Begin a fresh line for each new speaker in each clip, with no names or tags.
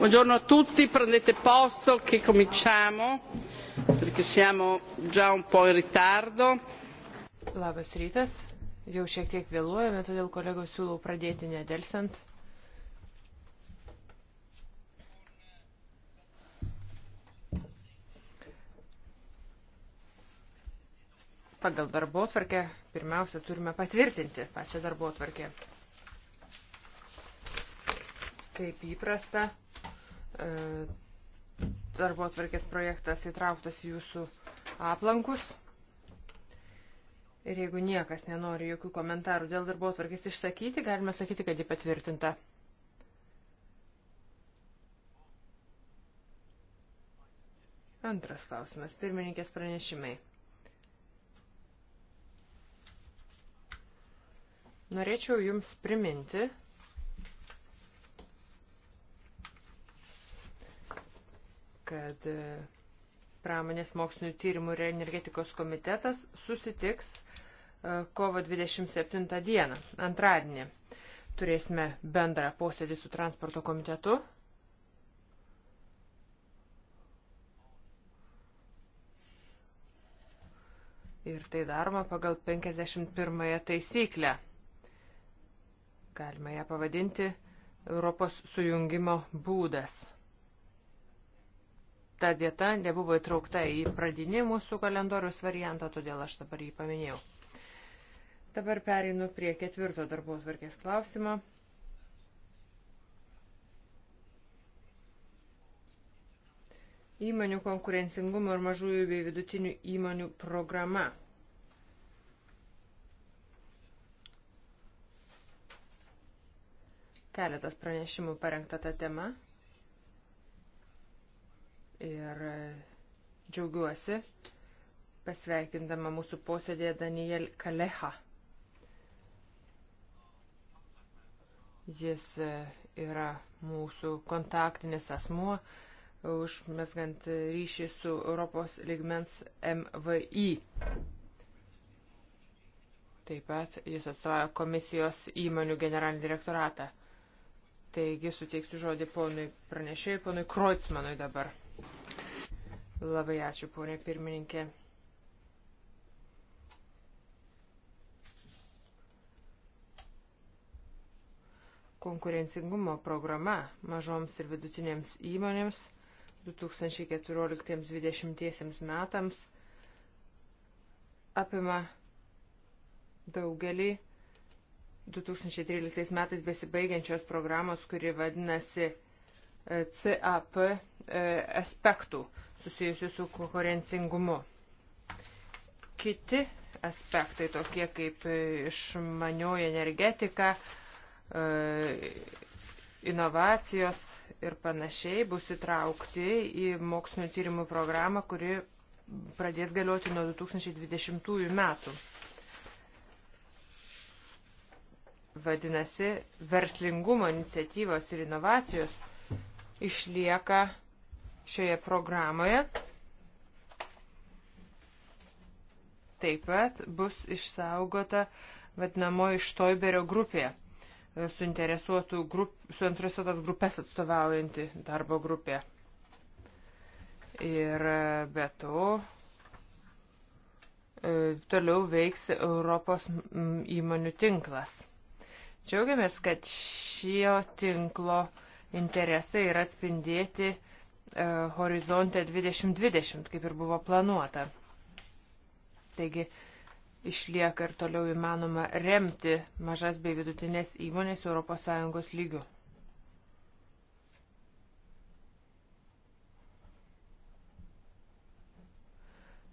Buongiorno a tutti, prendete posto che cominciamo perché siamo già un po' in ritardo. Labas rytas, jau šiek tiek vėluojame, todėl kolegos siūlau pradėti nedelsant. Pagal darbo tvarkę pirmiausia turime patvirtinti pačią darbo tvarkę. Kaip įprasta, E, darbo atvarkės projektas įtrauktas jūsų aplankus. Ir jeigu niekas nenori jokių komentarų dėl darbo atvarkės išsakyti, galime sakyti, kad ji patvirtinta. Antras klausimas. Pirmininkės pranešimai. Norėčiau Jums priminti, kad e, pramonės mokslinių tyrimų ir energetikos komitetas susitiks e, kovo 27 dieną, antradienį. Turėsime bendrą posėdį su transporto komitetu. Ir tai daroma pagal 51 taisyklę. Galima ją pavadinti Europos sujungimo būdas ta dieta nebuvo įtraukta į pradinį mūsų kalendorius variantą, todėl aš dabar jį paminėjau. Dabar pereinu prie ketvirto darbos varkės klausimo. Įmonių konkurencingumo ir mažųjų bei vidutinių įmonių programa. Keletas pranešimų parengta tą temą ir džiaugiuosi pasveikindama mūsų posėdėje Daniel Kaleha. Jis yra mūsų kontaktinis asmuo, užmesgant ryšį su Europos ligmens MVI. Taip pat jis atstovauja komisijos įmonių generalinį direktoratą. Taigi suteiksiu žodį ponui pranešėjui, ponui Kreutzmanui dabar. Labai ačiū, ponė pirmininkė. Konkurencingumo programa mažoms ir vidutinėms įmonėms 2014-2020 metams apima daugelį 2013 metais besibaigiančios programos, kuri vadinasi CAP e, aspektų susijusių su konkurencingumu. Kiti aspektai, tokie kaip išmanioji energetika, e, inovacijos ir panašiai, bus įtraukti į mokslinio tyrimų programą, kuri pradės galioti nuo 2020 metų. Vadinasi, verslingumo iniciatyvos ir inovacijos išlieka šioje programoje. Taip pat bus išsaugota vadinamoji Štoiberio grupė, suinteresuotų grup, suinteresuotas grupės atstovaujanti darbo grupė. Ir e, be to e, toliau veiks Europos įmonių tinklas. Džiaugiamės, kad šio tinklo uh, interesai yra atspindėti e, horizonte 2020, kaip ir buvo planuota. Taigi išlieka ir toliau įmanoma remti mažas bei vidutinės įmonės ES lygių.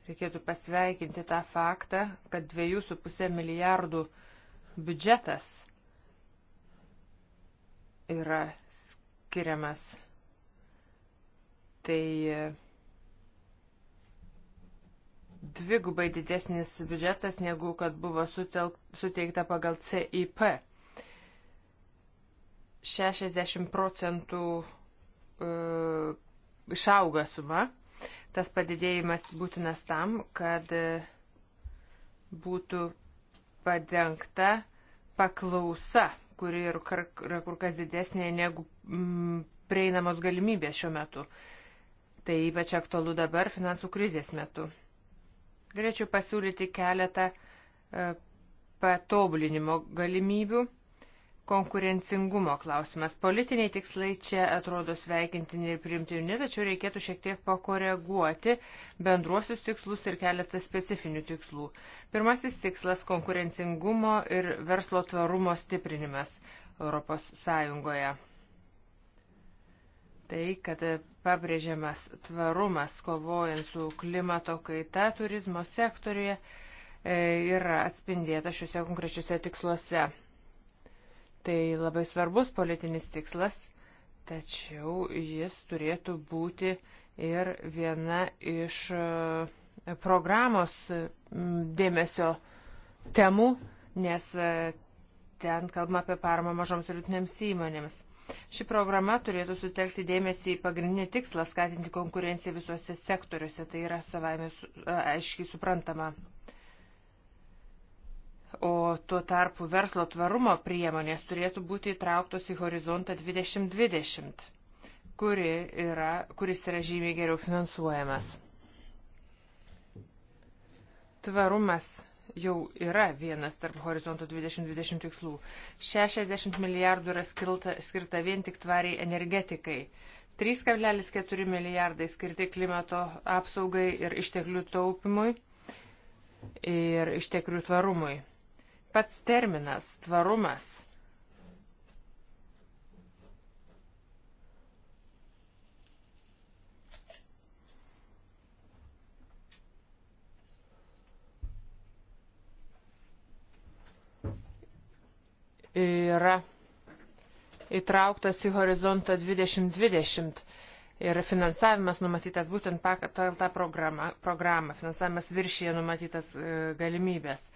Reikėtų pasveikinti tą faktą, kad 2,5 milijardų biudžetas yra skiriamas, tai e, dvigubai didesnis biudžetas, negu kad buvo sutelk, suteikta pagal CIP. 60 procentų e, išauga suma. Tas padidėjimas būtinas tam, kad e, būtų padengta paklausa, kuri yra kur kas didesnė negu mm, prieinamos galimybės šiuo metu. Tai ypač aktualu dabar finansų krizės metu. Galėčiau pasiūlyti keletą e, patobulinimo galimybių. Konkurencingumo klausimas. Politiniai tikslai čia atrodo sveikintini ir primtini, tačiau reikėtų šiek tiek pakoreguoti bendruosius tikslus ir keletą specifinių tikslų. Pirmasis tikslas - konkurencingumo ir verslo tvarumo stiprinimas Europos Sąjungoje tai, kad pabrėžiamas tvarumas kovojant su klimato kaita turizmo sektoriuje e, yra atspindėta šiuose konkrečiuose tiksluose. Tai labai svarbus politinis tikslas, tačiau jis turėtų būti ir viena iš e, programos dėmesio temų, nes e, ten kalbama apie paramą mažoms ir vidutinėms įmonėms. Ši programa turėtų sutelkti dėmesį į pagrindinį tikslą skatinti konkurenciją visuose sektoriuose. Tai yra savaime aiškiai suprantama. O tuo tarpu verslo tvarumo priemonės turėtų būti įtrauktos į horizontą 2020, kuri yra, kuris yra žymiai geriau finansuojamas. Tvarumas jau yra vienas tarp horizonto 2020 tikslų. 60 milijardų yra skirta, skirta vien tik tvariai energetikai. 3,4 milijardai skirti klimato apsaugai ir išteklių taupimui ir išteklių tvarumui. Pats terminas tvarumas yra įtrauktas į horizontą 2020 ir finansavimas numatytas būtent pagal tą programą, programą. Finansavimas viršyje numatytas e, galimybės. E,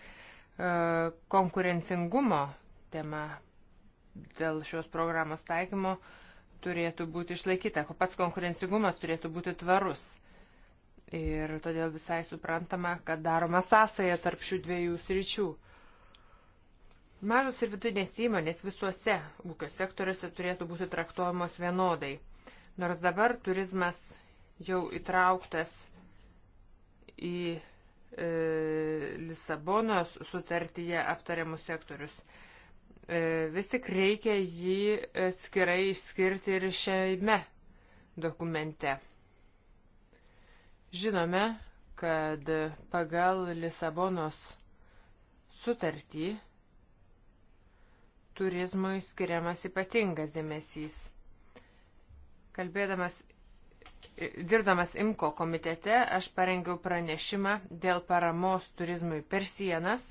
konkurencingumo tema dėl šios programos taikymo turėtų būti išlaikyta. Pats konkurencingumas turėtų būti tvarus. Ir todėl visai suprantama, kad daroma sąsaja tarp šių dviejų sričių. E, Mažos ir vidutinės įmonės visuose ūkio sektoriuose turėtų būti traktuojamos vienodai. Nors dabar turizmas jau įtrauktas į e, Lisabonos sutartyje aptariamus sektorius, e, vis tik reikia jį e, skirai išskirti ir šiame dokumente. Žinome, kad pagal Lisabonos sutartį turizmui skiriamas ypatingas dėmesys. Kalbėdamas, dirbdamas IMKO komitete, aš parengiau pranešimą dėl paramos turizmui per sienas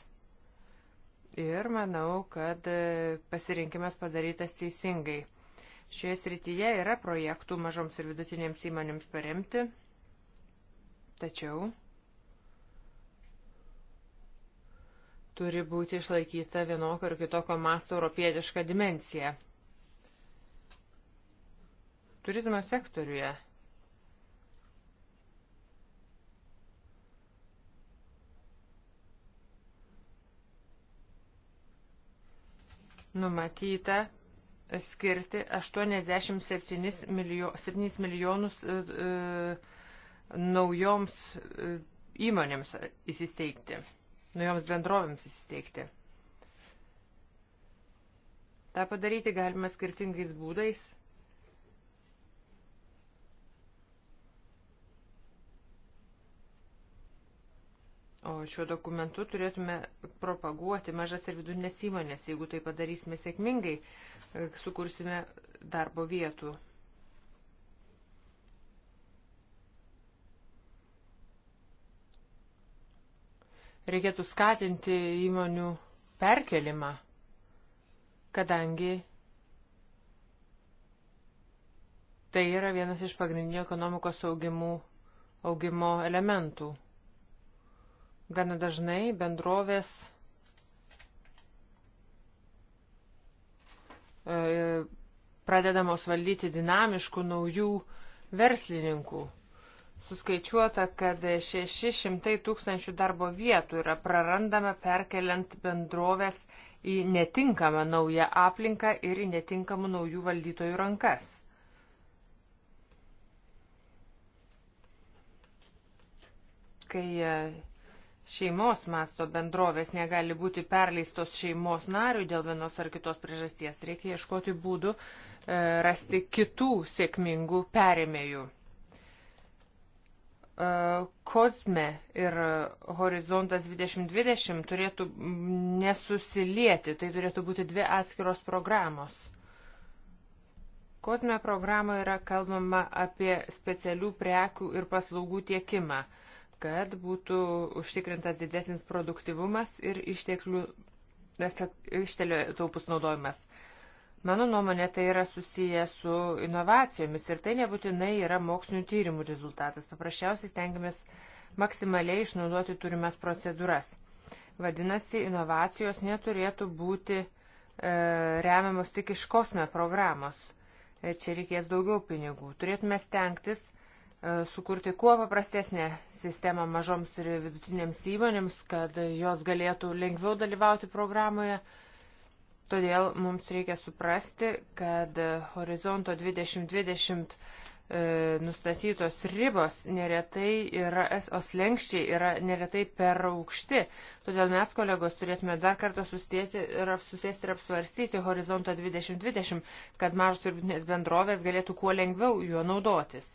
ir manau, kad e, pasirinkimas padarytas teisingai. Šioje srityje yra projektų mažoms ir vidutinėms įmonėms paremti, tačiau turi būti išlaikyta vienokio ir kitokio masto europietiška dimencija. Turizmo sektoriuje numatyta skirti 87 milijo, 7 milijonus e, e, naujoms e, įmonėms įsisteigti naujoms bendrovėms įsisteigti. Ta padaryti galima skirtingais būdais. O šiuo dokumentu turėtume propaguoti mažas ir vidurinės įmonės. Jeigu tai padarysime sėkmingai, sukursime darbo vietų Reikėtų skatinti įmonių perkelimą, kadangi tai yra vienas iš pagrindinių ekonomikos augimų, augimo elementų. Gana dažnai bendrovės e, pradedamos valdyti dinamiškų naujų verslininkų suskaičiuota, kad 600 tūkstančių darbo vietų yra prarandama perkeliant bendrovės į netinkamą naują aplinką ir į netinkamų naujų valdytojų rankas. Kai e, šeimos masto bendrovės negali būti perleistos šeimos nariui dėl vienos ar kitos priežasties, reikia ieškoti būdų e, rasti kitų sėkmingų perėmėjų. E, Kozme ir Horizontas 2020 turėtų nesusilieti, tai turėtų būti dvi atskiros programos. Kozme programoje yra kalbama apie specialių prekių ir paslaugų tiekimą, kad būtų užtikrintas didesnis produktivumas ir išteklių ištelio taupus naudojimas. Mano nuomonė tai yra susiję su inovacijomis ir tai nebūtinai yra mokslinių tyrimų rezultatas. Paprasčiausiai stengiamės maksimaliai išnaudoti turimas procedūras. Vadinasi, inovacijos neturėtų būti e, remiamos tik iš kosme programos. E, čia reikės daugiau pinigų. Turėtume stengtis e, sukurti kuo paprastesnę sistemą mažoms ir vidutinėms įmonėms, kad jos galėtų lengviau dalyvauti programoje Todėl mums reikia suprasti, kad horizonto 2020 e, nustatytos ribos neretai yra, o slengščiai yra neretai per aukšti. Todėl mes, kolegos, turėtume dar kartą susėsti ir, susėsti ir apsvarstyti horizontą 2020, kad mažos ir vidutinės bendrovės galėtų kuo lengviau juo naudotis.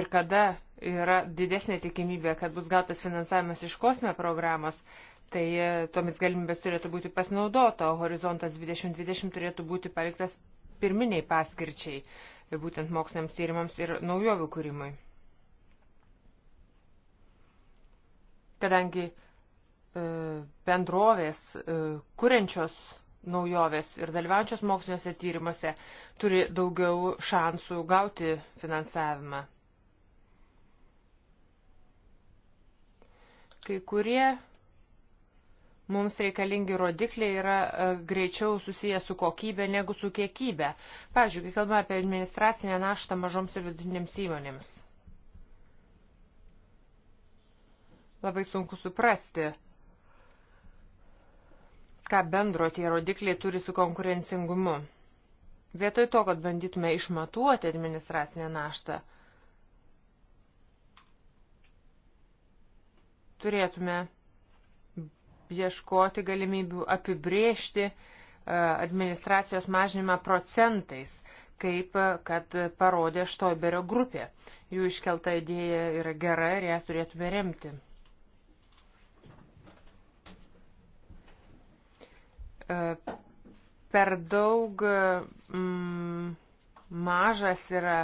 Ir kada yra didesnė tikimybė, kad bus gautas finansavimas iš kosme programos, tai e, tomis galimybės turėtų būti pasinaudota, o horizontas 2020 turėtų būti paliktas pirminiai paskirčiai, e, būtent moksliniams tyrimams ir naujovių kūrimui. Kadangi e, bendrovės, kuriančios naujovės ir dalyvaujančios moksliniuose tyrimuose turi daugiau šansų gauti finansavimą. Kai kurie Mums reikalingi rodikliai yra e, greičiau susiję su kokybė negu su kiekybė. Pavyzdžiui, kai kalbame apie administracinę naštą mažoms ir vidutinėms įmonėms. Labai sunku suprasti, ką bendro tie rodikliai turi su konkurencingumu. Vietoj to, kad bandytume išmatuoti administracinę naštą, turėtume ieškoti galimybių apibriežti e, administracijos mažinimą procentais, kaip e, kad parodė Štoiberio grupė. Jų iškelta idėja yra gera ir ją turėtume remti. E, per daug mm, mažas yra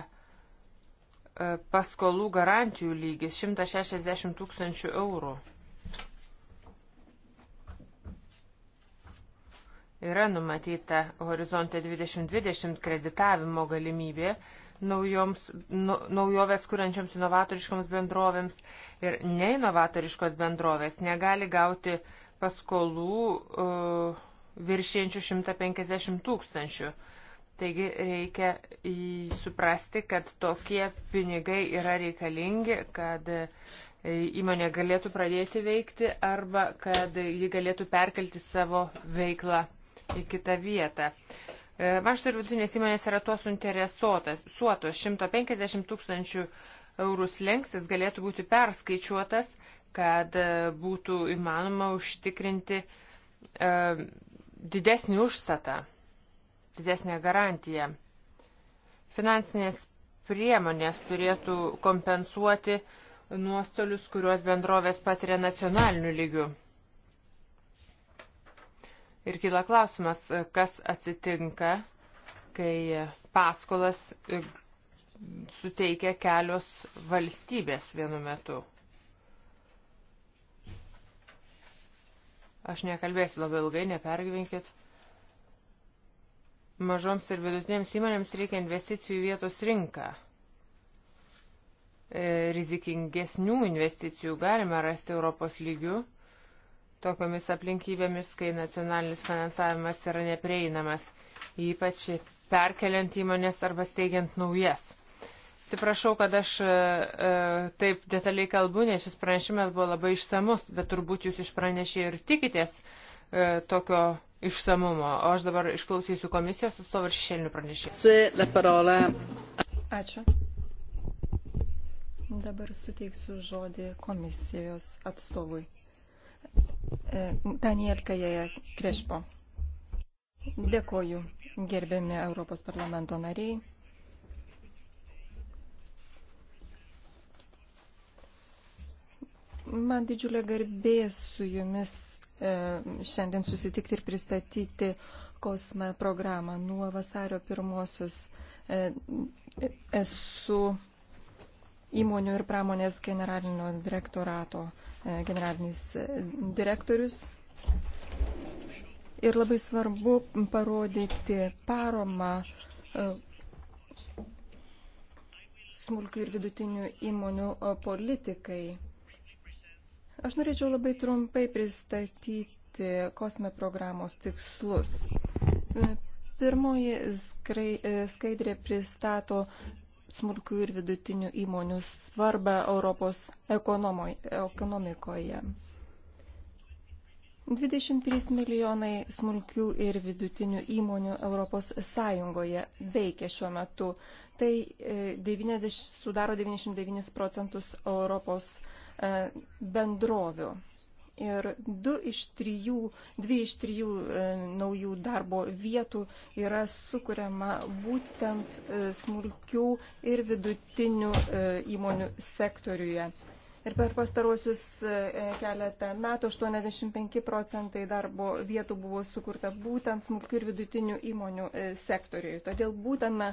paskolų garantijų lygis 160 tūkstančių eurų. Yra numatyta horizonte 2020 kreditavimo galimybė naujoms, nu, naujoves kuriančioms inovatoriškoms bendrovėms ir neinovatoriškos bendrovės negali gauti paskolų uh, viršienčių 150 tūkstančių. Taigi reikia suprasti, kad tokie pinigai yra reikalingi, kad uh, įmonė galėtų pradėti veikti arba kad ji galėtų perkelti savo veiklą į kitą vietą. E, mažos ir vidutinės įmonės yra tuo suinteresuotas. Suotos 150 tūkstančių eurų slengsis galėtų būti perskaičiuotas, kad e, būtų įmanoma užtikrinti e, didesnį užstatą, didesnę garantiją. Finansinės priemonės turėtų kompensuoti nuostolius, kuriuos bendrovės patiria nacionaliniu lygiu. Ir kyla klausimas, kas atsitinka, kai paskolas suteikia kelios valstybės vienu metu. Aš nekalbėsiu labai ilgai, nepergyvenkit. Mažoms ir vidutinėms įmonėms reikia investicijų į vietos rinką. E, rizikingesnių investicijų galima rasti Europos lygių tokiamis aplinkybėmis, kai nacionalinis finansavimas yra neprieinamas, ypač perkeliant įmonės arba steigiant naujas. Atsiprašau, kad aš e, e taip detaliai kalbu, nes šis pranešimas buvo labai išsamus, bet turbūt jūs iš pranešėjų ir tikitės e, tokio išsamumo. O aš dabar išklausysiu komisijos atstovą ir šešėlinių pranešėjų.
Ačiū. Dabar suteiksiu žodį komisijos atstovui. E, Daniel Kajaja Krešpo. Dėkoju, gerbiami Europos parlamento nariai. Man didžiulė garbė su jumis e, šiandien susitikti ir pristatyti kosme programą nuo vasario pirmosios. E, esu įmonių ir pramonės generalinio direktorato e, generalinis e, direktorius. Ir labai svarbu parodyti paromą e, smulkių ir vidutinių įmonių politikai. Aš norėčiau labai trumpai pristatyti kosme programos tikslus. Pirmoji skaidrė pristato smulkių ir vidutinių įmonių svarbą Europos ekonomikoje. 23 milijonai smulkių ir vidutinių įmonių Europos Sąjungoje veikia šiuo metu. Tai 90, e, sudaro 99 procentus Europos e, bendrovių ir du iš trijų, dvi iš trijų e, naujų darbo vietų yra sukuriama būtent e, smulkių ir vidutinių e, įmonių sektoriuje. Ir per pastaruosius e, keletą metų 85 procentai darbo vietų buvo sukurta būtent smulkių ir vidutinių įmonių e, sektoriui. Todėl būtina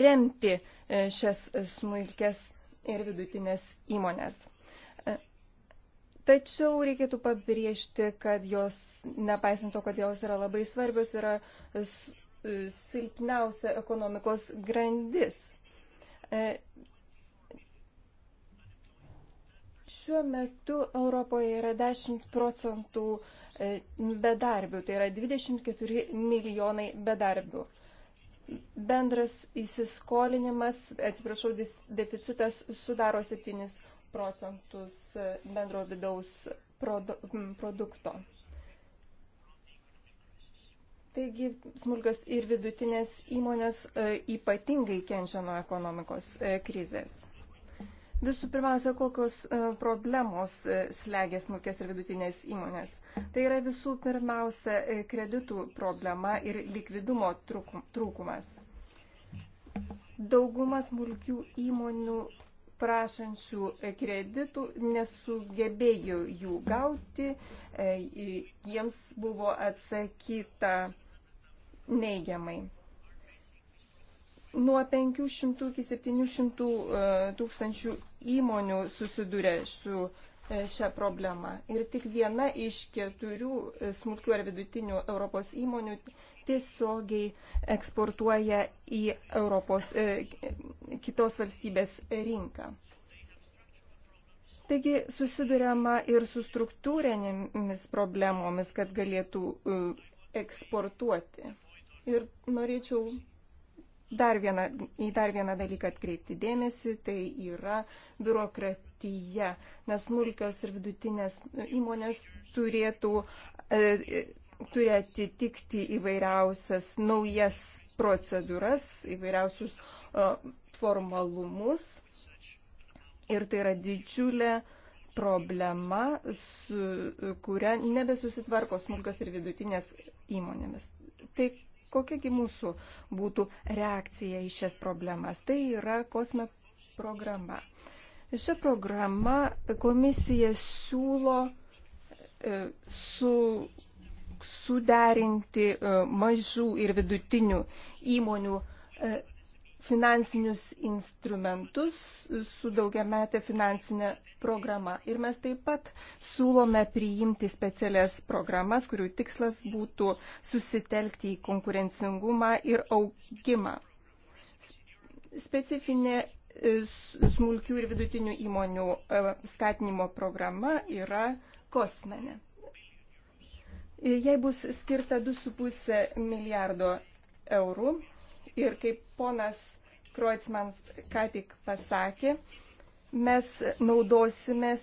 remti e, šias smulkes ir vidutinės įmonės. Tačiau reikėtų pabrėžti, kad jos, nepaisant to, kad jos yra labai svarbios, yra silpniausia ekonomikos grandis. E, šiuo metu Europoje yra 10 procentų e, bedarbių, tai yra 24 milijonai bedarbių. Bendras įsiskolinimas, atsiprašau, deficitas sudaro 7 procentus procentus bendro vidaus produ produkto. Taigi smulkios ir vidutinės įmonės e, ypatingai kenčia nuo ekonomikos e, krizės. Visų pirmiausia, kokios e, problemos slegia smulkės ir vidutinės įmonės. Tai yra visų pirmiausia kreditų problema ir likvidumo trūkumas. Dauguma smulkių įmonių prašančių kreditų nesugebėjo jų gauti, e, jiems buvo atsakyta neigiamai. Nuo 500 iki 700 e, tūkstančių įmonių susidūrė su E, šią problemą. Ir tik viena iš keturių e, smulkių ar vidutinių Europos įmonių tiesiogiai eksportuoja į Europos e, kitos valstybės rinką. Taigi susidurėma ir su struktūrinėmis problemomis, kad galėtų e, eksportuoti. Ir norėčiau dar vieną, į dar vieną dalyką atkreipti dėmesį, tai yra biurokratija srityje, nes smulkios ir vidutinės įmonės turėtų, e, e, turi atitikti įvairiausias naujas procedūras, įvairiausius e, formalumus. Ir tai yra didžiulė problema, su kuria nebesusitvarko smulkios ir vidutinės įmonėmis. Tai kokiagi mūsų būtų reakcija į šias problemas? Tai yra kosme programa. Šią programą komisija siūlo e, su, suderinti e, mažų ir vidutinių įmonių e, finansinius instrumentus su daugiametė finansinė programa. Ir mes taip pat siūlome priimti specialias programas, kurių tikslas būtų susitelkti į konkurencingumą ir augimą. Specifinė smulkių ir vidutinių įmonių e, skatinimo programa yra kosmenė. E, Jei bus skirta 2,5 milijardo eurų ir kaip ponas Kreutzmans ką tik pasakė, mes naudosimės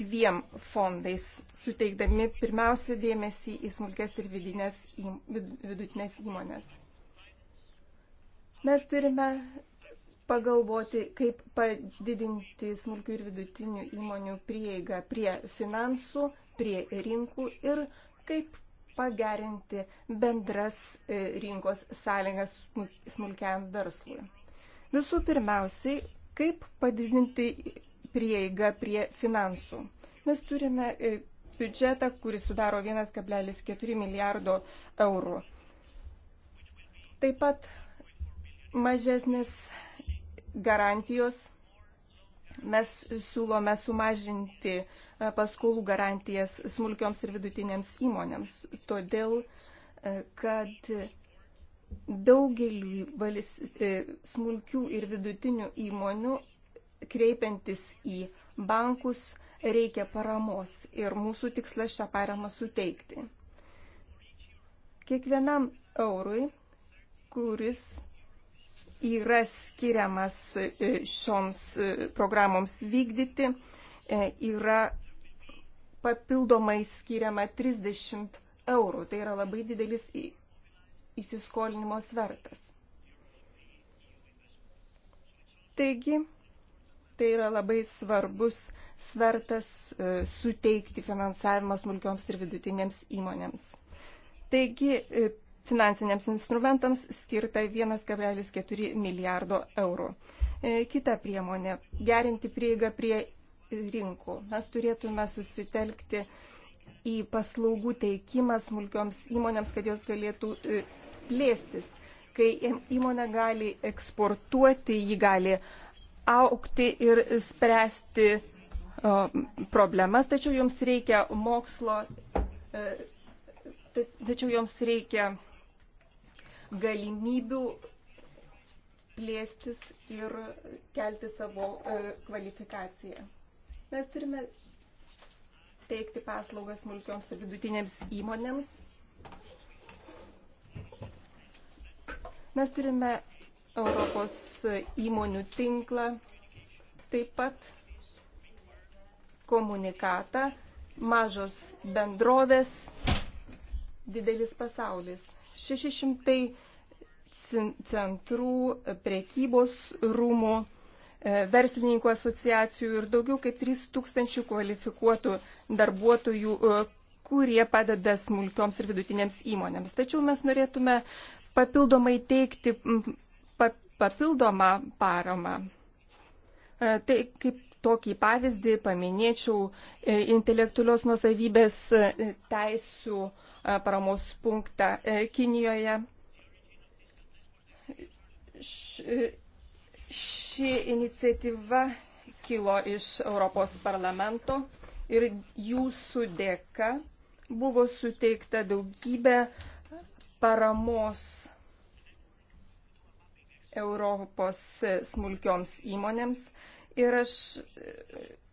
dviem fondais, suteikdami pirmiausia dėmesį į smulkės ir vidinės, vidutinės įmonės. Mes turime pagalvoti, kaip padidinti smulkių ir vidutinių įmonių prieigą prie finansų, prie rinkų ir kaip pagerinti bendras e, rinkos sąlygas smulkiam verslui. Visų pirmiausiai, kaip padidinti prieigą prie finansų. Mes turime e, biudžetą, kuris sudaro 1,4 milijardo eurų. Taip pat mažesnis garantijos mes siūlome sumažinti e, paskolų garantijas smulkioms ir vidutinėms įmonėms, todėl e, kad daugelį valis, e, smulkių ir vidutinių įmonių kreipiantis į bankus reikia paramos ir mūsų tikslas šią paramą suteikti. Kiekvienam eurui, kuris yra skiriamas e, šioms e, programoms vykdyti, e, yra papildomai skiriama 30 eurų. Tai yra labai didelis įsiskolinimo svertas. Taigi, tai yra labai svarbus svertas suteikti finansavimą smulkioms ir vidutinėms įmonėms. Taigi, finansiniams instrumentams skirta 1,4 milijardo eurų. E, kita priemonė - gerinti prieigą prie rinkų. Mes turėtume susitelkti į paslaugų teikimą smulkioms įmonėms, kad jos galėtų e, plėstis. Kai įmonė gali eksportuoti, ji gali aukti ir spręsti problemas, tačiau joms reikia mokslo, e, tačiau joms reikia galimybių plėstis ir kelti savo e, kvalifikaciją. Mes turime teikti paslaugas smulkioms ir vidutinėms įmonėms. Mes turime Europos įmonių tinklą, taip pat komunikatą, mažos bendrovės, didelis pasaulis. 600 centrų, prekybos rūmų, e, verslininkų asociacijų ir daugiau kaip 3000 kvalifikuotų darbuotojų, e, kurie padeda smulkioms ir vidutinėms įmonėms. Tačiau mes norėtume papildomai teikti papildomą paramą. E, tai kaip tokį pavyzdį paminėčiau e, intelektualios nusavybės e, teisų e, paramos punktą Kinijoje. Ši iniciatyva kilo iš Europos parlamento ir jūsų dėka buvo suteikta daugybė paramos Europos smulkioms įmonėms Ir aš e,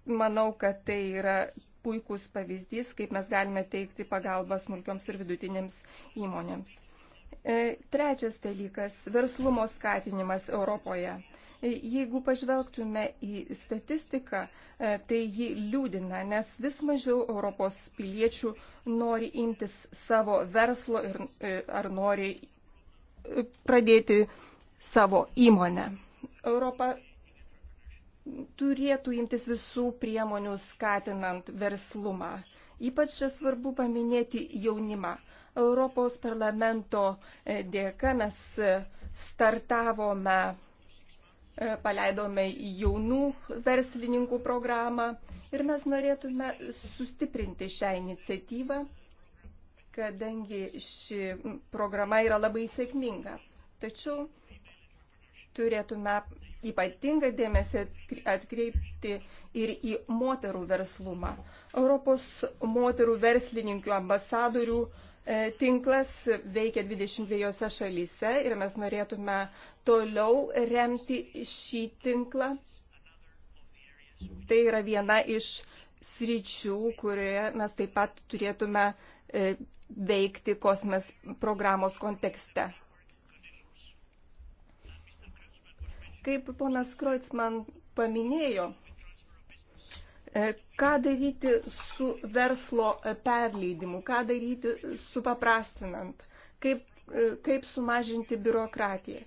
manau, kad tai yra puikus pavyzdys, kaip mes galime teikti pagalbą smulkioms ir vidutinėms įmonėms. E, trečias dalykas - verslumo skatinimas Europoje. E, jeigu pažvelgtume į statistiką, tai ji liūdina, nes vis mažiau Europos piliečių nori imtis savo verslo ir, ar nori pradėti savo įmonę. Europa turėtų imtis visų priemonių skatinant verslumą. Ypač čia svarbu paminėti jaunimą. Europos parlamento e, dėka mes e, startavome, e, paleidome jaunų verslininkų programą ir mes norėtume sustiprinti šią iniciatyvą, kadangi ši programa yra labai sėkminga. Tačiau turėtume ypatingą dėmesį atkreipti ir į moterų verslumą. Europos moterų verslininkų ambasadorių e, tinklas veikia 22 šalyse ir mes norėtume toliau remti šį tinklą. Tai yra viena iš sričių, kurioje mes taip pat turėtume e, veikti kosmės programos kontekste. Kaip ponas Kreutzman paminėjo, e, ką daryti su verslo e, perleidimu, ką daryti supaprastinant, kaip, e, kaip sumažinti biurokratiją.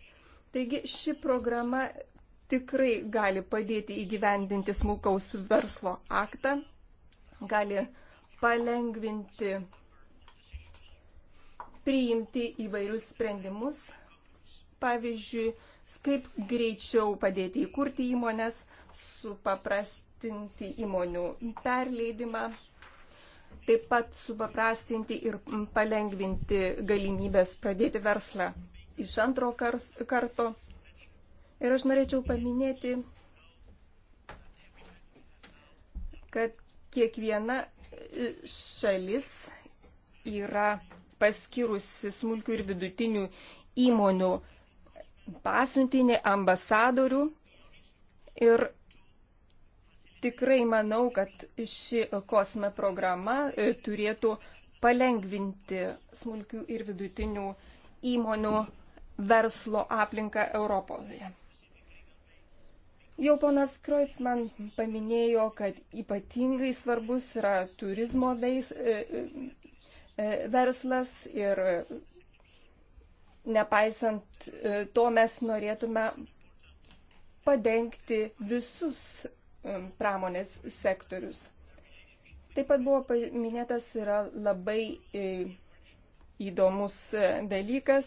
Taigi ši programa tikrai gali padėti įgyvendinti smulkaus verslo aktą, gali palengvinti priimti įvairius sprendimus. Pavyzdžiui, kaip greičiau padėti įkurti įmonės, supaprastinti įmonių perleidimą, taip pat supaprastinti ir palengvinti galimybės pradėti verslą iš antro karto. Ir aš norėčiau paminėti, kad kiekviena e, šalis yra paskirusi smulkių ir vidutinių įmonių pasiuntinį ambasadorių ir tikrai manau, kad ši kosme programa e, turėtų palengvinti smulkių ir vidutinių įmonių verslo aplinką Europoje. Jau ponas Kreutzman paminėjo, kad ypatingai svarbus yra turizmo veis, e, e, verslas ir Nepaisant e, to, mes norėtume padengti visus e, pramonės sektorius. Taip pat buvo paminėtas yra labai e, įdomus dalykas,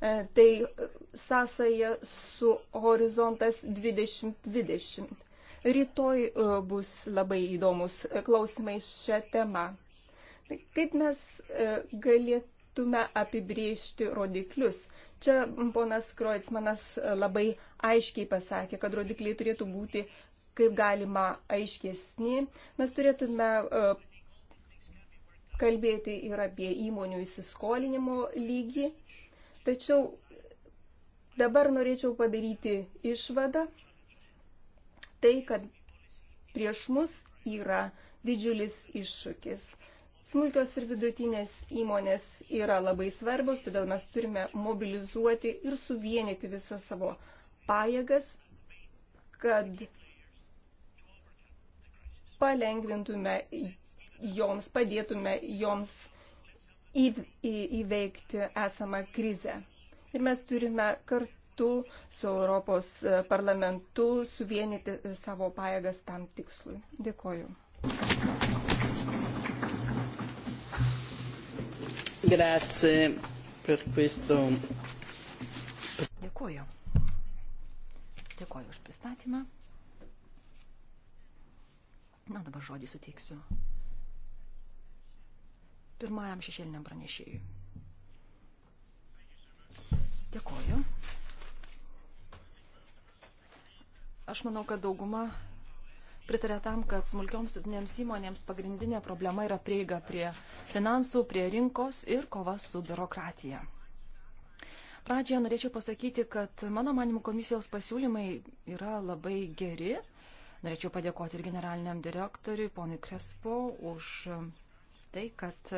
tai sąsaja su horizontas 2020. Rytoj bus labai įdomus klausimai šią temą. Tai kaip mes galėtume turėtume apibriežti rodiklius. Čia ponas Kroitsmanas labai aiškiai pasakė, kad rodikliai turėtų būti kaip galima aiškesni. Mes turėtume e, kalbėti ir apie įmonių įsiskolinimo lygį. Tačiau dabar norėčiau padaryti išvadą. Tai, kad prieš mus yra didžiulis iššūkis. Smulkios ir vidutinės įmonės yra labai svarbios, todėl mes turime mobilizuoti ir suvienyti visą savo pajėgas, kad palengvintume joms, padėtume joms į, į, įveikti esamą krizę. Ir mes turime kartu su Europos e, parlamentu suvienyti savo pajėgas tam tikslui. Dėkoju. Grazie per questo.
Dėkuoju. Dėkuoju už pristatymą. Na, dabar žodį suteiksiu pirmajam šešėliniam pranešėjui. Dėkuoju. Aš manau, kad dauguma pritarė tam, kad smulkioms didinėms įmonėms pagrindinė problema yra prieiga prie finansų, prie rinkos ir kova su biurokratija. Pradžioje norėčiau pasakyti, kad mano manimų komisijos pasiūlymai yra labai geri. Norėčiau padėkoti ir generaliniam direktoriui, ponui Krespo, už tai, kad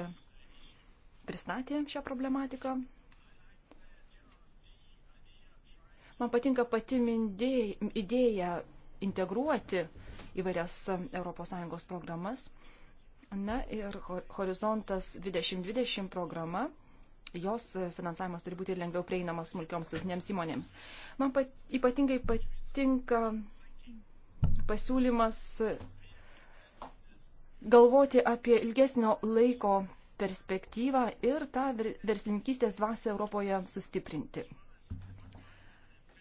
pristatė šią problematiką. Man patinka pati mindėj, idėja integruoti uh, įvairias ES programas. Na ir Horizontas 2020 programa, jos finansavimas turi būti lengviau prieinamas smulkioms silpnėms įmonėms. Man pat, ypatingai patinka pasiūlymas galvoti apie ilgesnio laiko perspektyvą ir tą verslininkystės dvasę Europoje sustiprinti.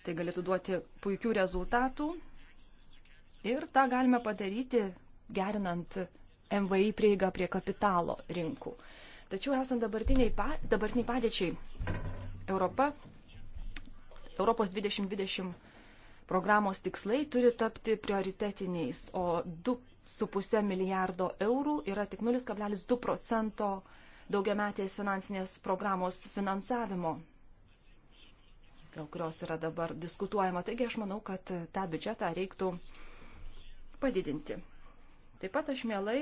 Tai galėtų duoti puikių rezultatų Ir tą galime padaryti gerinant MVI prieigą prie kapitalo rinkų. Tačiau esant dabartiniai, pa, dabartiniai padėčiai, Europa, Europos 2020 programos tikslai turi tapti prioritetiniais, o 2,5 milijardo eurų yra tik 0,2 procento daugiametės finansinės programos finansavimo dėl kurios yra dabar diskutuojama. Taigi aš manau, kad tą biudžetą reiktų uh, padidinti. Taip pat aš mielai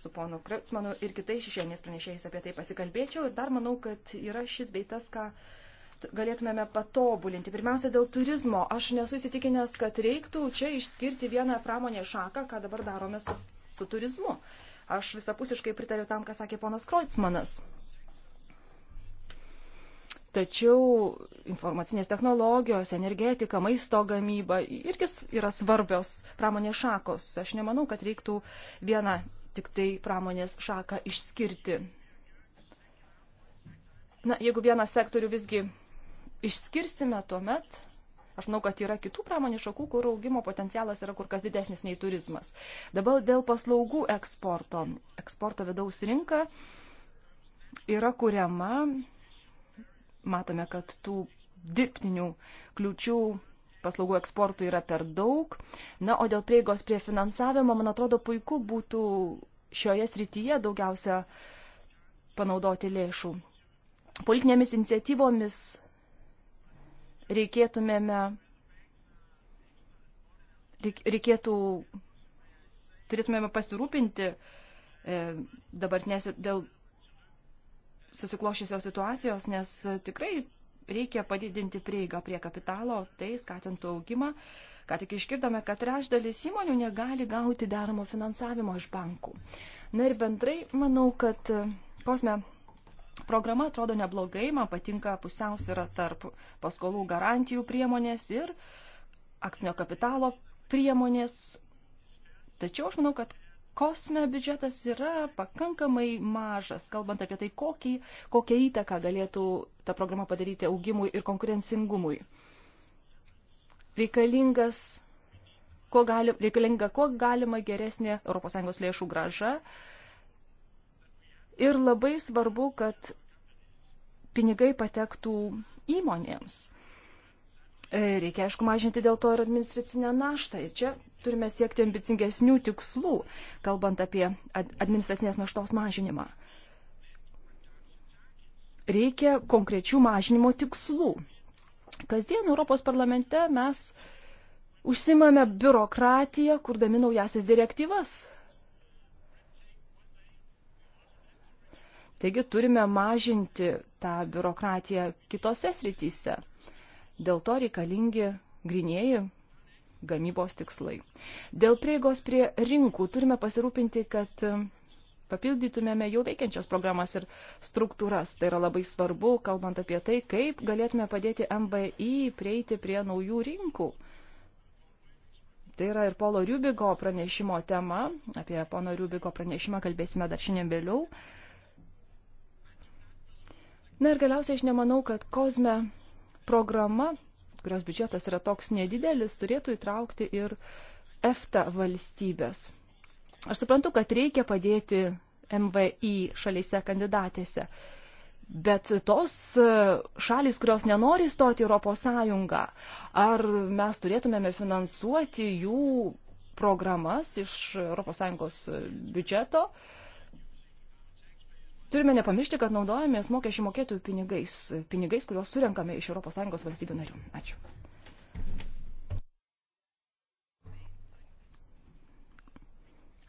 su ponu Kreutzmanu ir kitais šešėlinės pranešėjais apie tai pasikalbėčiau ir dar manau, kad yra šis beitas, ką galėtumėme patobulinti. Pirmiausia, dėl turizmo. Aš nesu įsitikinęs, kad reiktų čia išskirti vieną pramonę šaką, ką dabar darome su, su turizmu. Aš visapusiškai pritariu tam, ką sakė ponas Kreutzmanas. Tačiau informacinės technologijos, energetika, maisto gamyba irgi yra svarbios pramonės šakos. Aš nemanau, kad reiktų vieną tik tai pramonės šaką išskirti. Na, jeigu vieną sektorių visgi išskirsime, tuomet Aš manau, kad yra kitų pramonės šakų, kur augimo potencialas yra kur kas didesnis nei turizmas. Dabar dėl paslaugų eksporto. Eksporto vidaus rinka yra kuriama matome, kad tų dirbtinių kliučių paslaugų eksportui yra per daug. Na, o dėl prieigos prie finansavimo, man atrodo, puiku būtų šioje srityje daugiausia panaudoti lėšų. Politinėmis iniciatyvomis reikėtumėme, reikėtų, turėtumėme pasirūpinti e, dabartinės dėl susiklošysios situacijos, nes tikrai reikia padidinti prieigą prie kapitalo, tai skatintų augimą. Ką tik iškirdome, kad trečdalis įmonių negali gauti deramo finansavimo iš bankų. Na ir bendrai, manau, kad kosme programa atrodo neblogai, man patinka pusiausvyrą tarp paskolų garantijų priemonės ir akcinio kapitalo priemonės. Tačiau aš manau, kad Kosme biudžetas yra pakankamai mažas, kalbant apie tai, kokį, kokią įtaką galėtų ta programa padaryti augimui ir konkurencingumui. Reikalingas, ko gali, reikalinga kuo galima geresnė ES lėšų graža. Ir labai svarbu, kad pinigai patektų įmonėms. E, reikia, aišku, mažinti dėl to ir administracinę naštą. Ir čia turime siekti ambicingesnių tikslų, kalbant apie administracinės naštos mažinimą. Reikia konkrečių mažinimo tikslų. Kasdien Europos parlamente mes užsimame biurokratiją, kurdami naujasias direktyvas. Taigi turime mažinti tą biurokratiją kitose srityse. Dėl to reikalingi grinieji gamybos tikslai. Dėl prieigos prie rinkų turime pasirūpinti, kad papildytumėme jau veikiančias programas ir struktūras. Tai yra labai svarbu, kalbant apie tai, kaip galėtume padėti MBI prieiti prie naujų rinkų. Tai yra ir Polo Riubigo pranešimo tema. Apie Pono Riubigo pranešimą kalbėsime dar šiandien vėliau. Na ir galiausiai aš nemanau, kad Kozme programa, kurios biudžetas yra toks nedidelis, turėtų įtraukti ir EFTA valstybės. Aš suprantu, kad reikia padėti MVI šalyse kandidatėse, bet tos šalis, kurios nenori stoti Europos Sąjungą, ar mes turėtumėme finansuoti jų programas iš ES biudžeto, uh, Turime nepamiršti, kad naudojamės mokesčių mokėtojų pinigais, pinigais, kuriuos surenkame iš ES valstybių narių. Ačiū.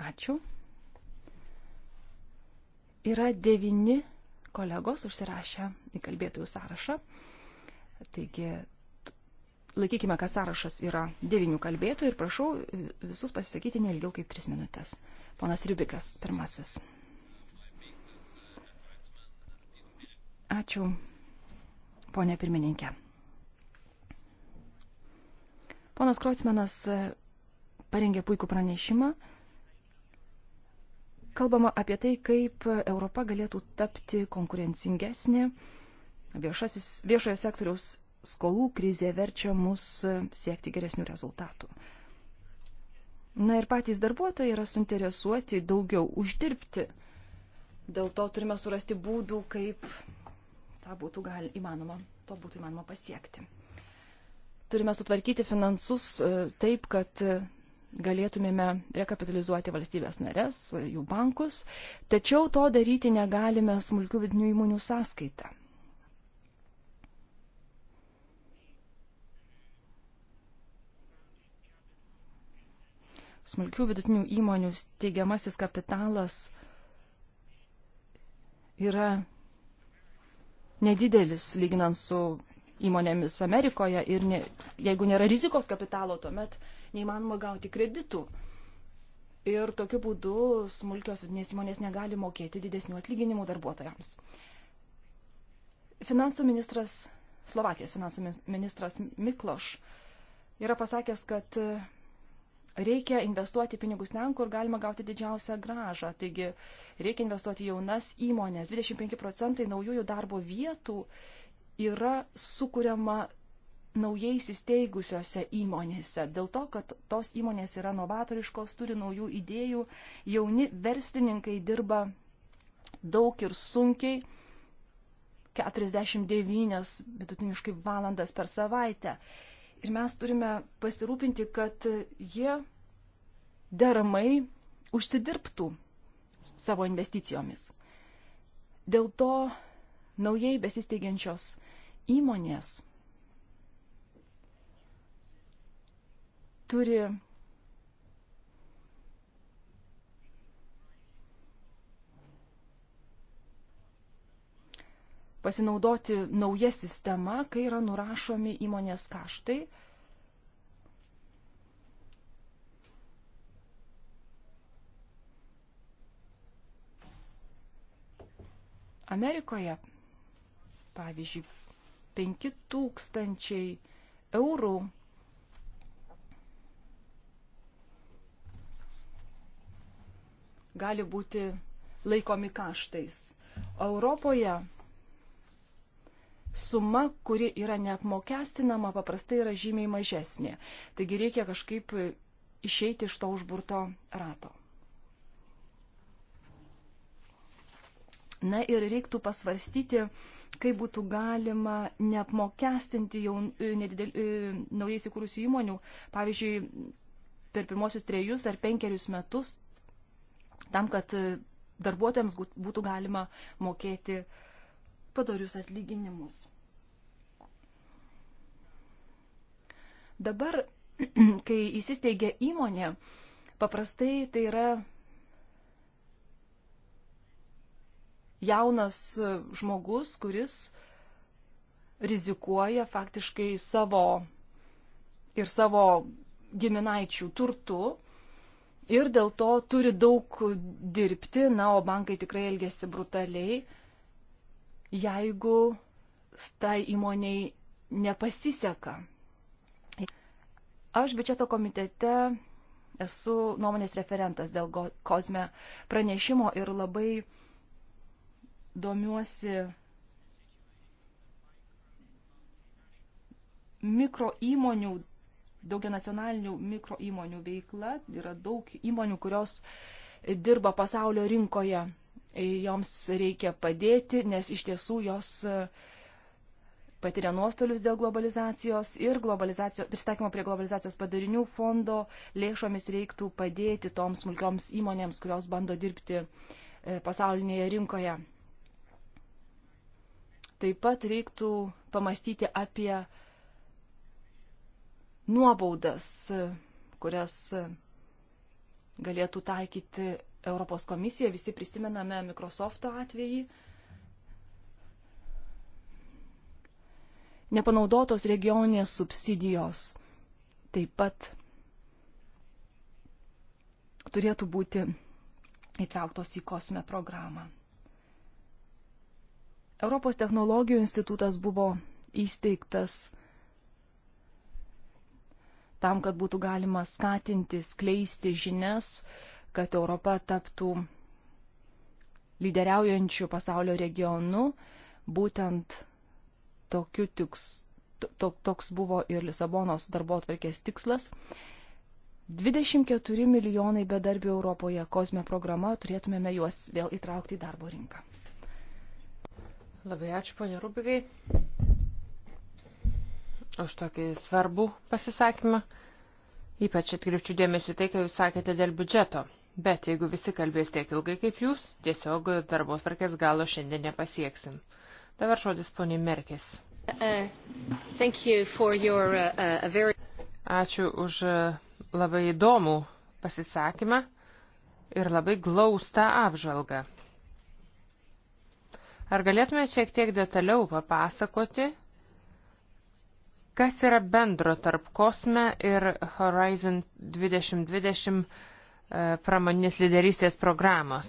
Ačiū. Yra devini kolegos užsirašę į kalbėtojų sąrašą. Taigi laikykime, kad sąrašas yra devinių kalbėtojų ir prašau visus pasisakyti neilgiau kaip tris minutės. Ponas Riubikas pirmasis. Ačiū, ponė pirmininkė. Ponas Kroicmanas e, parengė puikų pranešimą. Kalbama apie tai, kaip Europa galėtų tapti konkurencingesnė. Viešasis, viešojo sektoriaus skolų krizė verčia mus e, siekti geresnių rezultatų. Na ir patys darbuotojai yra suinteresuoti daugiau uždirbti. Dėl to turime surasti būdų, kaip tą būtų gal, įmanoma, to būtų įmanoma pasiekti. Turime sutvarkyti finansus e, taip, kad e, galėtumėme rekapitalizuoti valstybės narės, e, jų bankus, tačiau to daryti negalime smulkių vidinių įmonių sąskaitą. smulkių vidutinių įmonių steigiamasis kapitalas yra nedidelis lyginant su įmonėmis Amerikoje ir ne, jeigu nėra rizikos kapitalo, tuomet neįmanoma gauti kreditų. Ir tokiu būdu smulkios vidinės įmonės negali mokėti didesnių atlyginimų darbuotojams. Finansų ministras, Slovakijos finansų ministras Mikloš yra pasakęs, kad reikia investuoti pinigus ten, kur galima gauti didžiausią gražą. Taigi reikia investuoti jaunas įmonės. 25 procentai naujųjų darbo vietų yra sukūriama naujais įsteigusiose įmonėse. Dėl to, kad tos įmonės yra novatoriškos, turi naujų idėjų, jauni verslininkai dirba daug ir sunkiai. 49 vidutiniškai valandas per savaitę. Ir mes turime pasirūpinti, kad jie deramai užsidirbtų savo investicijomis. Dėl to naujai besisteigiančios įmonės turi pasinaudoti nauja sistema, kai yra nurašomi įmonės kaštai. Amerikoje, pavyzdžiui, 5000 eurų gali būti laikomi kaštais. Europoje suma, kuri yra neapmokestinama, paprastai yra žymiai mažesnė. Taigi reikia kažkaip išeiti iš to užburto rato. Na ir reiktų pasvarstyti, kaip būtų galima neapmokestinti jau e, nedidel, e, naujai įsikūrusių įmonių, pavyzdžiui, per pirmosius trejus ar penkerius metus, tam, kad e, darbuotojams būtų galima mokėti uh, padorius atlyginimus. Dabar, kai įsisteigia įmonė, paprastai tai yra jaunas žmogus, kuris rizikuoja faktiškai savo ir savo giminaičių turtu ir dėl to turi daug dirbti, na, o bankai tikrai elgesi brutaliai jeigu tai įmoniai nepasiseka. Aš biudžeto komitete esu nuomonės referentas dėl kozme pranešimo ir labai domiuosi mikro įmonių, daugia nacionalinių mikro įmonių veikla. Yra daug įmonių, kurios dirba pasaulio rinkoje joms reikia padėti, nes iš tiesų jos e, patiria nuostolius dėl globalizacijos ir globalizacijos, pristaikymo prie globalizacijos padarinių fondo lėšomis reiktų padėti toms smulkioms įmonėms, kurios bando dirbti e, pasaulinėje rinkoje. Taip pat reiktų pamastyti apie nuobaudas, e, kurias galėtų taikyti Europos komisija, visi prisimename Microsofto atvejį. Nepanaudotos regioninės subsidijos taip pat turėtų būti įtrauktos į kosme programą. Europos technologijų institutas buvo įsteigtas tam, kad būtų galima skatinti, skleisti žinias, uh, kad Europa taptų lyderiaujančių pasaulio regionu, būtent tokiu tiks, to, toks buvo ir Lisabonos darbo atvarkės tikslas. 24 milijonai bedarbių Europoje kozme programa, turėtumėme juos vėl įtraukti į darbo rinką. Labai ačiū, ponė
Rubigai, už tokį svarbų pasisakymą. Ypač atkreipčiau dėmesį tai, ką jūs sakėte dėl biudžeto. Bet jeigu visi kalbės tiek ilgai kaip jūs, tiesiog darbos varkės galo šiandien nepasieksim. Dabar žodis poniai Merkis. Uh, uh, uh, Ačiū už labai įdomų pasisakymą ir labai glaustą apžvalgą. Ar galėtumėte šiek tiek detaliau papasakoti, kas yra bendro tarp Kosme ir Horizon 2020? E, pramoninės lyderystės programos.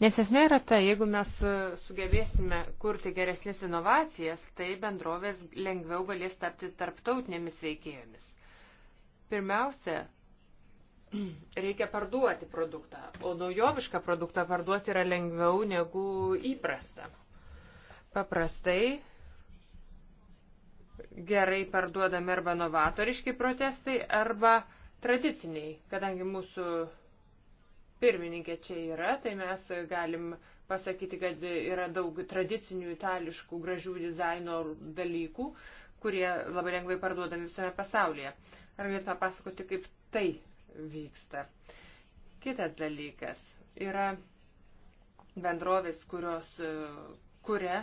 Nes esmė yra ta, jeigu mes e, sugebėsime kurti geresnės inovacijas, tai bendrovės lengviau galės tapti tarptautinėmis veikėjomis. Pirmiausia, reikia parduoti produktą, o naujovišką produktą parduoti yra lengviau negu įprasta. Paprastai gerai parduodami arba novatoriški protestai, arba uh, tradiciniai. Kadangi mūsų pirmininkė čia yra, tai mes galim pasakyti, kad yra daug tradicinių itališkų gražių dizaino dalykų, kurie labai lengvai parduodami visame pasaulyje. Ar galėtume pasakoti, kaip tai vyksta? Kitas dalykas yra bendrovės, kurios e, kuria,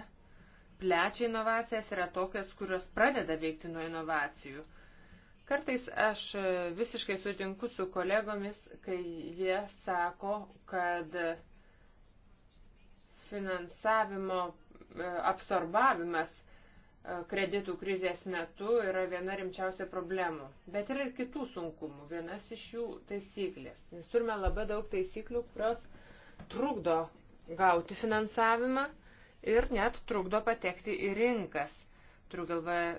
plečia inovacijas, yra tokios, kurios pradeda veikti nuo inovacijų. Uh, Kartais aš visiškai sutinku su kolegomis, kai jie sako, kad finansavimo e, absorbavimas e, kreditų krizės metu yra viena rimčiausia problemų. Bet yra ir kitų sunkumų. Vienas iš jų taisyklės. Mes turime labai daug taisyklių, kurios trukdo gauti finansavimą ir net trukdo patekti į rinkas. Turiu galvoje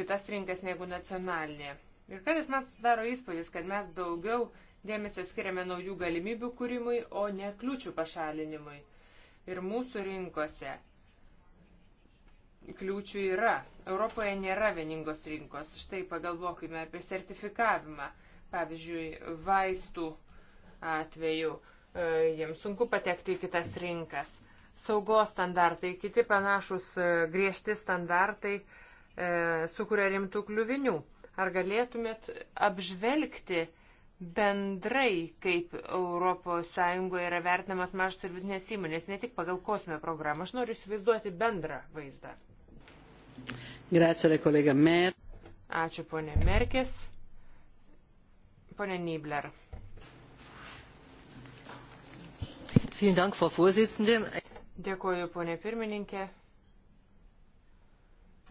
kitas rinkas negu nacionalinė. Ir kartais man susidaro įspūdis, kad mes daugiau dėmesio skiriame naujų galimybių kūrimui, o ne kliūčių pašalinimui. Ir mūsų rinkose kliūčių yra. Europoje nėra vieningos rinkos. Štai pagalvokime apie sertifikavimą. Pavyzdžiui, vaistų atveju e, jiems sunku patekti į kitas rinkas. Saugos standartai, kiti panašus e, griežti standartai e, sukuria rimtų kliuvinių. Ar galėtumėt apžvelgti bendrai, kaip ES yra vertinamas mažas ir vidinės įmonės, ne tik pagal kosmę programą? Aš noriu įsivaizduoti bendrą vaizdą. Grazie, kolega Mer. Ačiū, ponė Merkis. Ponė Nibler. Vielen Dank, Frau Vorsitzende. Dėkuoju, ponė pirmininkė.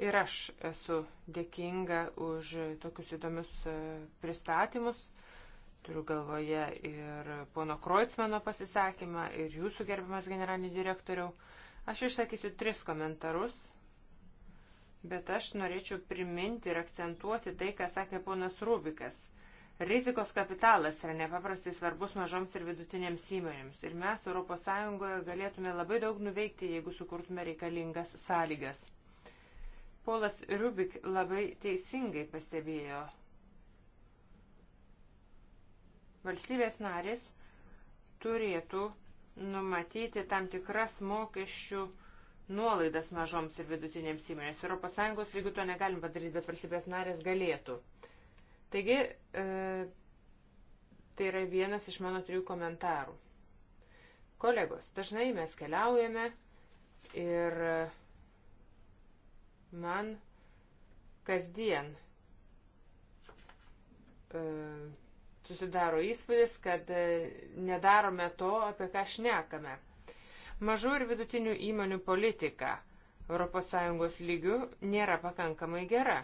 Ir aš esu dėkinga už tokius įdomius e, pristatymus. Turiu galvoje ir pono Kroitsmano pasisakymą, ir jūsų gerbimas generalinį direktoriau. Aš išsakysiu tris komentarus, bet aš norėčiau priminti ir akcentuoti tai, ką sakė ponas Rubikas. Rizikos kapitalas yra nepaprastai svarbus mažoms ir vidutinėms įmonėms ir mes ES galėtume labai daug nuveikti, jeigu sukurtume reikalingas sąlygas. Polas Rubik labai teisingai pastebėjo. Valstybės narės turėtų numatyti tam tikras mokesčių nuolaidas mažoms ir vidutinėms įmonėms. ES lygių to negalim padaryti, bet valstybės narės galėtų. Taigi, e, tai yra vienas iš mano trijų komentarų. Kolegos, dažnai mes keliaujame ir. E, man kasdien e, susidaro įspūdis, kad e, nedarome to, apie ką šnekame. Mažų ir vidutinių įmonių politika ES lygių nėra pakankamai gera.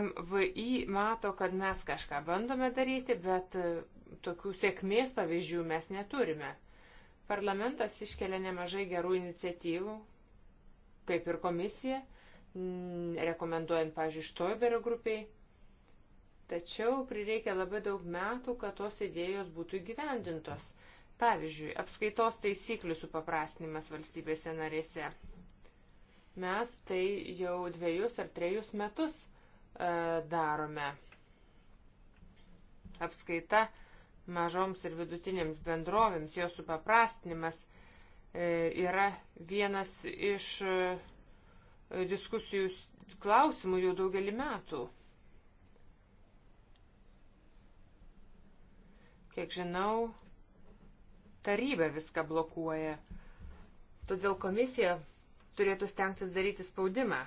MVI mato, kad mes kažką bandome daryti, bet e, tokių sėkmės pavyzdžių mes neturime. Parlamentas iškelia nemažai gerų iniciatyvų, kaip ir komisija, rekomenduojant, pažiūrėjau, Štoiberio grupiai. Tačiau prireikia labai daug metų, kad tos idėjos būtų įgyvendintos. Pavyzdžiui, apskaitos taisyklių supaprastinimas valstybėse narėse. Mes tai jau dviejus ar trejus metus e, darome. Apskaita mažoms ir vidutinėms bendrovėms, jos supaprastinimas – E, yra vienas iš e, diskusijų klausimų jau daugelį metų. Kiek žinau, taryba viską blokuoja. Todėl komisija turėtų stengtis daryti spaudimą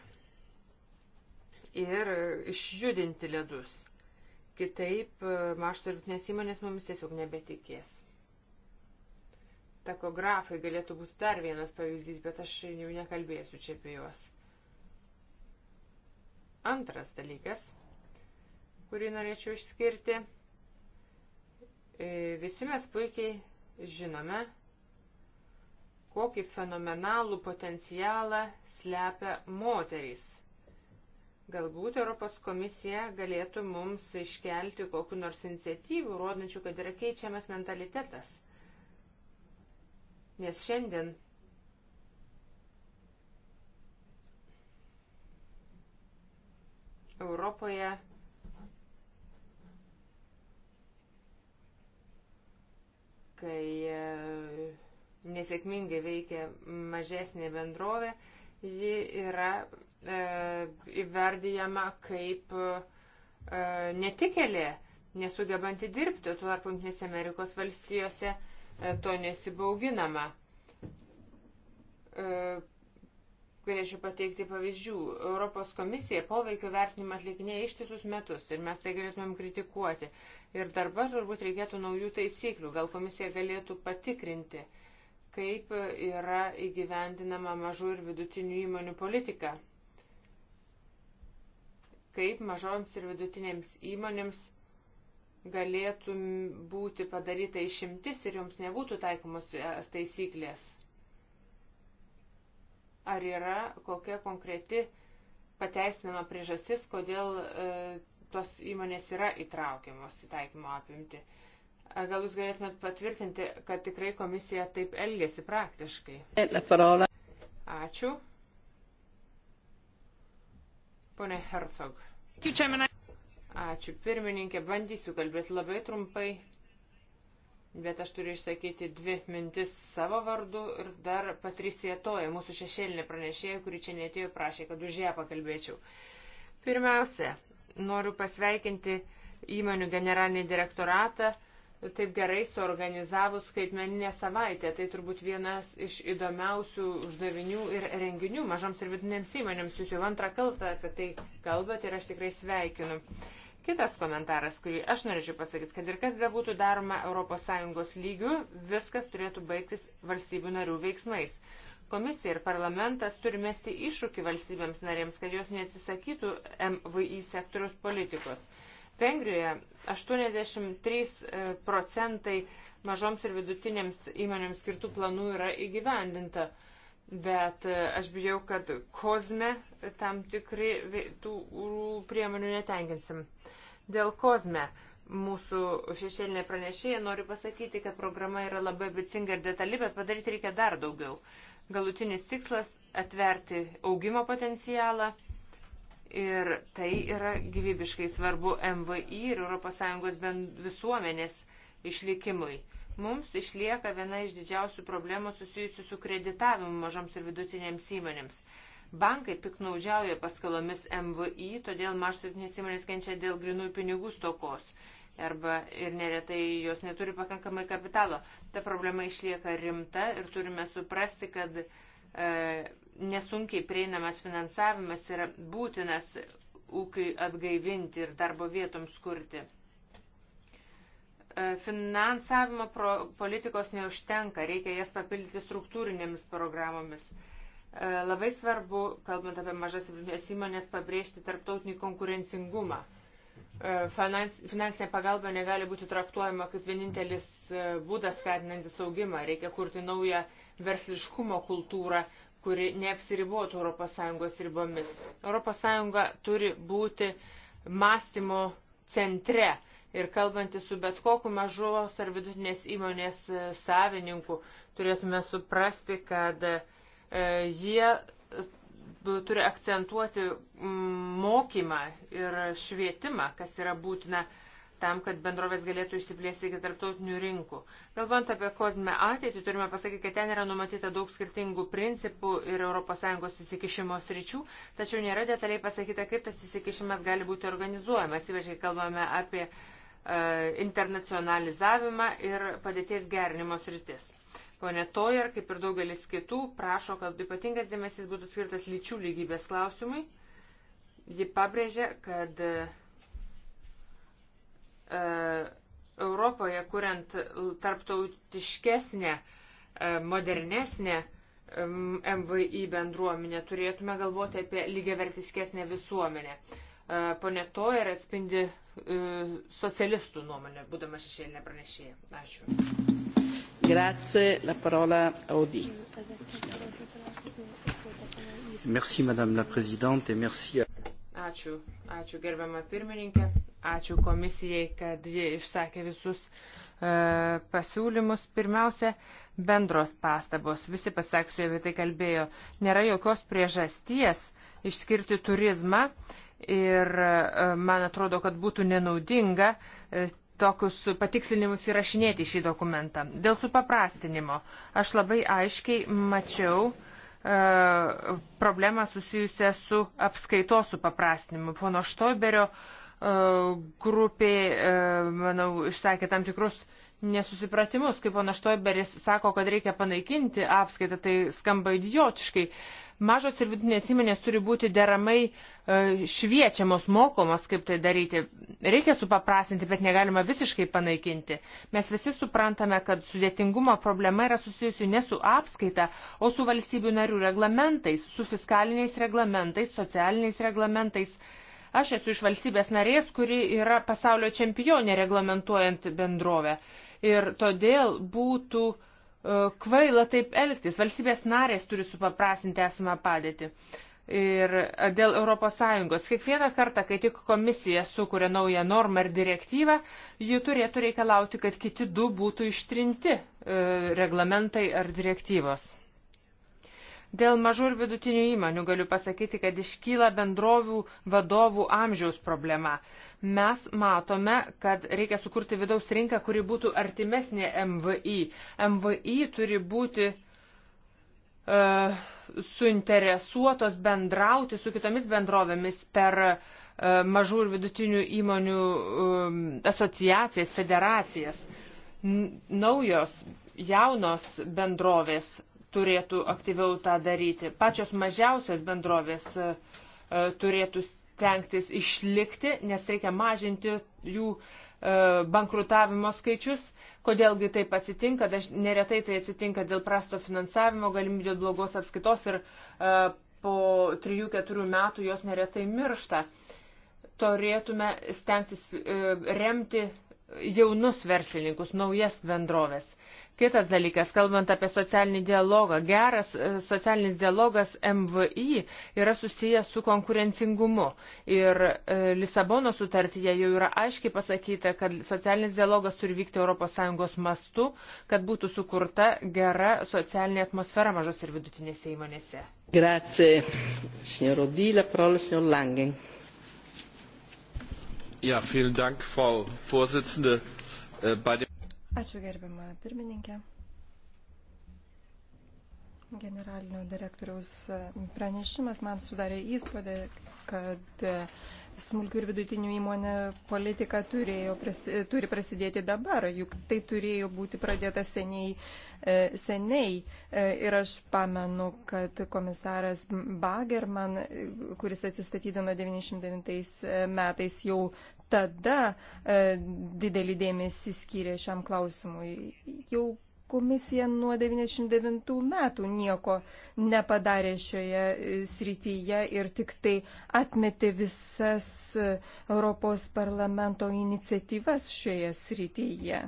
ir e, išjudinti ledus. Kitaip mašto ir vidutinės įmonės mumis tiesiog nebetikės. Takografai galėtų būti dar vienas pavyzdys, bet aš jau nekalbėsiu čia apie juos. Antras dalykas, kurį norėčiau išskirti. E, visi mes puikiai žinome, kokį fenomenalų potencialą slepia moterys. Galbūt Europos komisija galėtų mums iškelti kokiu nors iniciatyvų, rodančių, kad yra keičiamas mentalitetas – nes šiandien Europoje kai e, nesėkmingai veikia mažesnė bendrovė, ji yra e, įvardyjama kaip e, netikėlė, nesugebanti dirbti. Tuo tarpu Junktinėse Amerikos valstijose e, E, to nesibauginama. E, galėčiau pateikti pavyzdžių. Europos komisija poveikio vertinimą atlikinėja ištisus metus ir mes tai galėtumėm kritikuoti. Ir darba turbūt reikėtų naujų taisyklių. Gal komisija galėtų patikrinti, kaip yra įgyvendinama mažų ir vidutinių įmonių politika. Kaip mažoms ir vidutinėms įmonėms galėtų būti padaryta išimtis ir jums nebūtų taikomos e, taisyklės? Ar yra kokia konkreti pateisinama priežastis, kodėl e, tos įmonės yra įtraukiamos į taikymo apimti? Gal jūs galėtumėt patvirtinti, kad tikrai komisija taip elgėsi praktiškai? Ačiū. Pone Hercog. Ačiū pirmininkė, bandysiu kalbėti labai trumpai, bet aš turiu išsakyti dvi mintis savo vardu ir dar Patricija Toja, mūsų šešėlinė pranešėja, kuri čia netėjo, prašė, kad už ją pakalbėčiau. Pirmiausia, noriu pasveikinti įmonių generalinį direktoratą, taip gerai suorganizavus skaitmeninę savaitę. Tai turbūt vienas iš įdomiausių uždavinių ir renginių mažoms ir vidutinėms įmonėms. Jūs jau antrą kartą apie tai kalbate ir aš tikrai sveikinu. Kitas komentaras, kurį aš norėčiau pasakyti, kad ir kas bebūtų daroma ES lygių, viskas turėtų baigtis valstybių narių veiksmais. Komisija ir parlamentas turi mesti iššūkį valstybėms narėms, kad jos neatsisakytų MVI sektoriaus politikos. Vengrijoje 83 procentai mažoms ir vidutinėms įmonėms skirtų planų yra įgyvendinta. Bet e, aš bijau, kad kozme tam tikrai tų priemonių netenkinsim. Dėl kozme mūsų šešėlinė pranešėja nori pasakyti, kad programa yra labai ambicinga ir detali, bet padaryti reikia dar daugiau. Galutinis tikslas - atverti augimo potencialą. Ir tai yra gyvybiškai svarbu MVI ir ES visuomenės išlikimui. Mums išlieka viena iš didžiausių problemų susijusių su kreditavimu mažoms ir vidutinėms įmonėms. Bankai piknaudžiauja paskalomis MVI, todėl mažtutinės įmonės kenčia dėl grinųjų pinigų stokos arba ir neretai jos neturi pakankamai kapitalo. Ta problema išlieka rimta ir turime suprasti, kad e, nesunkiai prieinamas finansavimas yra būtinas ūkiui atgaivinti ir darbo vietoms kurti. E, finansavimo pro, politikos neužtenka, reikia jas papildyti struktūrinėmis programomis. E, labai svarbu, kalbant apie mažas vidutinės įmonės, pabrėžti tarptautinį konkurencingumą. E, finans, finansinė pagalba negali būti traktuojama kaip vienintelis būdas skatinantis augimą. Reikia kurti naują versliškumo kultūrą, kuri neapsiribotų ES ribomis. ES turi būti mąstymo centre ir kalbantys su bet kokiu mažos ar vidutinės įmonės e, savininku turėtume suprasti, kad e, jie e, turi akcentuoti mokymą ir švietimą, kas yra būtina tam, kad bendrovės galėtų išsiplėsti iki tarptautinių rinkų. Kalbant apie kozmę ateitį, turime pasakyti, kad ten yra numatyta daug skirtingų principų ir ES įsikišimo sričių, tačiau nėra detaliai pasakyta, kaip tas įsikišimas gali būti organizuojamas, ypač kai kalbame apie uh, E, internacionalizavimą ir padėties gerinimo sritis. Pone Tojer, kaip ir daugelis kitų, prašo, kad ypatingas dėmesys būtų skirtas lyčių lygybės klausimui. Ji pabrėžė, kad e, Europoje, kuriant tarptautiškesnę, e, modernesnę MVI bendruomenę, turėtume galvoti apie lygiavertiskesnę visuomenę. E, E, ponė Toer atspindi e, socialistų nuomonę, būdama šešėlinė pranešėja. Ačiū. Grazie, la parola Audi. Merci, madame la présidente, et merci. Ačiū, ačiū gerbiama pirmininkė, ačiū komisijai, kad jie išsakė visus e, pasiūlymus. Pirmiausia, bendros pastabos, visi pasaksiu, apie tai kalbėjo, nėra jokios priežasties išskirti turizmą ir e, man atrodo, kad būtų nenaudinga e, tokius patikslinimus įrašinėti šį dokumentą. Dėl supaprastinimo aš labai aiškiai mačiau e, problemą susijusią su apskaitos supaprastinimu. Pono Štoiberio e, grupė, e, manau, išsakė tam tikrus nesusipratimus, kaip pono Štoiberis sako, kad reikia panaikinti apskaitą, tai skamba idiotiškai. E, Mažos ir vidutinės įmonės turi būti deramai e, šviečiamos, mokomos, kaip tai daryti. Reikia supaprastinti, bet negalima visiškai panaikinti. Mes visi suprantame, kad sudėtingumo problema yra susijusi ne su apskaita, o su valstybių narių reglamentais, su fiskaliniais reglamentais, socialiniais reglamentais. Aš esu iš valstybės narės, kuri yra pasaulio čempionė reglamentuojant bendrovę. Ir todėl būtų uh, E, kvaila taip elgtis. Valstybės narės turi supaprasinti esamą padėtį. Ir e, dėl ES. Kiekvieną kartą, kai tik komisija sukuria naują normą ar direktyvą, ji turėtų reikalauti, kad kiti du būtų ištrinti e, reglamentai ar direktyvos. Dėl mažų ir vidutinių įmonių galiu pasakyti, kad iškyla bendrovių vadovų amžiaus problema. Mes matome, kad reikia sukurti vidaus rinką, kuri būtų artimesnė MVI. MVI turi būti uh, suinteresuotos bendrauti su kitomis bendrovėmis per uh, mažų ir vidutinių įmonių um, asociacijas, federacijas. N naujos jaunos bendrovės turėtų aktyviau tą daryti. Pačios mažiausios bendrovės e, e, turėtų stengtis išlikti, nes reikia mažinti jų e, bankrutavimo skaičius. Kodėlgi taip atsitinka? Daž neretai tai atsitinka dėl prasto finansavimo, galimybių dėl blogos apskaitos ir po 3-4 metų jos neretai miršta. Turėtume stengtis remti jaunus verslininkus, naujas bendrovės Kitas dalykas, kalbant apie socialinį dialogą, geras e, socialinis dialogas MVI yra susijęs su konkurencingumu. Ir e, Lisabono sutartyje jau yra aiškiai pasakyta, kad socialinis dialogas turi vykti ES mastu, kad būtų sukurta gera socialinė atmosfera mažos ir vidutinėse įmonėse.
Grazie,
signor Odį, la parola signor Langen. Ja, vielen Dank, Frau Vorsitzende. Äh, bei dem Ačiū
gerbima pirmininkė. Generalinio direktoriaus pranešimas man sudarė įspūdį, kad smulkių ir vidutinių įmonė politika turėjo, prasi, turi prasidėti dabar, juk tai turėjo būti pradėta seniai, e, seniai. E, ir aš pamenu, kad komisaras Bagerman, kuris atsistatydino 99 e, metais, jau tada e, didelį dėmesį skyrė šiam klausimui. Jau komisija nuo 99 metų nieko nepadarė šioje e, srityje ir tik tai atmetė visas e, Europos parlamento iniciatyvas šioje srityje.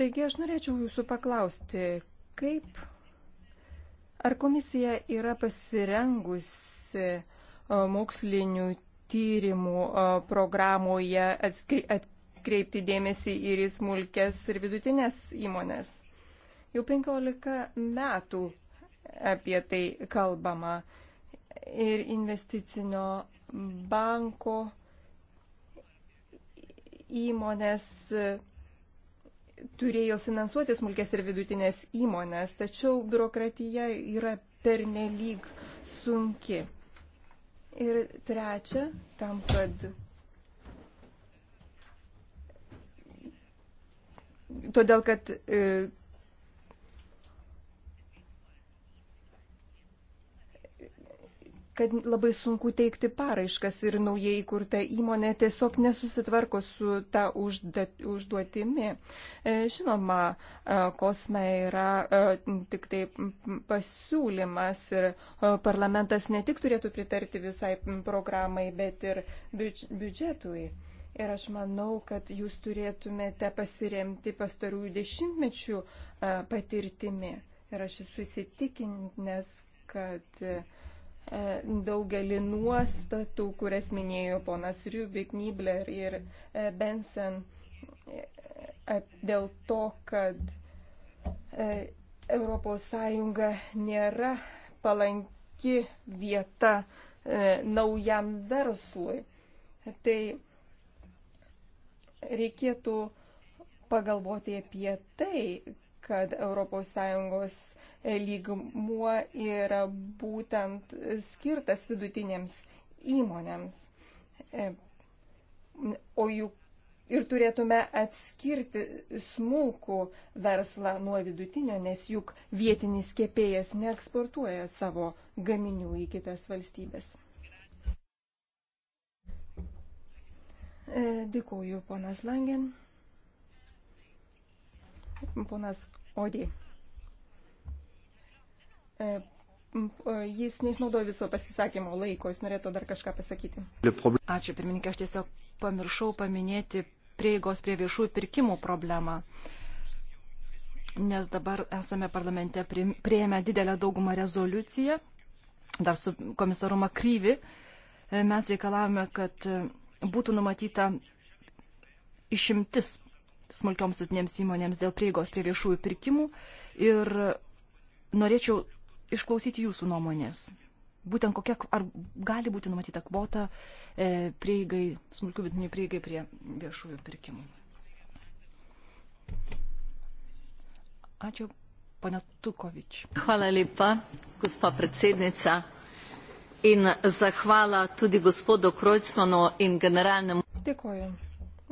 Taigi aš norėčiau jūsų paklausti, kaip ar komisija yra pasirengusi e, mokslinių tyrimų programoje atkreipti dėmesį ir į smulkės ir vidutinės įmonės. Jau 15 metų apie tai kalbama ir investicinio banko įmonės turėjo finansuoti smulkės ir vidutinės įmonės, tačiau biurokratija yra pernelyg sunki. Ir trečia, tam, kad todėl, kad e, kad labai sunku teikti paraiškas ir naujai įkurta įmonė tiesiog nesusitvarko su ta užduotimi. E, žinoma, e, kosme yra e, tik tai pasiūlymas ir parlamentas ne tik turėtų pritarti visai programai, bet ir biudžetui. Ir aš manau, kad jūs turėtumėte pasiremti pastarųjų dešimtmečių patirtimi. Ir aš esu įsitikinęs, kad uh, E, daugelį nuostatų, kurias minėjo ponas Riubik, Nibler ir e, Benson, e, dėl to, kad ES nėra palanki vieta naujam verslui. Tai reikėtų pagalvoti apie tai, kad ES lygmuo yra būtent skirtas vidutinėms įmonėms. E, o juk ir turėtume atskirti smulkų verslą nuo vidutinio, nes juk vietinis kepėjas neeksportuoja savo gaminių į kitas valstybės. E, dėkuoju, ponas Langen ponas Odė. E, e, jis neišnaudojo viso pasisakymo laiko, jis norėtų dar kažką pasakyti. Ačiū, pirmininkė, aš tiesiog pamiršau paminėti prieigos prie viešųjų pirkimų problemą.
Nes dabar esame parlamente prieėmę didelę daugumą rezoliuciją, dar su komisaru Makryvi. E, mes reikalavome, kad būtų numatyta išimtis smulkioms sutinėms įmonėms dėl prieigos prie viešųjų pirkimų ir norėčiau išklausyti jūsų nuomonės. Būtent kokia, ar gali būti numatyta kvota e, prieigai, smulkių vidutinių prieigai prie viešųjų pirkimų. Ačiū, pana Tukovič. Hvala lepa, gospa predsednica.
In zahvala tudi gospodu Krojcmanu in generalnemu. Dėkuoju.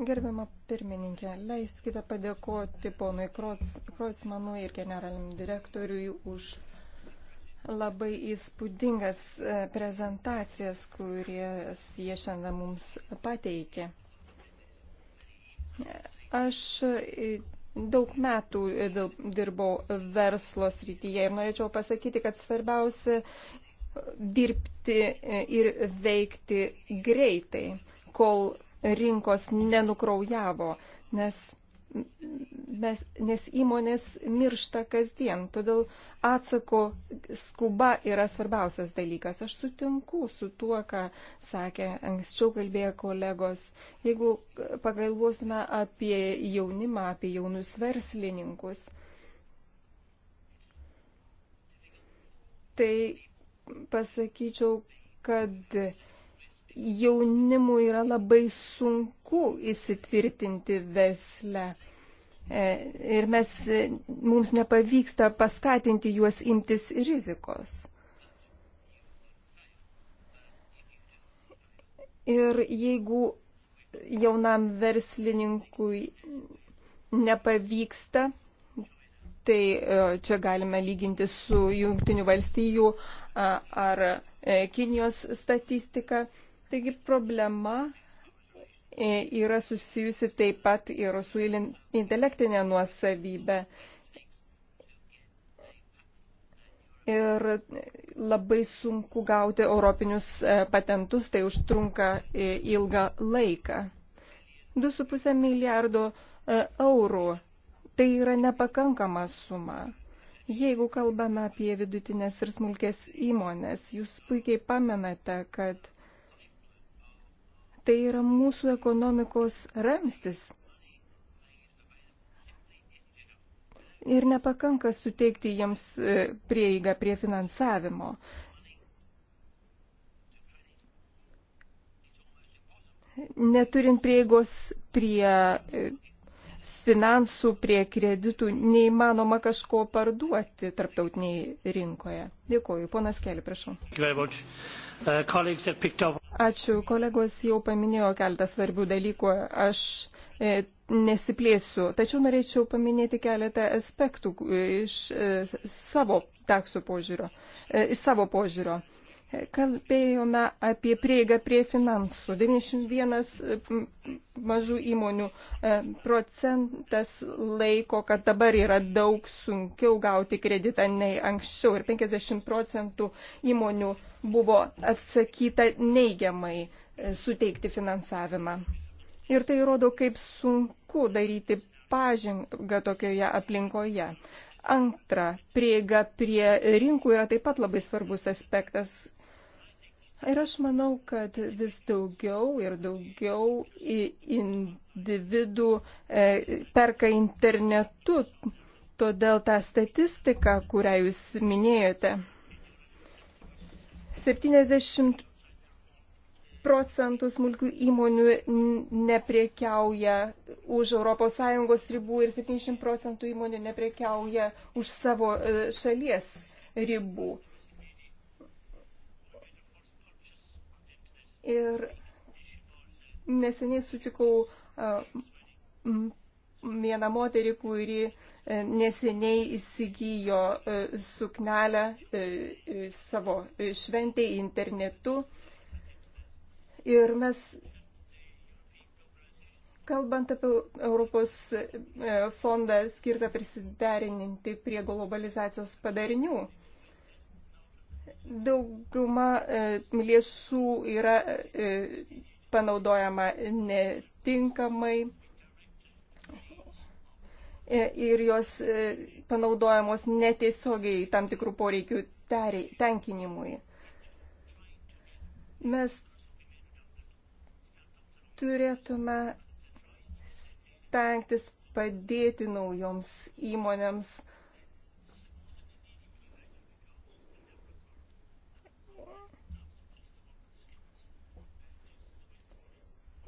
Gerbiama pirmininkė, leiskite padėkoti ponui Kroicmanui ir generaliniam direktoriui už labai įspūdingas e, prezentacijas, kurias jie šiandien mums pateikė. Aš e, daug metų e, dirbau verslo srityje ir norėčiau pasakyti, kad svarbiausia dirbti ir veikti greitai, kol rinkos nenukraujavo, nes, mes, nes įmonės miršta kasdien. Todėl atsako skuba yra svarbiausias dalykas. Aš sutinku su tuo, ką sakė anksčiau kalbėję kolegos. Jeigu pagalvosime apie jaunimą, apie jaunus verslininkus, tai pasakyčiau, kad jaunimui yra labai sunku įsitvirtinti veslę. E, ir mes, e, mums nepavyksta paskatinti juos imtis rizikos. Ir jeigu jaunam verslininkui nepavyksta, tai e, čia galime lyginti su jungtinių valstybių ar Kinijos statistika. Taigi problema e, yra susijusi taip pat ir su intelektinė nuosavybė. Ir labai sunku gauti europinius e, patentus, tai užtrunka e, ilgą laiką. 2,5 milijardo eurų tai yra nepakankama suma. Jeigu kalbame apie vidutinės ir smulkės įmonės, jūs puikiai pamenate, kad Tai yra mūsų ekonomikos ramstis. Ir nepakanka suteikti jiems e, prieigą prie finansavimo. Neturint prieigos prie e, finansų, prie kreditų, neįmanoma kažko parduoti tarptautiniai rinkoje. Dėkuoju. Ponas Keli, prašau.
Kvevoč. Uh,
Ačiū, kolegos jau paminėjo keletą svarbių dalykų, aš e, nesiplėsiu, tačiau norėčiau paminėti keletą aspektų e, iš e, savo taksų požiūrio, iš savo požiūrio kalbėjome apie prieigą prie finansų. 91 mažų įmonių e, procentas laiko, kad dabar yra daug sunkiau gauti kreditą nei anksčiau ir 50 procentų įmonių buvo atsakyta neigiamai e, suteikti finansavimą. Ir tai rodo, kaip sunku daryti pažingą tokioje aplinkoje. Antra, prieiga prie rinkų yra taip pat labai svarbus aspektas, Ir aš manau, kad vis daugiau ir daugiau individų e, perka internetu, todėl tą statistiką, kurią jūs minėjote, 70 procentų smulkių įmonių nepriekiauja už ES ribų ir 70 procentų įmonių nepriekiauja už savo e, šalies ribų. Ir neseniai sutikau vieną moterį, kuri e, neseniai įsigijo e, suknelę e, savo šventėj internetu. Ir mes, kalbant apie Europos fondą skirtą prisiderininti prie globalizacijos padarinių, Dauguma e, lėšų yra e, panaudojama netinkamai e, ir jos panaudojamos netiesiogiai tam tikrų poreikių tenkinimui. Mes turėtume stengtis padėti naujoms įmonėms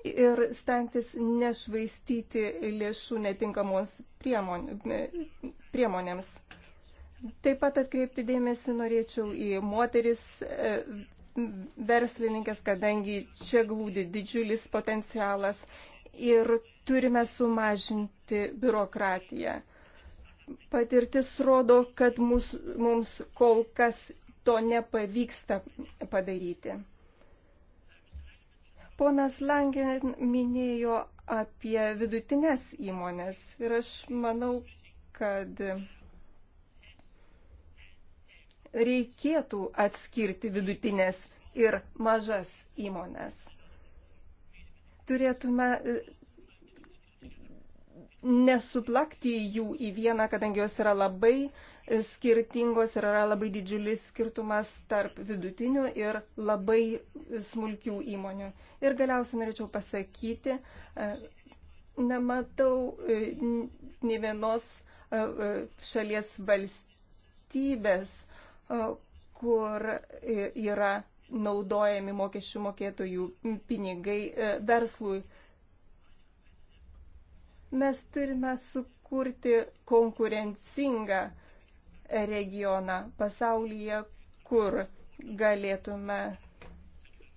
ir stengtis nešvaistyti lėšų netinkamos priemonėms. Taip pat atkreipti dėmesį norėčiau į moteris e, verslininkės, kadangi čia glūdi didžiulis potencialas ir turime sumažinti biurokratiją. Patirtis rodo, kad mus, mums kol kas to nepavyksta padaryti. Ponas Langė minėjo apie vidutinės įmonės ir aš manau, kad reikėtų atskirti vidutinės ir mažas įmonės. Turėtume e, nesuplakti jų į vieną, kadangi jos yra labai uh, skirtingos ir yra labai didžiulis skirtumas tarp vidutinių ir labai smulkių įmonių. Ir galiausiai norėčiau pasakyti, e, nematau e, ne vienos e, šalies valstybės, kur yra naudojami mokesčių mokėtojų pinigai verslui. Mes turime sukurti konkurencingą uh, regioną pasaulyje, kur galėtume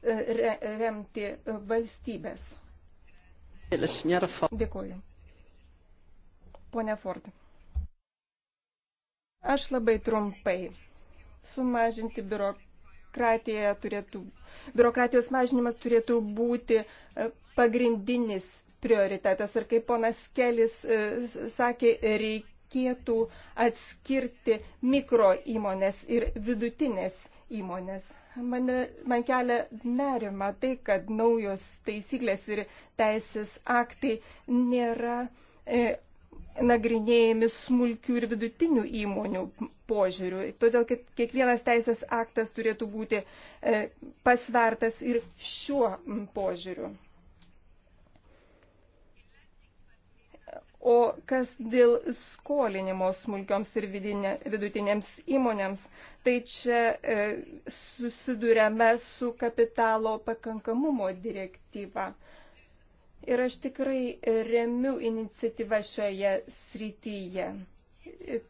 e, remti valstybės. Dėkuoju. Pone Ford. Aš labai trumpai. Sumažinti biurokratiją turėtų, biurokratijos mažinimas turėtų būti e, pagrindinis prioritetas. Ir kaip ponas Kelis e, sakė, reikia reikėtų atskirti mikro įmonės ir vidutinės įmonės. Mane, man kelia nerima tai, kad naujos taisyklės ir teisės aktai nėra e, nagrinėjami smulkių ir vidutinių įmonių požiūrių. Todėl, kad kiekvienas teisės aktas turėtų būti e, pasvertas ir šiuo požiūriu. O kas dėl skolinimo smulkioms ir vidinė, vidutinėms įmonėms, tai čia e, susidurėme su kapitalo pakankamumo direktyva. Ir aš tikrai remiu iniciatyvą šioje srityje.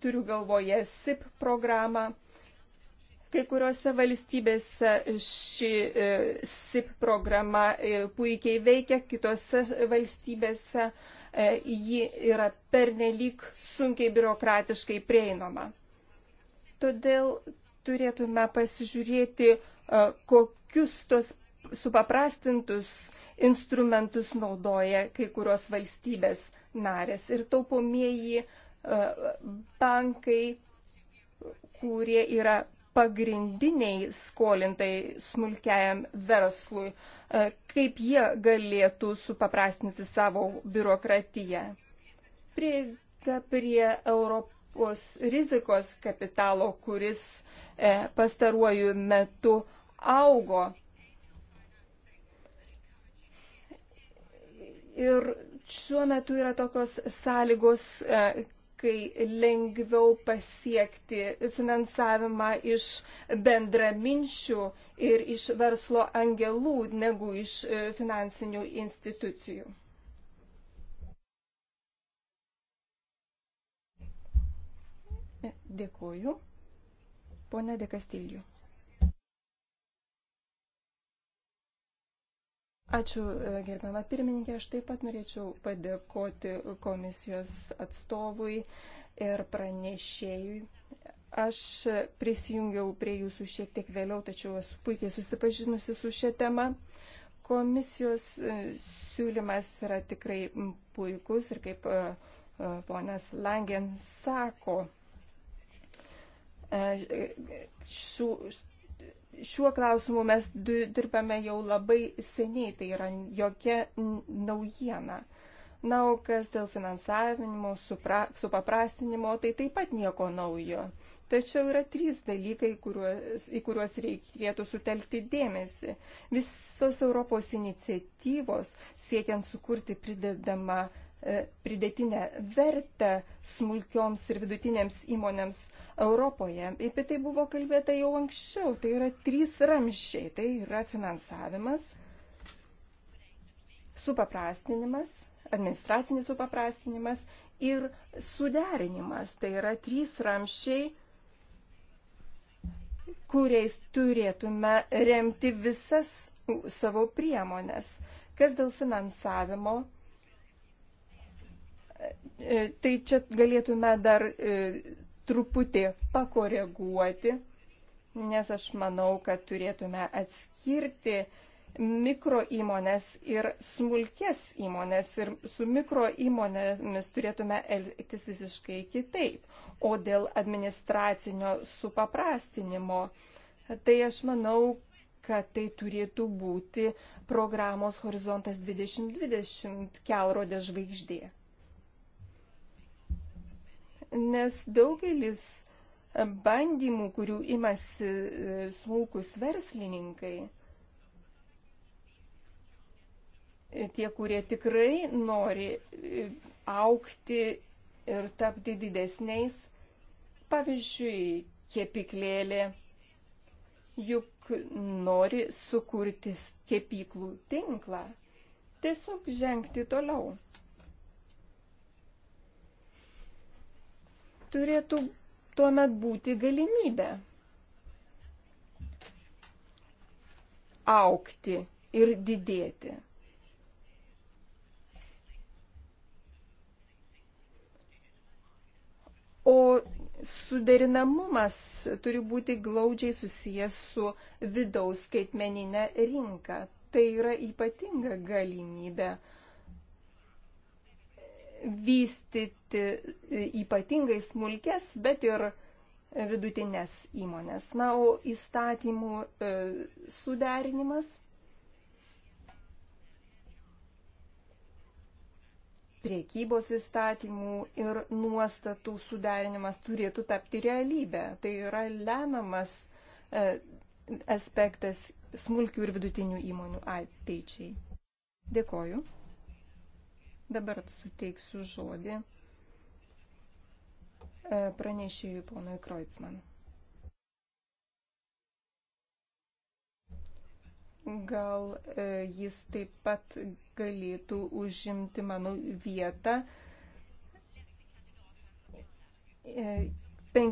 Turiu galvoje SIP programą. Kai kuriuose valstybėse ši e, SIP programa e, puikiai veikia, kitose valstybėse uh, E, ji yra pernelyg sunkiai biurokratiškai prieinama. Todėl turėtume pasižiūrėti, e, kokius tos supaprastintus instrumentus naudoja kai kurios valstybės narės. Ir taupomieji e, bankai, kurie yra pagrindiniai skolintai smulkiajam verslui, e, kaip jie galėtų supaprastinti savo biurokratiją. Prieiga prie Europos rizikos kapitalo, kuris e, pastaruoju metu augo. Ir šiuo metu yra tokios sąlygos, e, gerokai lengviau pasiekti finansavimą iš bendraminčių ir iš verslo angelų negu iš e, finansinių institucijų. Dėkuoju. Pone Dekastiliu. Ačiū, e, gerbiama pirmininkė. Aš taip pat norėčiau padėkoti komisijos atstovui ir pranešėjui. Aš prisijungiau prie jūsų šiek tiek vėliau, tačiau esu puikiai susipažinusi su šia tema. Komisijos e, siūlymas yra tikrai puikus ir kaip e, ponas Langen sako, šių Šiuo klausimu mes dirbame jau labai seniai, tai yra jokia naujiena. Na, o kas dėl finansavimo, supra, supaprastinimo, tai taip pat nieko naujo. Tačiau yra trys dalykai, kuriuos, į kuriuos reikėtų sutelkti dėmesį. Visos Europos iniciatyvos siekiant sukurti pridedamą e, pridėtinę vertę smulkioms ir vidutinėms įmonėms Europoje. Apie tai buvo kalbėta jau anksčiau. Tai yra trys ramščiai. Tai yra finansavimas, supaprastinimas, administracinis supaprastinimas ir suderinimas. Tai yra trys ramščiai kuriais turėtume remti visas savo priemonės. Kas dėl finansavimo, e, e, tai čia galėtume dar e, truputį pakoreguoti, nes aš manau, kad turėtume atskirti mikro įmonės ir smulkės įmonės ir su mikro įmonėmis turėtume elgtis visiškai kitaip. O dėl administracinio supaprastinimo, tai aš manau, kad tai turėtų būti programos Horizontas 2020 kelrodė žvaigždė nes daugelis bandymų, kurių imasi e, smulkus verslininkai, e, tie, kurie tikrai nori e, aukti ir tapti didesniais, pavyzdžiui, kepiklėlė, juk nori sukurti kepyklų tinklą, tiesiog žengti toliau. turėtų tuomet būti galimybė aukti ir didėti. O suderinamumas turi būti glaudžiai susijęs su vidaus skaitmeninė rinka. Tai yra ypatinga galimybė uh, vystyti e, ypatingai smulkės, bet ir vidutinės įmonės. Na, o įstatymų e, suderinimas priekybos įstatymų ir nuostatų suderinimas turėtų tapti realybę. Tai yra lemiamas e, aspektas smulkių ir vidutinių įmonių ateičiai. Dėkoju. Dabar suteiksiu žodį e, pranešėjui ponui Kreutzmann. Gal e, jis taip pat galėtų užimti mano vietą 15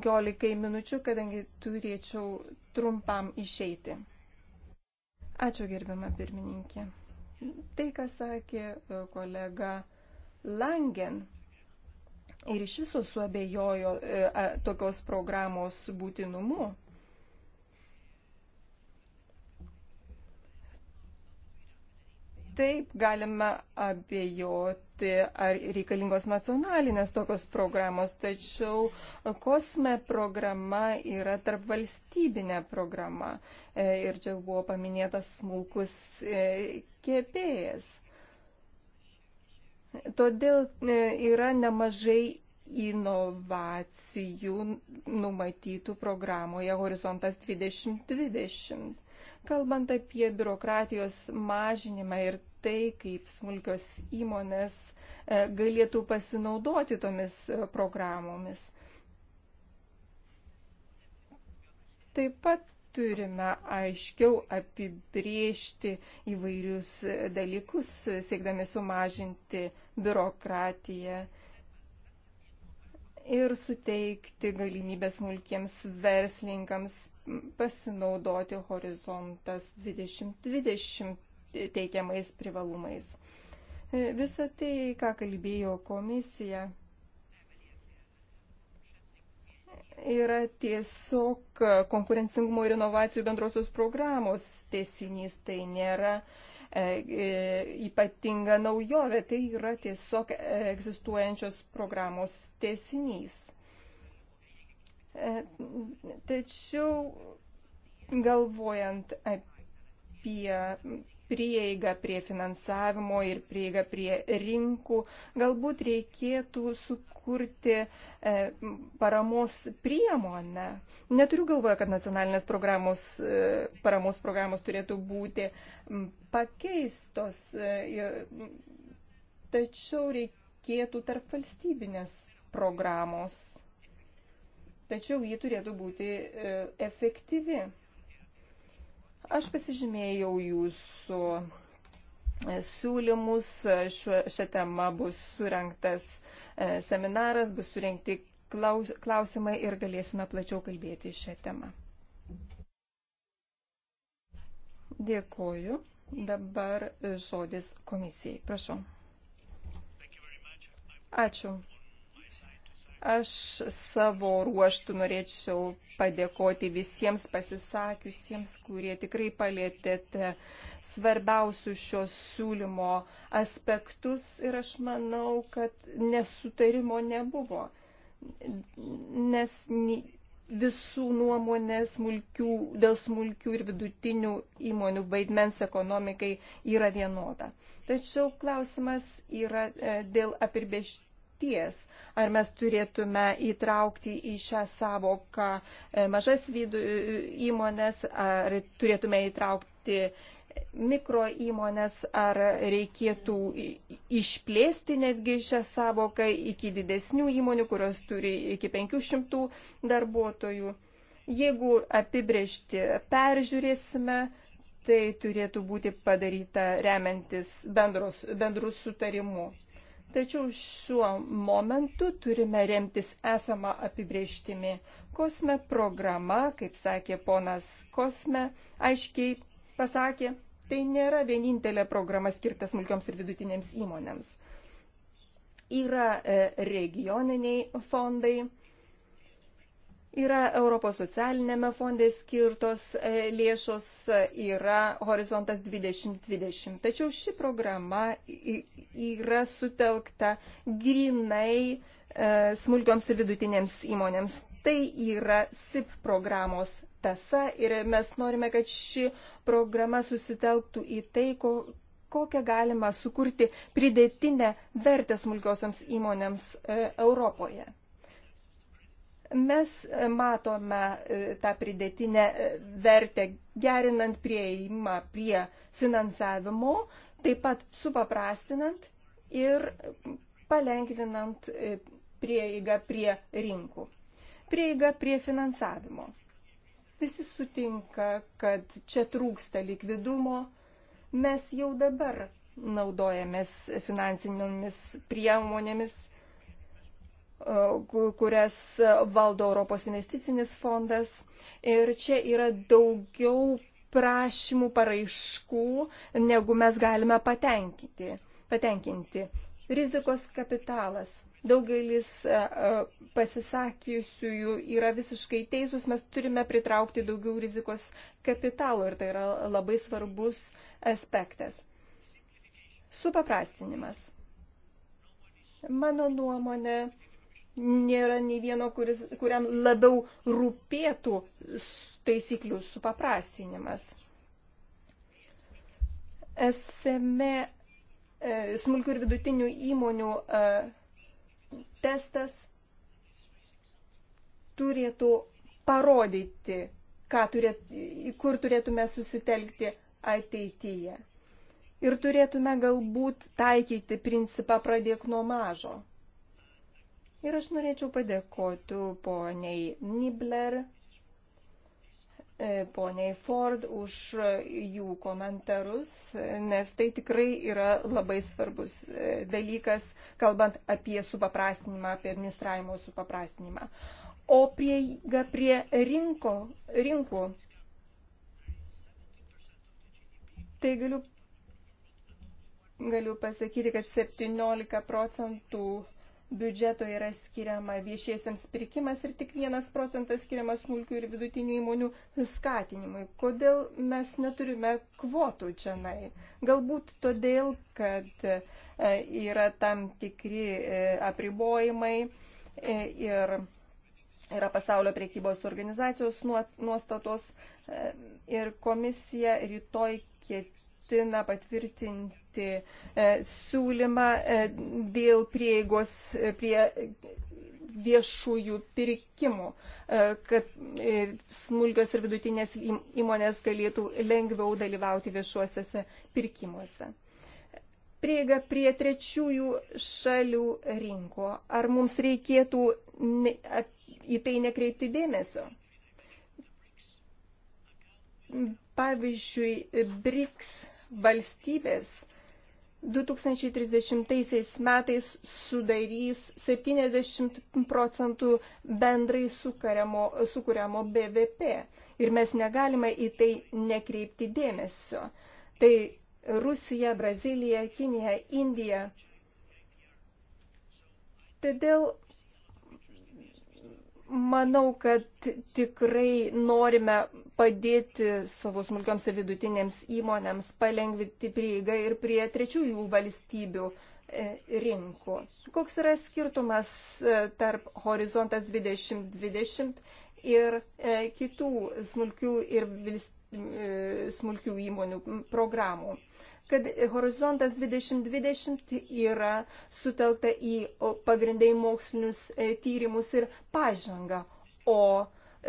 e, minučių, kadangi turėčiau trumpam išeiti. Ačiū gerbiama pirmininkė. Tai, ką sakė e, kolega Langen, ir iš viso suabejojo e, tokios programos būtinumu. Taip galima abejoti, ar reikalingos nacionalinės tokios programos, tačiau kosme programa yra tarp valstybinė programa. E, ir čia buvo paminėtas smulkus e, kėpėjas. Todėl e, yra nemažai inovacijų numatytų programoje Horizontas 2020. Kalbant apie biurokratijos mažinimą ir tai, kaip smulkios įmonės e, galėtų pasinaudoti tomis e, programomis. Taip pat turime aiškiau apibriežti įvairius e, dalykus, siekdami sumažinti biurokratiją ir suteikti galimybę smulkiems verslininkams pasinaudoti horizontas 2020 teikiamais privalumais. Visą tai, ką kalbėjo komisija, yra tiesiog konkurencingumo ir inovacijų bendrosios programos tiesinys. Tai nėra e, e, ypatinga naujovė, tai yra tiesiog e, egzistuojančios programos tiesinys. E, tačiau galvojant apie prieigą prie finansavimo ir prieigą prie rinkų, galbūt reikėtų sukurti e, paramos priemonę. Neturiu galvoje, kad nacionalinės programos, e, paramos programos turėtų būti pakeistos, e, tačiau reikėtų tarp valstybinės programos tačiau ji turėtų būti e, efektyvi. Aš pasižymėjau jūsų e, siūlymus, šią temą bus surinktas e, seminaras, bus surinkti klausimai ir galėsime plačiau kalbėti šią temą. Dėkoju. Dabar žodis komisijai. Prašau. Ačiū. Aš savo ruoštų norėčiau padėkoti visiems pasisakiusiems, kurie tikrai palėtėte svarbiausius šios siūlymo aspektus ir aš manau, kad nesutarimo nebuvo, nes visų nuomonės smulkių, dėl smulkių ir vidutinių įmonių vaidmens ekonomikai yra vienoda. Tačiau klausimas yra e, dėl apirbėžties Ar mes turėtume įtraukti į šią savoką e, mažas vidų e, įmonės, ar turėtume įtraukti mikro įmonės, ar reikėtų išplėsti netgi šią savoką iki didesnių įmonių, kurios turi iki 500 darbuotojų. Jeigu apibrėžti peržiūrėsime, tai turėtų būti padaryta remiantis bendros, bendrų sutarimų. Tačiau šiuo momentu turime remtis esamą apibrieštimi. Kosme programa, kaip sakė ponas Kosme, aiškiai pasakė, tai nėra vienintelė programa skirta smulkioms ir vidutinėms įmonėms. Yra e, regioniniai fondai Yra Europos socialinėme fonde skirtos e, lėšos, e, yra Horizontas 2020. Tačiau ši programa yra sutelkta grinai e, smulkioms ir vidutinėms įmonėms. Tai yra SIP programos tasa ir mes norime, kad ši programa susitelktų į tai, ko, kokią galima sukurti pridėtinę vertę smulkiosioms įmonėms Europoje. Mes e, matome e, tą pridėtinę e, vertę gerinant prieimą prie finansavimo, taip pat supaprastinant ir palengvinant prieigą prie rinkų. Prieiga prie finansavimo. Visi sutinka, kad čia trūksta likvidumo. Mes jau dabar naudojamės finansinėmis priemonėmis E, kurias valdo Europos investicinis fondas. Ir čia yra daugiau prašymų, paraiškų, negu mes galime patenkinti. patenkinti. Rizikos kapitalas. Daugelis e, e, pasisakiusiųjų yra visiškai teisūs, mes turime pritraukti daugiau rizikos kapitalo ir tai yra labai svarbus aspektas. Supaprastinimas. Mano nuomonė, nėra nei vieno, kuris, kuriam labiau rūpėtų taisyklių supaprastinimas. SME e, smulkių ir vidutinių įmonių e, testas turėtų parodyti, turėt, kur turėtume susitelkti ateityje. Ir turėtume galbūt taikyti principą pradėk nuo mažo. Ir aš norėčiau padėkoti poniai Nibler, e, poniai Ford už jų komentarus, nes tai tikrai yra labai svarbus e, dalykas, kalbant apie supaprastinimą, apie administravimo supaprastinimą. O prieiga prie rinko, rinkų. Tai galiu, galiu pasakyti, kad 17 procentų biudžeto yra skiriama viešiesiams pirkimas ir tik vienas procentas skiriamas smulkių ir vidutinių įmonių skatinimui. Kodėl mes neturime kvotų čia? Galbūt todėl, kad e, yra tam tikri e, apribojimai e, ir yra pasaulio priekybos organizacijos nuostatos ir komisija rytoj ketina patvirtinti paremti e, siūlymą e, dėl prieigos e, prie viešųjų pirkimų, kad smulkios ir vidutinės įmonės galėtų lengviau dalyvauti viešuosiuose pirkimuose. Prieiga prie trečiųjų šalių rinko. Ar mums reikėtų į tai nekreipti dėmesio? Pavyzdžiui, BRICS valstybės 2030 metais sudarys 70 procentų bendrai sukariamo, sukuriamo BVP. Ir mes negalime į tai nekreipti dėmesio. Tai Rusija, Brazilija, Kinija, Indija. Todėl Manau, kad tikrai norime padėti savo smulkioms ir vidutinėms įmonėms palengvinti prieigą ir prie trečiųjų valstybių e, rinkų. Koks yra skirtumas e, tarp horizontas 2020 ir e, kitų smulkių ir smulkių įmonių programų? kad horizontas 2020 yra sutelkta į pagrindai mokslinius e, tyrimus ir pažangą, o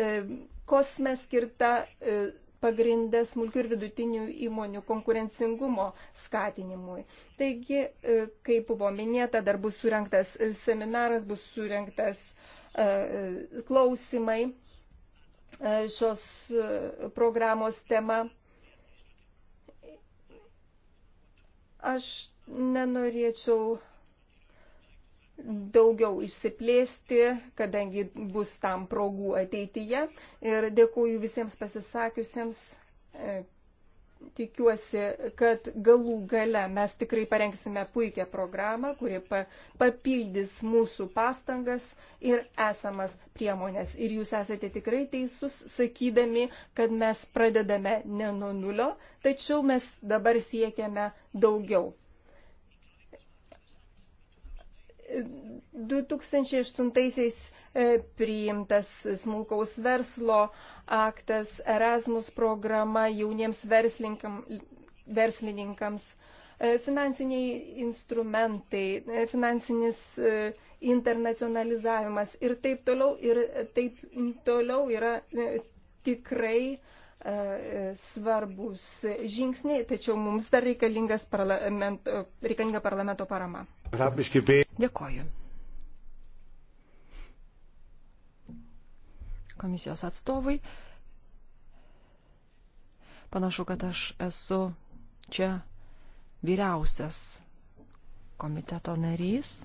e, kosme skirta e, pagrindę smulkių ir vidutinių įmonių konkurencingumo skatinimui. Taigi, kaip buvo minėta, dar bus surinktas seminaras, bus surinktas klausimai šios programos tema. Aš nenorėčiau daugiau išsiplėsti, kadangi bus tam progų ateityje. Ir dėkuoju visiems pasisakiusiems e, tikiuosi, kad galų gale mes tikrai parengsime puikią programą, kuri papildys mūsų pastangas ir esamas priemonės. Ir jūs esate tikrai teisus, sakydami, kad mes pradedame ne nuo nulio, tačiau mes dabar siekiame daugiau. 2008 e, E, priimtas smulkaus verslo aktas, Erasmus programa jauniems verslininkams, e, finansiniai instrumentai, e, finansinis internacionalizavimas ir taip toliau, ir taip toliau yra tikrai svarbus žingsniai, tačiau mums dar reikalinga parlamento parama. Dėkoju.
komisijos atstovai. Panašu, kad aš esu čia vyriausias komiteto narys.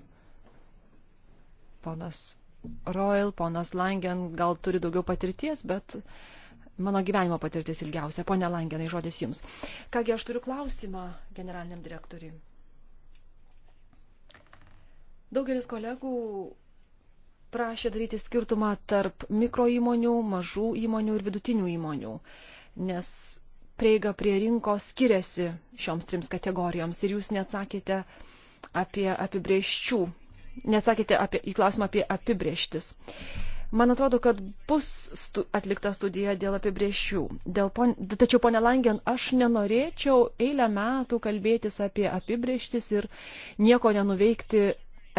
Ponas Royal, ponas Langen gal turi daugiau patirties, bet mano gyvenimo patirtis ilgiausia. Pone Langenai, žodis jums. Kągi aš turiu klausimą generaliniam direktoriui. Daugelis kolegų prašė daryti skirtumą tarp mikro įmonių, mažų įmonių ir vidutinių įmonių, nes prieiga prie rinkos skiriasi šioms trims kategorijoms ir jūs neatsakėte apie apibrieščių, neatsakėte apie, į klausimą apie apibrieštis. Man atrodo, kad bus stu, atlikta studija dėl apibrieščių. Dėl pon, tačiau, ponia Langen, aš nenorėčiau eilę metų kalbėtis apie apibrieštis ir nieko nenuveikti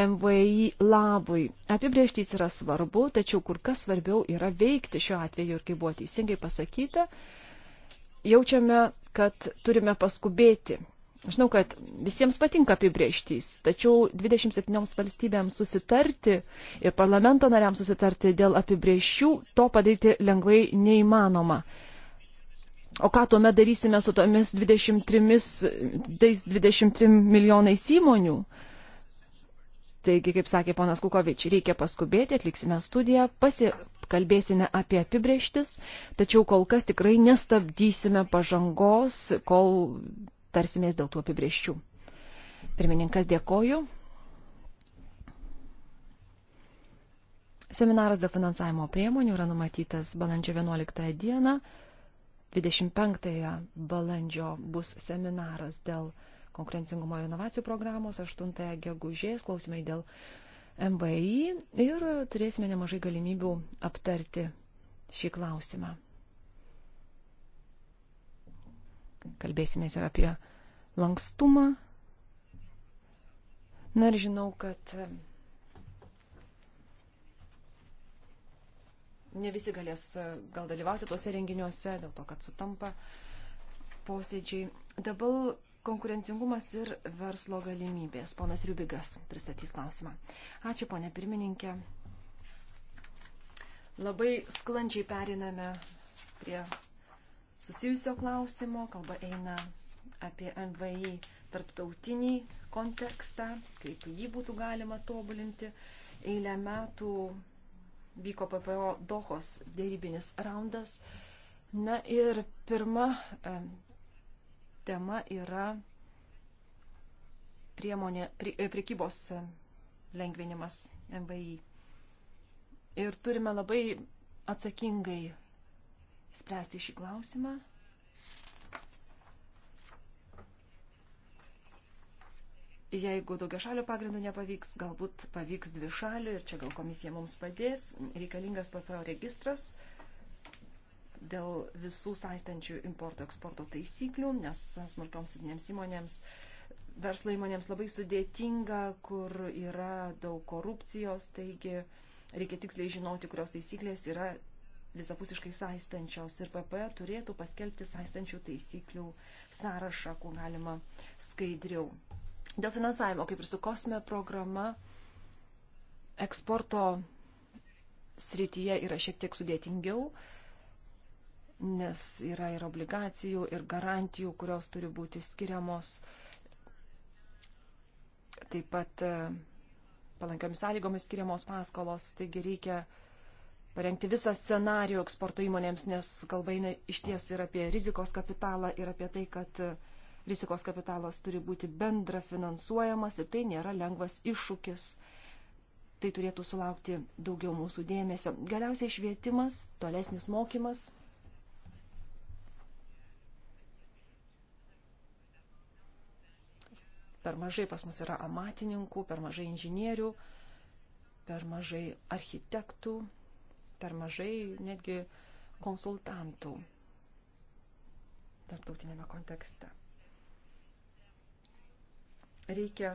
MVI labui. Apibrieštys yra svarbu, tačiau kur kas svarbiau yra veikti šiuo atveju ir kaip buvo teisingai pasakyta, jaučiame, kad turime paskubėti. Žinau, kad visiems patinka apibrieštys, tačiau 27 valstybėms susitarti ir parlamento nariams susitarti dėl apibrieščių to padaryti lengvai neįmanoma. O ką tuomet darysime su tomis 23, 23 milijonais įmonių? Taigi, kaip sakė ponas Kukovič, reikia paskubėti, atliksime studiją, pasikalbėsime apie apibrieštis, tačiau kol kas tikrai nestabdysime pažangos, kol tarsimės dėl tų apibrieščių. Pirmininkas dėkoju. Seminaras dėl finansavimo priemonių yra numatytas balandžio 11 dieną. 25 balandžio bus seminaras dėl finansavimo priemonių konkurencingumo ir inovacijų programos, 8 gegužės klausimai dėl MVI ir turėsime nemažai galimybių aptarti šį klausimą. Kalbėsime ir apie lankstumą. Na ir žinau, kad ne visi galės e, gal dalyvauti tuose renginiuose, dėl to, kad sutampa posėdžiai. Dabar konkurencingumas ir verslo galimybės. Ponas Riubigas pristatys klausimą. Ačiū, ponė pirmininkė. Labai sklandžiai periname prie susijusio klausimo. Kalba eina apie MVI tarptautinį kontekstą, kaip jį būtų galima tobulinti. Eilę metų vyko PPO Dohos dėrybinis raundas. Na ir pirma tema yra priemonė, prie, priekybos lengvinimas MVI. Ir turime labai atsakingai spręsti šį klausimą. Jeigu daugia šalių pagrindų nepavyks, galbūt pavyks dvi šalių ir čia gal komisija mums padės, reikalingas PPO registras dėl visų saistančių importo eksporto taisyklių, nes smulkioms didinėms įmonėms, verslo įmonėms labai sudėtinga, kur yra daug korupcijos, taigi reikia tiksliai žinoti, kurios taisyklės yra visapusiškai saistančios ir PP e turėtų paskelbti saistančių taisyklių sąrašą, kuo galima skaidriau. Dėl finansavimo, kaip ir su kosme programa, eksporto srityje yra šiek tiek sudėtingiau nes yra ir obligacijų, ir garantijų, kurios turi būti skiriamos. Taip pat e, palankiomis sąlygomis skiriamos paskolos, taigi reikia parengti visą scenarijų eksporto įmonėms, nes kalba eina iš ties ir apie rizikos kapitalą, ir apie tai, kad e, rizikos kapitalas turi būti bendra finansuojamas ir tai nėra lengvas iššūkis. Tai turėtų sulaukti daugiau mūsų dėmesio. Galiausiai švietimas, tolesnis mokymas Per mažai pas mus yra amatininkų, per mažai inžinierių, per mažai architektų, per mažai netgi konsultantų tarptautinėme kontekste. Reikia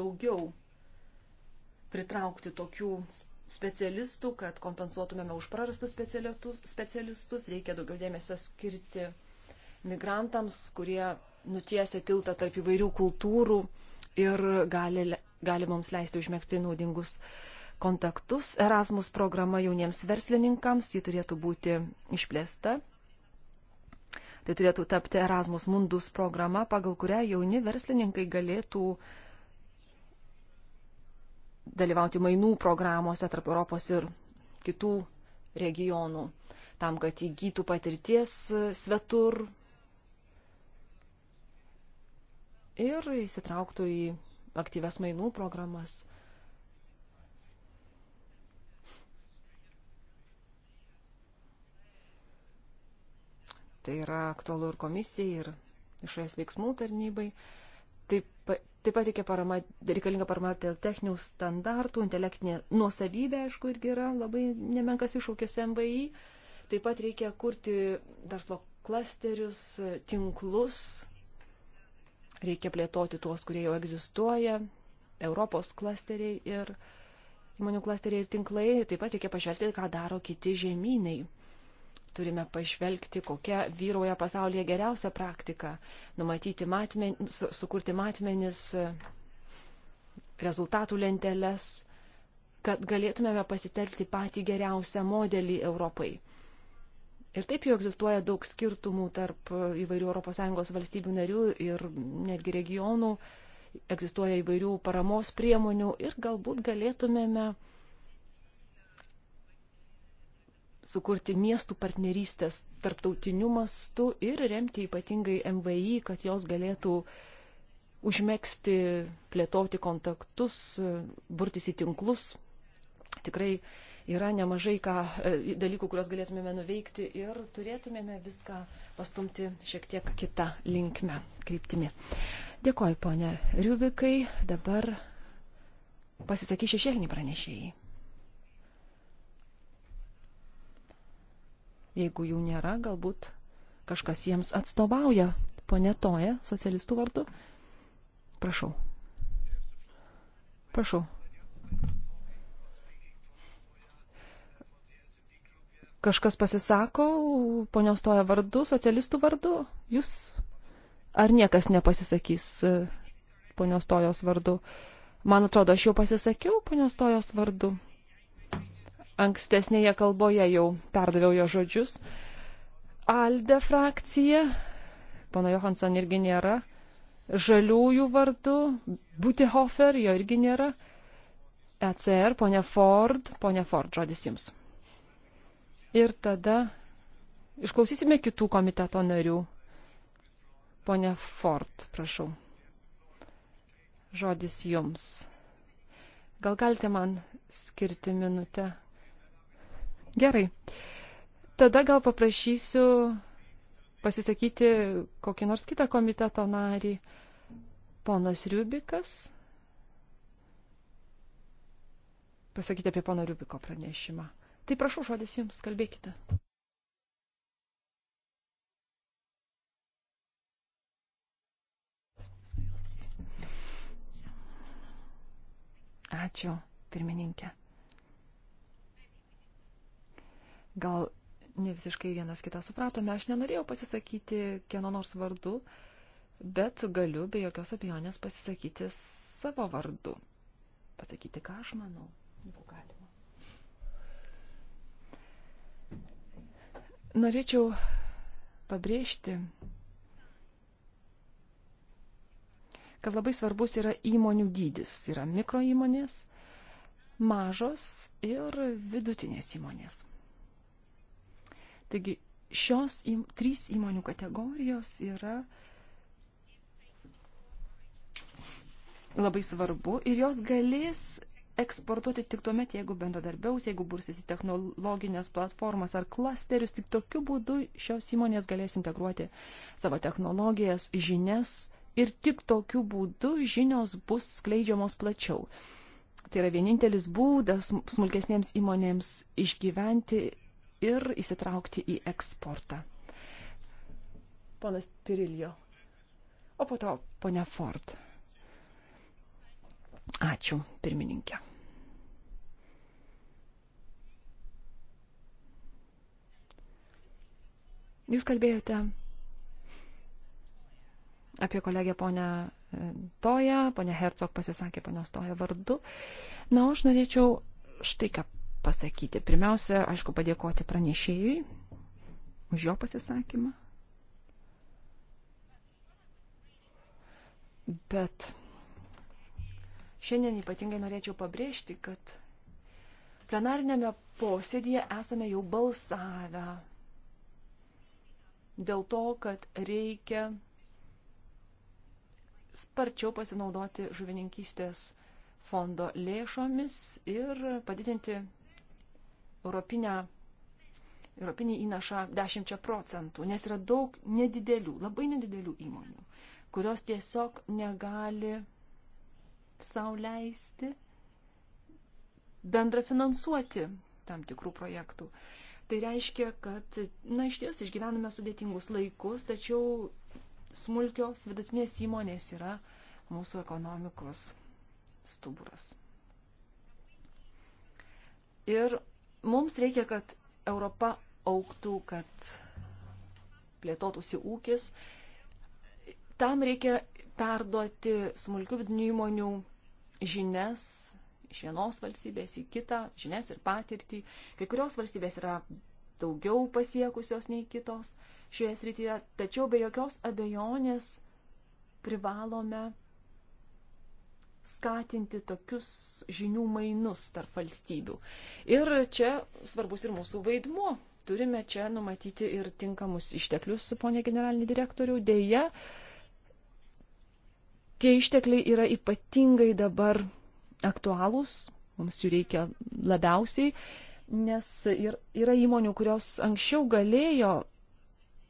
daugiau pritraukti tokių specialistų, kad kompensuotumėme už prarastus specialistus, specialistus, reikia daugiau dėmesio skirti migrantams, kurie nutiesia tiltą tarp įvairių kultūrų ir gali, gali mums leisti užmėgti naudingus kontaktus. Erasmus programa jauniems verslininkams, ji turėtų būti išplėsta. Tai turėtų tapti Erasmus Mundus programa, pagal kurią jauni verslininkai galėtų dalyvauti mainų programuose tarp Europos ir kitų regionų, tam, kad įgytų patirties svetur, ir įsitrauktų į aktyves mainų programas. Tai yra aktualu ir komisijai, ir išorės veiksmų tarnybai. Taip, taip pat reikia parama, reikalinga parama dėl techninių standartų, intelektinė nuosavybė, aišku, irgi yra labai nemenkas iššūkis MVI. Taip pat reikia kurti verslo klasterius, tinklus, Reikia plėtoti tuos, kurie jau egzistuoja, Europos klasteriai ir įmonių klasteriai ir tinklai. Taip pat reikia pažvelgti, ką daro kiti žemynai. Turime pažvelgti, kokia vyroja pasaulyje geriausia praktika, numatyti matmen, su, sukurti matmenis, rezultatų lenteles, kad galėtumėme pasitelkti patį geriausią modelį Europai Ir taip jau egzistuoja daug skirtumų tarp įvairių ES valstybių narių ir netgi regionų, egzistuoja įvairių paramos priemonių ir galbūt galėtumėme sukurti miestų partnerystės tarptautiniu mastu ir remti ypatingai MVI, kad jos galėtų užmėgsti, plėtoti kontaktus, burtis į tinklus. Tikrai Yra nemažai ką, e, dalykų, kuriuos galėtumėme nuveikti ir turėtumėme viską pastumti šiek tiek kitą linkmę, kryptimi. Dėkoju, ponė Riubikai. Dabar pasisakys šešėlinį pranešėjai. Jeigu jų nėra, galbūt kažkas jiems atstovauja. Pone Toja, socialistų vardu. Prašau. Prašau. Kažkas pasisako, ponios toja vardu, socialistų vardu? Jūs? Ar niekas nepasisakys e, ponios tojos vardu? Man atrodo, aš jau pasisakiau ponios tojos vardu. Ankstesnėje kalboje jau perdaviau jo žodžius. Alde frakcija, pana Johansson irgi nėra. Žaliųjų vardu, Butihofer, jo irgi nėra. ECR, ponia Ford, ponia Ford, žodis jums. Ir tada išklausysime kitų komiteto narių. Pone Ford, prašau. Žodis jums. Gal galite man skirti minutę? Gerai. Tada gal paprašysiu pasisakyti kokį nors kitą komiteto narį. Ponas Riubikas. Pasakyti apie pono Riubiko pranešimą. Tai prašau žodis jums, kalbėkite. Ačiū, pirmininkė. Gal ne visiškai vienas kitą supratome, aš nenorėjau pasisakyti kieno nors vardu, bet galiu be jokios abejonės pasisakyti savo vardu. Pasakyti, ką aš manau, jeigu galiu. Norėčiau pabrėžti, kad labai svarbus yra įmonių dydis. Yra mikro įmonės, mažos ir vidutinės įmonės. Taigi šios im, trys įmonių kategorijos yra labai svarbu ir jos galės eksportuoti tik tuomet, jeigu bendradarbiaus, jeigu bursis į technologinės platformas ar klasterius, tik tokiu būdu šios įmonės galės integruoti savo technologijas, žinias ir tik tokiu būdu žinios bus skleidžiamos plačiau. Tai yra vienintelis būdas smulkesnėms įmonėms išgyventi ir įsitraukti į eksportą. Ponas Pirilio. O po to ponia Ford. Ačiū, pirmininkė. Jūs kalbėjote apie kolegę ponę e, Toją, ponę Hercog pasisakė ponios Toją vardu. Na, aš norėčiau štai ką pasakyti. Pirmiausia, aišku, padėkoti pranešėjui už jo pasisakymą. Bet šiandien ypatingai norėčiau pabrėžti, kad plenarinėme posėdėje esame jau balsavę dėl to, kad reikia sparčiau pasinaudoti žuvininkystės fondo lėšomis ir padidinti europinę, europinį įnašą 10 procentų, nes yra daug nedidelių, labai nedidelių įmonių, kurios tiesiog negali sauliaisti bendrafinansuoti tam tikrų projektų. Tai reiškia, kad, na, iš ties išgyvename sudėtingus laikus, tačiau smulkios vidutinės įmonės yra mūsų ekonomikos stuburas. Ir mums reikia, kad Europa auktų, kad plėtotųsi ūkis. Tam reikia perduoti smulkių vidinių įmonių žinias, iš vienos valstybės į kitą, žinias ir patirtį. Kai kurios valstybės yra daugiau pasiekusios nei kitos šioje srityje, tačiau be jokios abejonės privalome skatinti tokius žinių mainus tarp valstybių. Ir čia svarbus ir mūsų vaidmuo. Turime čia numatyti ir tinkamus išteklius, ponė generalinį direktorių. Deja, tie ištekliai yra ypatingai dabar aktualūs, mums jų reikia labiausiai, nes ir, yra įmonių, kurios anksčiau galėjo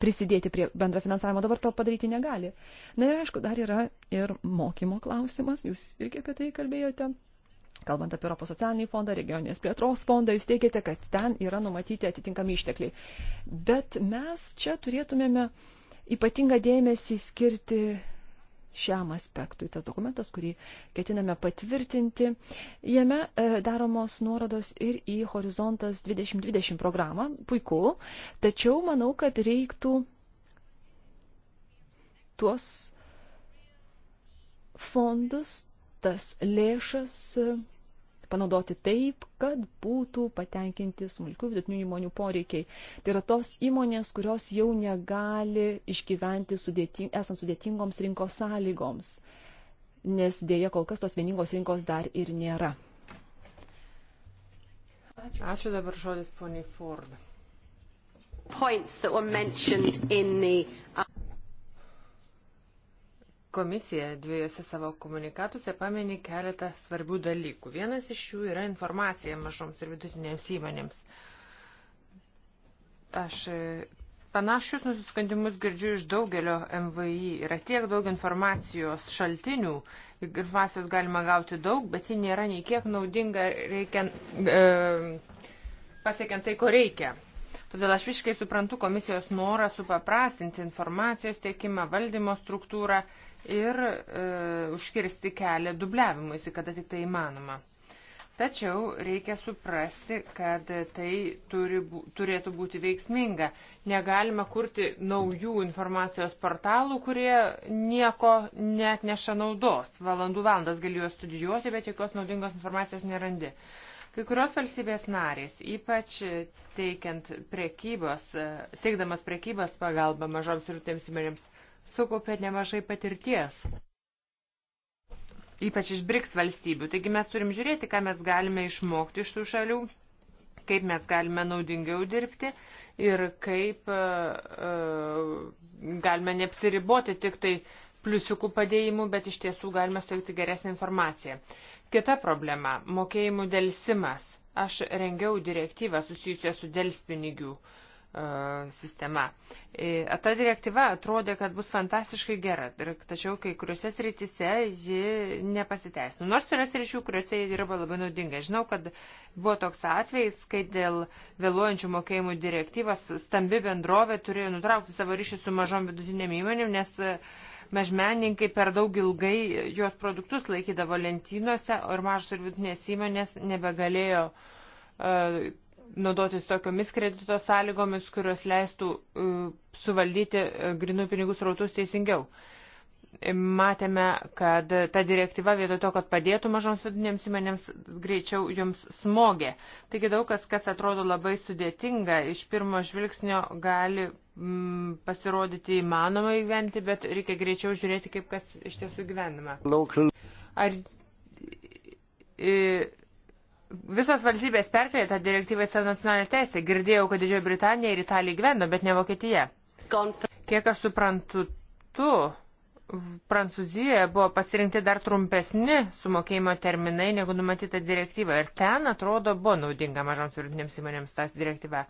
prisidėti prie bendro finansavimo, dabar to padaryti negali. Na ir aišku, dar yra ir mokymo klausimas, jūs irgi apie tai kalbėjote. Kalbant apie Europos socialinį fondą, regioninės plėtros fondą, jūs teigiate, kad ten yra numatyti atitinkami ištekliai. Bet mes čia turėtumėme ypatingą dėmesį skirti šiam aspektui. Tas dokumentas, kurį ketiname patvirtinti, jame e, daromos nuorodos ir į Horizontas 2020 programą. Puiku, tačiau manau, kad reiktų tuos fondus, tas lėšas panaudoti taip, kad būtų patenkinti smulkių vidutinių įmonių poreikiai. Tai yra tos įmonės, kurios jau negali išgyventi sudėting, esant sudėtingoms rinkos sąlygoms, nes dėja kol kas tos vieningos rinkos dar ir nėra.
Ačiū, Ačiū dabar žodis poniai Ford. Points that were mentioned in the uh, Komisija dviejose savo komunikatuose pameni keletą svarbių dalykų. Vienas iš jų yra informacija mažoms ir vidutinėms įmonėms. Aš e, panašius nusiskandimus girdžiu iš daugelio MVI. Yra tiek daug informacijos šaltinių, informacijos galima gauti daug, bet ji nėra nei kiek naudinga reikiant, e, pasiekiant tai, ko reikia. Todėl aš visiškai suprantu komisijos norą supaprastinti informacijos tiekimą, valdymo struktūrą ir e, užkirsti kelią dubliavimuisi, kada tik tai įmanoma. Tačiau reikia suprasti, kad tai turi, turėtų būti veiksminga. Negalima kurti naujų informacijos portalų, kurie nieko net neša naudos. Valandų valandas gali juos studijuoti, bet jokios naudingos informacijos nerandi. Kai kurios valstybės narės, ypač teikiant prekybos, e, teikdamas prekybos pagalbą mažoms ir tiems įmonėms, sukaupė nemažai patirties. Ypač iš BRICS valstybių. Taigi mes turim žiūrėti, ką mes galime išmokti iš tų šalių, kaip mes galime naudingiau dirbti ir kaip uh, galime neapsiriboti tik tai pliusiukų padėjimų, bet iš tiesų galime suteikti geresnį informaciją. Kita problema - mokėjimų dėlsimas. Aš rengiau direktyvą susijusią su dėlspinigių uh, E, sistema. E, ta direktyva atrodė, kad bus fantastiškai gera, tačiau kai kuriuose srityse ji nepasiteisino. Nors yra sričių, kuriuose ji dirba labai naudinga. Žinau, kad buvo toks atvejs, kai dėl vėluojančių mokėjimų direktyvas stambi bendrovė turėjo nutraukti savo ryšį su mažom vidutinėm įmonėm, nes e, mažmeninkai per daug ilgai jos produktus laikydavo lentynose, o ir mažos ir vidutinės įmonės nebegalėjo uh, naudotis tokiomis kredito sąlygomis, kurios leistų e, suvaldyti e, grinų pinigų srautus teisingiau. E, matėme, kad ta direktyva vietoj to, kad padėtų mažoms vidinėms įmonėms, greičiau jums smogė. Taigi daug kas, kas atrodo labai sudėtinga, iš pirmo žvilgsnio gali mm, pasirodyti įmanoma įgyventi, bet reikia greičiau žiūrėti, kaip kas iš tiesų gyvenama. Ar Visos valstybės perkelė tą direktyvą į savo nacionalinę teisę. Girdėjau, kad Didžioji Britanija ir Italija gyveno, bet ne Vokietija. Kiek aš suprantu, tu Prancūzijoje buvo pasirinkti dar trumpesni sumokėjimo terminai negu numatyta direktyva. Ir ten, atrodo, buvo naudinga mažoms ir vidutinėms įmonėms tas direktyva.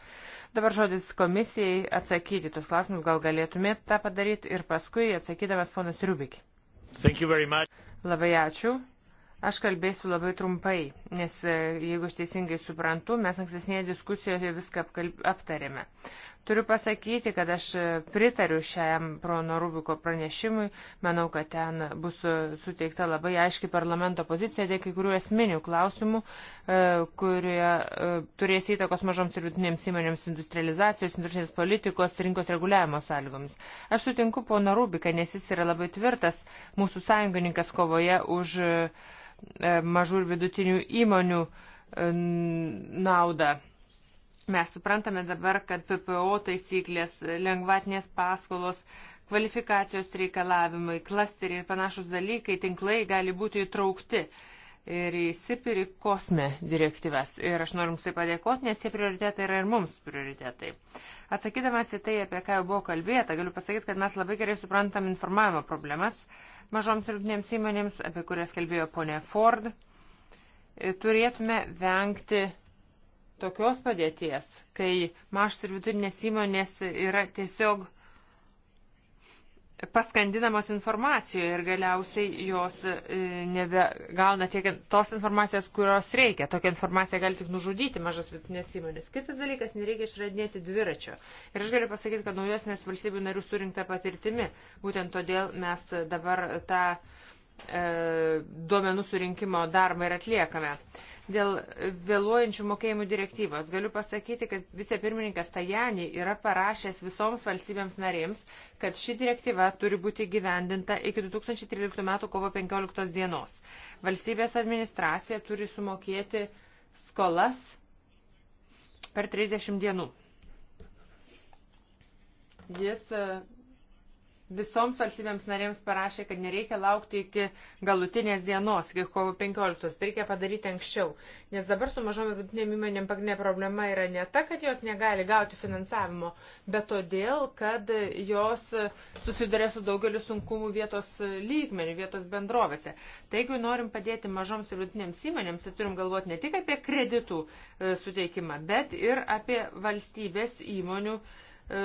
Dabar žodis komisijai atsakyti tuos klausimus, gal galėtumėt tą padaryti ir paskui atsakydamas ponas Rubik. Labai ačiū. Aš kalbėsiu labai trumpai, nes e, jeigu aš teisingai suprantu, mes ankstesnėje diskusijoje viską aptarėme. Turiu pasakyti, kad aš pritariu šiam Prono Rubiko pranešimui. Manau, kad ten bus suteikta labai aiški parlamento pozicija dėl kai kurių esminių klausimų, e, kurie e, turės įtakos mažoms ir vidutinėms įmonėms industrializacijos, industrinės politikos, rinkos reguliavimo sąlygomis. Aš sutinku Pono Rubiką, nes jis yra labai tvirtas mūsų sąjungininkas kovoje už e, mažų ir vidutinių įmonių naudą Mes suprantame dabar, kad PPO taisyklės, lengvatinės paskolos, kvalifikacijos reikalavimai, klasteriai ir panašus dalykai, tinklai gali būti įtraukti ir į SIPIR į kosme direktyvas. Ir aš noriu jums tai padėkoti, nes tie prioritetai yra ir mums prioritetai. Atsakydamas į tai, apie ką jau buvo kalbėta, galiu pasakyti, kad mes labai gerai suprantam informavimo problemas mažoms ir vidutinėms įmonėms, apie kurias kalbėjo ponė Ford. Turėtume vengti tokios padėties, kai mažos ir vidurinės įmonės yra tiesiog paskandinamos informacijoje ir galiausiai jos e, nebegauna tiek tos informacijos, kurios reikia. Tokia informacija gali tik nužudyti mažas vidutinės įmonės. Kitas dalykas, nereikia išradinėti dviračio. Ir aš galiu pasakyti, kad naujosnės valstybių narių surinkta patirtimi. Būtent todėl mes dabar tą e, duomenų surinkimo darbą ir atliekame. E, dėl vėluojančių mokėjimų direktyvos. Galiu pasakyti, kad vicepirmininkas Tajani yra parašęs visoms valstybėms narėms, kad ši direktyva turi būti gyvendinta iki 2013 m. kovo 15 dienos. Valstybės administracija turi sumokėti skolas per 30 dienų. Jis visoms valstybėms narėms parašė, kad nereikia laukti iki galutinės dienos, iki kovo 15, tai reikia padaryti anksčiau. Nes dabar su mažom ir vidutinėm įmonėm pagrindinė problema yra ne ta, kad jos negali gauti finansavimo, bet todėl, kad jos susiduria su daugeliu sunkumų vietos lygmenių, vietos bendrovėse. Tai jeigu norim padėti mažoms ir vidutinėms įmonėms, tai turim galvoti ne tik apie kreditų e, suteikimą, bet ir apie valstybės įmonių e, E,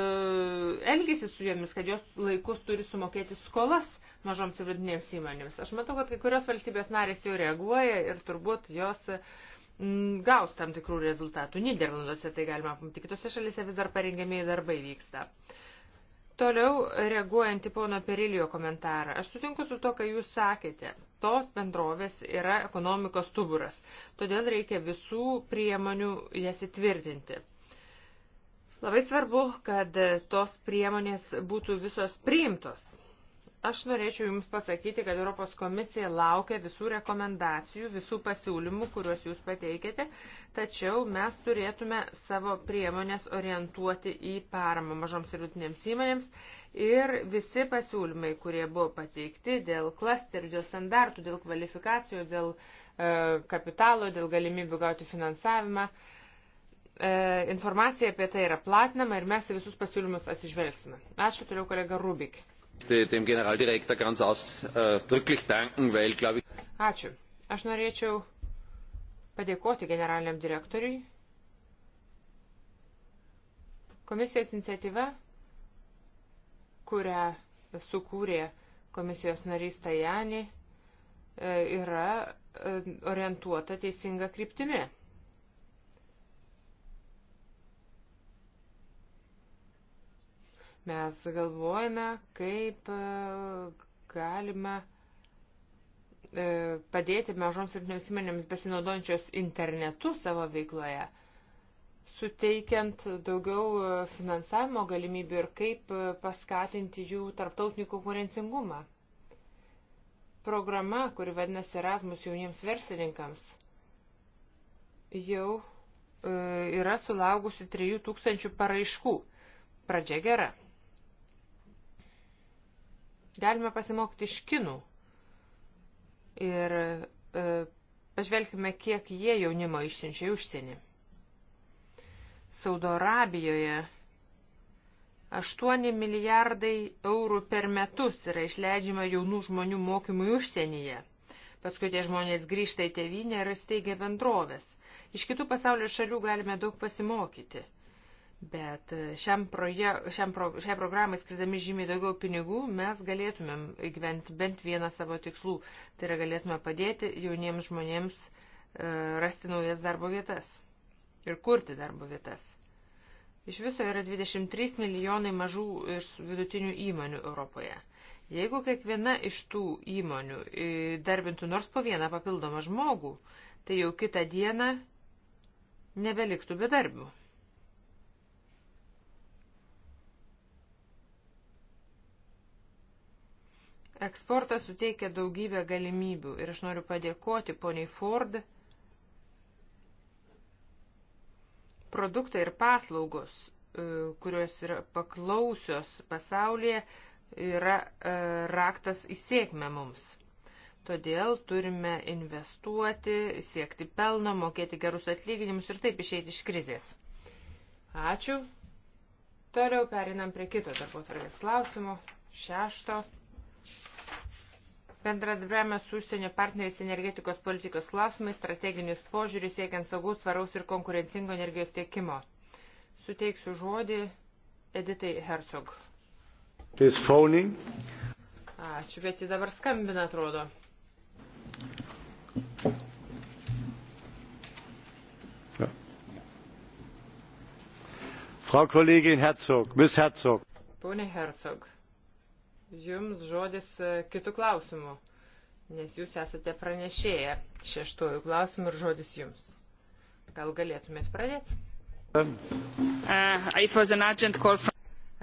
elgesi su jomis, kad jos laikus turi sumokėti skolas mažoms ir vidinėms įmonėms. Aš matau, kad kai kurios valstybės narės jau reaguoja ir turbūt jos e, gaus tam tikrų rezultatų. Niderlanduose tai galima pamatyti, kitose šalise vis dar parengiamiai darbai vyksta. Toliau reaguojant į pono Perilijo komentarą, aš sutinku su to, ką jūs sakėte. Tos bendrovės yra ekonomikos stuburas, todėl reikia visų priemonių jas įtvirtinti. Labai svarbu, kad tos priemonės būtų visos priimtos. Aš norėčiau Jums pasakyti, kad Europos komisija laukia visų rekomendacijų, visų pasiūlymų, kuriuos Jūs pateikėte, tačiau mes turėtume savo priemonės orientuoti į paramą mažoms ir vidutinėms įmonėms ir visi pasiūlymai, kurie buvo pateikti dėl klasterių, dėl standartų, dėl kvalifikacijų, dėl e, kapitalo, dėl galimybių gauti finansavimą. E, e, informacija apie tai yra platinama ir mes į visus pasiūlymus atsižvelgsime. Ačiū toliau kolega Rubik. Äh, Ačiū. Aš norėčiau padėkoti generaliniam direktoriui. Komisijos iniciatyva, kurią sukūrė komisijos narys Tajani, e, yra e, orientuota teisinga kryptimi. Mes galvojame, kaip e, galima e, padėti mažoms ir neusimenėms besinaudojančios internetu savo veikloje, suteikiant daugiau e, finansavimo galimybių ir kaip paskatinti jų tarptautinį konkurencingumą. Programa, kuri vadinasi Erasmus jauniems verslininkams, jau yra sulaukusi 3000 paraiškų. Pradžia gera. Galime pasimokyti iš kinų. Ir e, pažvelkime, kiek jie jaunimo išsiunčia į užsienį. Saudo Arabijoje 8 milijardai eurų per metus yra išleidžiama jaunų žmonių mokymui užsienyje. Paskui tie žmonės grįžta į tevinę ir steigia bendrovės. Iš kitų pasaulio šalių galime daug pasimokyti. Bet šiam proje, šiam pro, šiai programai skridami žymiai daugiau pinigų mes galėtumėm įgyventi bent vieną savo tikslų. Tai yra galėtume padėti jauniems žmonėms e, rasti naujas darbo vietas ir kurti darbo vietas. Iš viso yra 23 milijonai mažų ir vidutinių įmonių Europoje. Jeigu kiekviena iš tų įmonių darbintų nors po vieną papildomą žmogų, tai jau kitą dieną nebeliktų bedarbių. Eksportas suteikia daugybę galimybių ir aš noriu padėkoti poniai Ford. Produktai ir paslaugos, e, kurios yra paklausios pasaulyje, yra e, raktas į sėkmę mums. Todėl turime investuoti, siekti pelno, mokėti gerus atlyginimus ir taip išeiti iš krizės. Ačiū. Toliau perinam prie kito darbo tvarkės klausimo. Šešto bendradarbiavimas su užsienio partneriais energetikos politikos klausimais, strateginis požiūris siekiant saugaus, svaraus ir konkurencingo energijos tiekimo. Suteiksiu žodį Editai Herzog. Ačiū, bet ji dabar skambina, atrodo.
Ja. Frau Kollegin Herzog, Miss Herzog.
Pone Herzog jums žodis e, kitų klausimų, nes jūs esate pranešėję šeštojų klausimų ir žodis jums. Gal galėtumėt pradėti? Uh,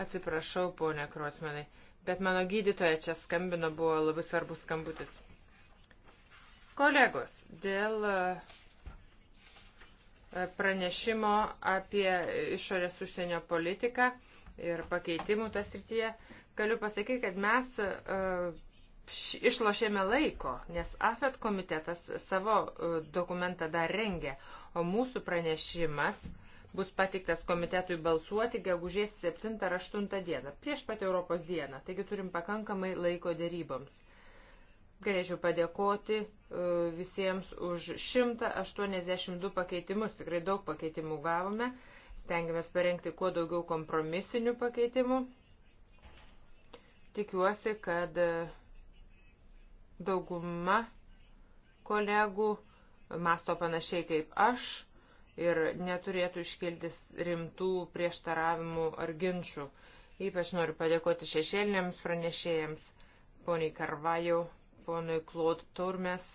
Atsiprašau, ponė Krosmanai, bet mano gydytoja čia skambino, buvo labai svarbus skambutis. Kolegos, dėl e, pranešimo apie išorės užsienio politiką ir pakeitimų tas rytyje galiu pasakyti, kad mes e, išlošėme laiko, nes AFET komitetas savo e, dokumentą dar rengė, o mūsų pranešimas bus patiktas komitetui balsuoti gegužės 7 ar 8 dieną, prieš pat Europos dieną, taigi turim pakankamai laiko dėryboms. Galėčiau padėkoti e, visiems už 182 pakeitimus, tikrai daug pakeitimų gavome, stengiamės parengti kuo daugiau kompromisinių pakeitimų Tikiuosi, kad e, dauguma kolegų masto panašiai kaip aš ir neturėtų iškiltis rimtų prieštaravimų ar ginčių. Ypač noriu padėkoti šešėliniams pranešėjams, poniai Karvajau, ponui Klod Turmes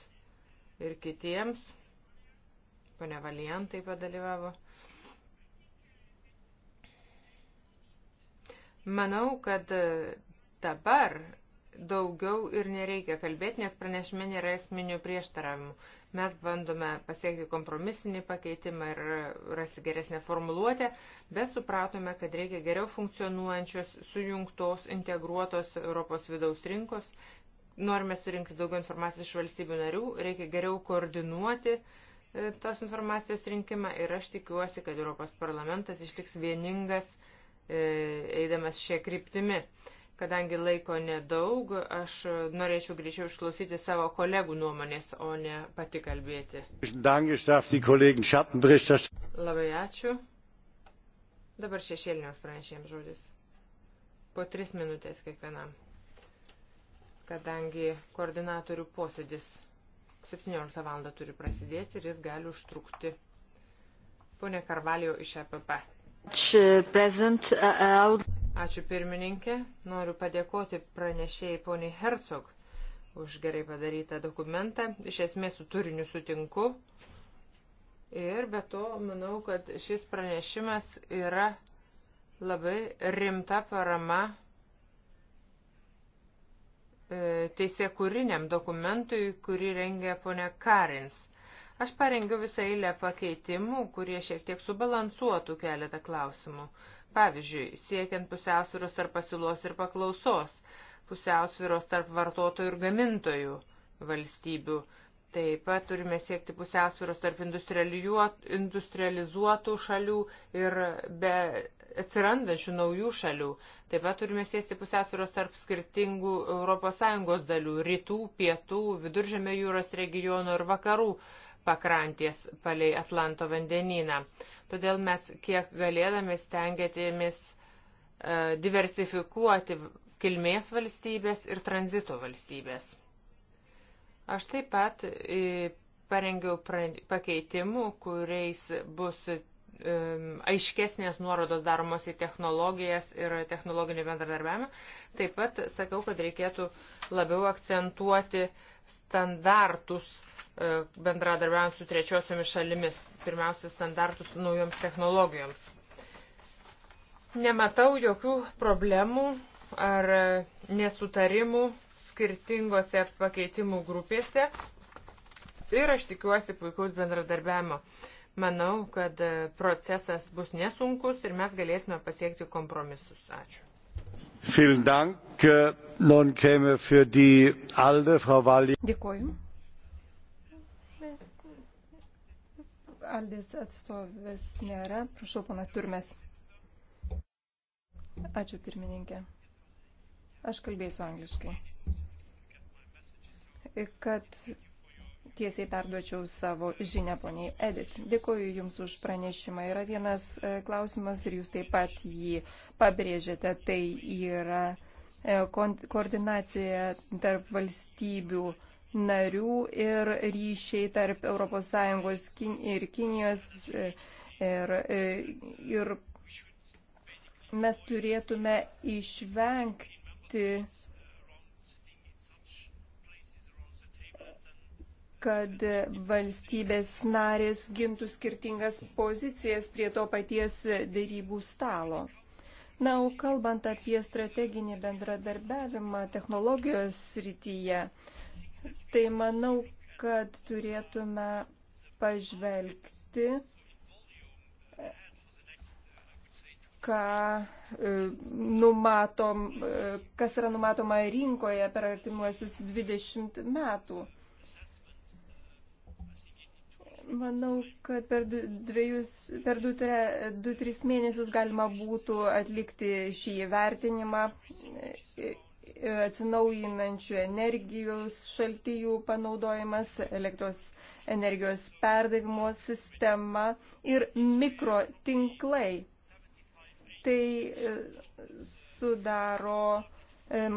ir kitiems. Pone Valijan taip pat dalyvavo. Manau, kad dabar daugiau ir nereikia kalbėti, nes pranešime nėra esminių prieštaravimų. Mes bandome pasiekti kompromisinį pakeitimą ir rasti geresnę formuluotę, bet supratome, kad reikia geriau funkcionuojančios, sujungtos, integruotos Europos vidaus rinkos. Norime surinkti daugiau informacijos iš valstybių narių, reikia geriau koordinuoti e, tos informacijos rinkimą ir aš tikiuosi, kad Europos parlamentas išliks vieningas e, eidamas šią kryptimį. Kadangi laiko nedaug, aš norėčiau greičiau išklausyti savo kolegų nuomonės, o ne pati kalbėti. Labai ačiū. Dabar šešėlinios pranešėjams žodis. Po tris minutės kiekvienam. Kadangi koordinatorių posėdis 17 val. turi prasidėti ir jis gali užtrukti. Pone Karvalio iš EPP.
Present, uh,
Ačiū pirmininkė. Noriu padėkoti pranešėjai poniai Hercog už gerai padarytą dokumentą. Iš esmės su turiniu sutinku. Ir be to, manau, kad šis pranešimas yra labai rimta parama e, teisėkūriniam dokumentui, kurį rengia ponia Karins. Aš parengiu visą eilę pakeitimų, kurie šiek tiek subalansuotų keletą klausimų. Pavyzdžiui, siekiant pusiausvyros tarp pasiūlos ir paklausos, pusiausvyros tarp vartotojų ir gamintojų valstybių. Taip pat turime siekti pusiausvyros tarp industrializuotų šalių ir be atsirandančių naujų šalių. Taip pat turime siekti pusiausvyros tarp skirtingų ES dalių - rytų, pietų, viduržėmio jūros regiono ir vakarų pakrantės palei Atlanto vandenyną. Todėl mes kiek galėdami stengiatėmis e, diversifikuoti kilmės valstybės ir tranzito valstybės. Aš taip pat e, parengiau pakeitimų, kuriais bus e, aiškesnės nuorodos daromos į technologijas ir technologinį bendradarbiavimą. Taip pat sakiau, kad reikėtų labiau akcentuoti uh, standartus e, bendradarbiavant su trečiosiomis šalimis, pirmiausia, standartus naujoms technologijoms. Nematau jokių problemų ar e, nesutarimų skirtingose pakeitimų grupėse ir aš tikiuosi puikaus bendradarbiavimo. Manau, kad e, procesas bus nesunkus ir mes galėsime pasiekti kompromisus. Ačiū.
Vielen Dank. Äh, nun käme für die ALDE Frau Valli. Dėkuoju. Aldės atstovės nėra. Prašau, panas Turmes. Ačiū, pirmininkė. Aš kalbėsiu angliškai. Kad tiesiai perduočiau savo žinę poniai Edit. Dėkuoju Jums už pranešimą. Yra vienas e, klausimas ir Jūs taip pat jį pabrėžėte. Tai yra e, koordinacija tarp valstybių narių ir ryšiai tarp ES ir Kinijos. E, ir, ir mes turėtume išvengti kad valstybės narės gintų skirtingas pozicijas prie to paties dėrybų stalo. Na, o kalbant apie strateginį bendradarbiavimą technologijos srityje, tai manau, kad turėtume pažvelgti, ką e, numatom, e, kas yra numatoma rinkoje per artimuosius 20 metų. Manau, kad per, dviejus, per du, tre, du, tris mėnesius galima būtų atlikti šį įvertinimą e, e, atsinaujinančių energijos šaltijų panaudojimas, elektros energijos perdavimo sistema ir mikrotinklai. Tai e, sudaro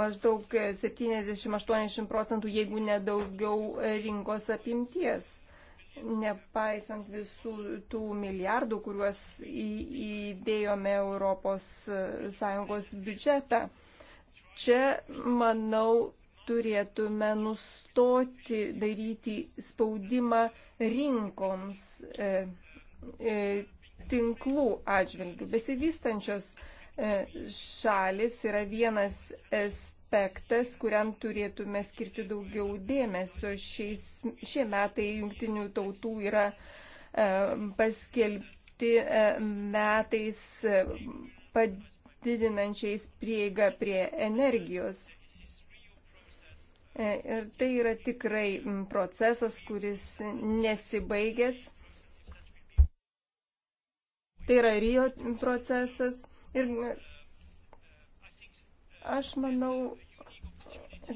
maždaug 70-80 procentų, jeigu nedaugiau rinkos apimties nepaisant visų tų milijardų, kuriuos į, įdėjome ES biudžetą. Čia, manau, turėtume nustoti daryti spaudimą rinkoms e, e, tinklų atžvilgių. Besivystančios e, šalis yra vienas es aspektas, kuriam turėtume skirti daugiau dėmesio. Šiais, šie metai jungtinių tautų yra e, paskelbti e, metais e, padidinančiais prieigą prie energijos. Ir tai yra tikrai procesas, kuris nesibaigęs. Tai yra Rio procesas. Ir Aš manau,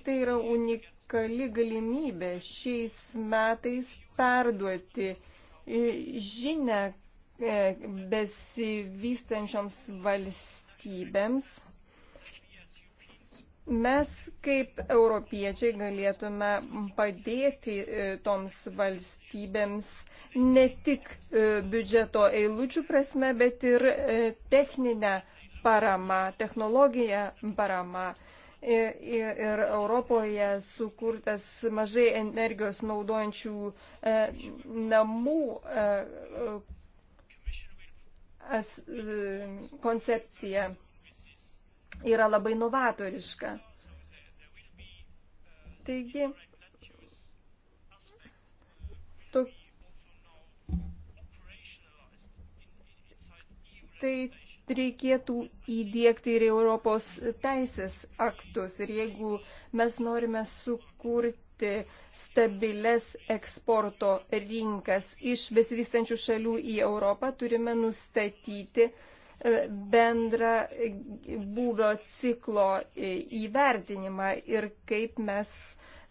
tai yra unikali galimybė šiais metais perduoti žinę e, besivystančioms valstybėms. Mes kaip europiečiai galėtume padėti e, toms valstybėms ne tik e, biudžeto eilučių prasme, bet ir techninę parama, technologija parama. Ir, ir, ir Europoje sukurtas mažai energijos naudojančių e, namų e, e as, e, koncepcija yra labai novatoriška. Taigi, to, tai reikėtų įdėkti ir Europos teisės aktus. Ir jeigu mes norime sukurti stabiles eksporto rinkas iš besivystančių šalių į Europą, turime nustatyti e, bendrą būvio ciklo e, įvertinimą ir kaip mes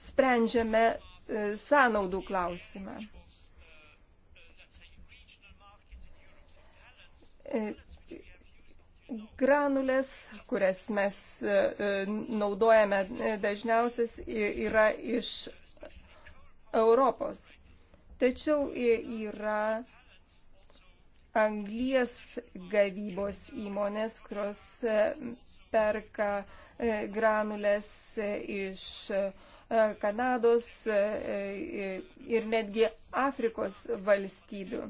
sprendžiame e, sąnaudų klausimą Granulės, kurias mes e, e, naudojame e, dažniausias, yra iš Europos. Tačiau yra anglies gavybos įmonės, kurios perka granulės iš Kanados ir netgi Afrikos valstybių.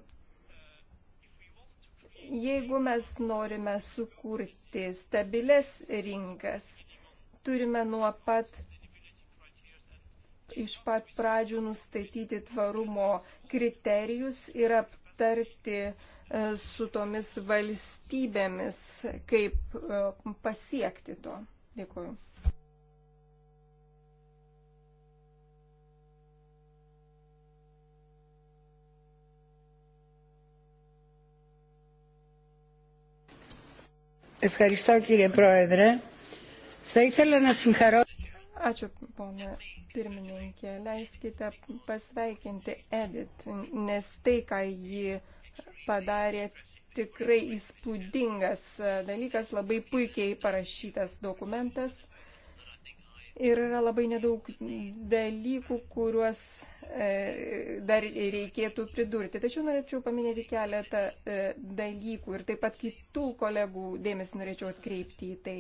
Jeigu mes norime sukurti stabiles rinkas, turime nuo pat iš pat pradžių nustatyti tvarumo kriterijus ir aptarti e, su tomis valstybėmis, kaip e, pasiekti to. Dėkuoju.
Ευχαριστώ κύριε Πρόεδρε. Θα ήθελα να συγχαρώ...
Ačiū, ponė pirmininkė. Leiskite pasveikinti Edit, nes tai, ką ji padarė, tikrai įspūdingas dalykas, labai puikiai parašytas dokumentas ir yra labai nedaug dalykų, kuriuos e, dar reikėtų pridurti. Tačiau norėčiau paminėti keletą e, dalykų ir taip pat kitų kolegų dėmesį norėčiau atkreipti į tai.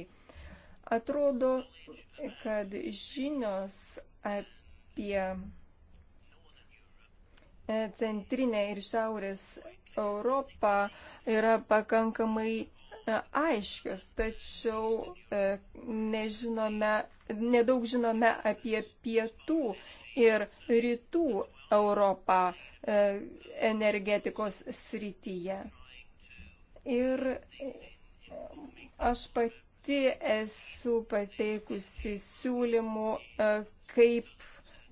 Atrodo, kad žinios apie e, centrinę ir šiaurės Europą yra pakankamai E, aiškios, tačiau e, nežinome, nedaug žinome apie pietų ir rytų Europą e, energetikos srityje. Ir aš pati esu pateikusi siūlymų, kaip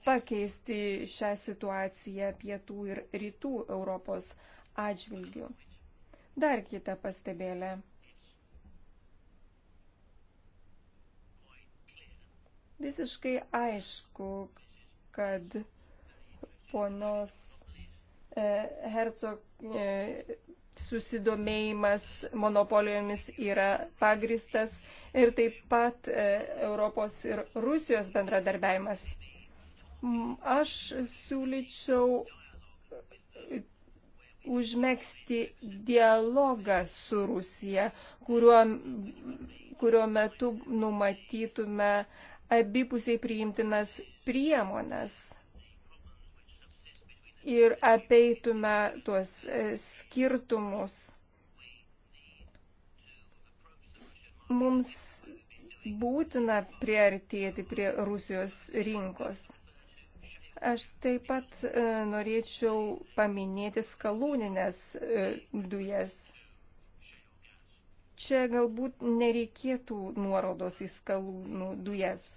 pakeisti šią situaciją pietų ir rytų Europos atžvilgių. Dar kita pastebėlė. Visiškai aišku, kad ponos e, Hercog e, susidomėjimas monopolijomis yra pagristas ir taip pat e, Europos ir Rusijos bendradarbiavimas. Aš siūlyčiau užmėgsti dialogą su Rusija, kuriuo, kurio metu numatytume abipusiai priimtinas priemonas ir apeitume tuos e, skirtumus. Mums būtina priartėti prie Rusijos rinkos. Aš taip pat e, norėčiau paminėti skalūninės e, dujas. Čia galbūt nereikėtų nuorodos į skalūnų dujas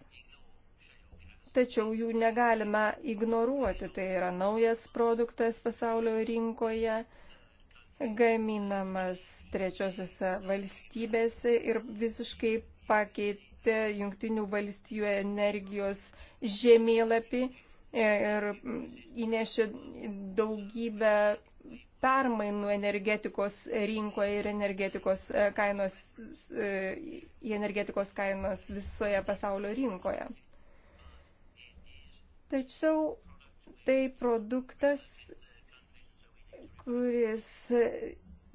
tačiau jų negalime ignoruoti. Tai yra naujas produktas pasaulio rinkoje, gaminamas trečiosiuose valstybėse ir visiškai pakeitė Junktinių valstijų energijos žemėlapį ir įnešė daugybę permainų energetikos rinkoje ir energetikos e, kainos, e, į energetikos kainos visoje pasaulio rinkoje. Tačiau tai produktas, kuris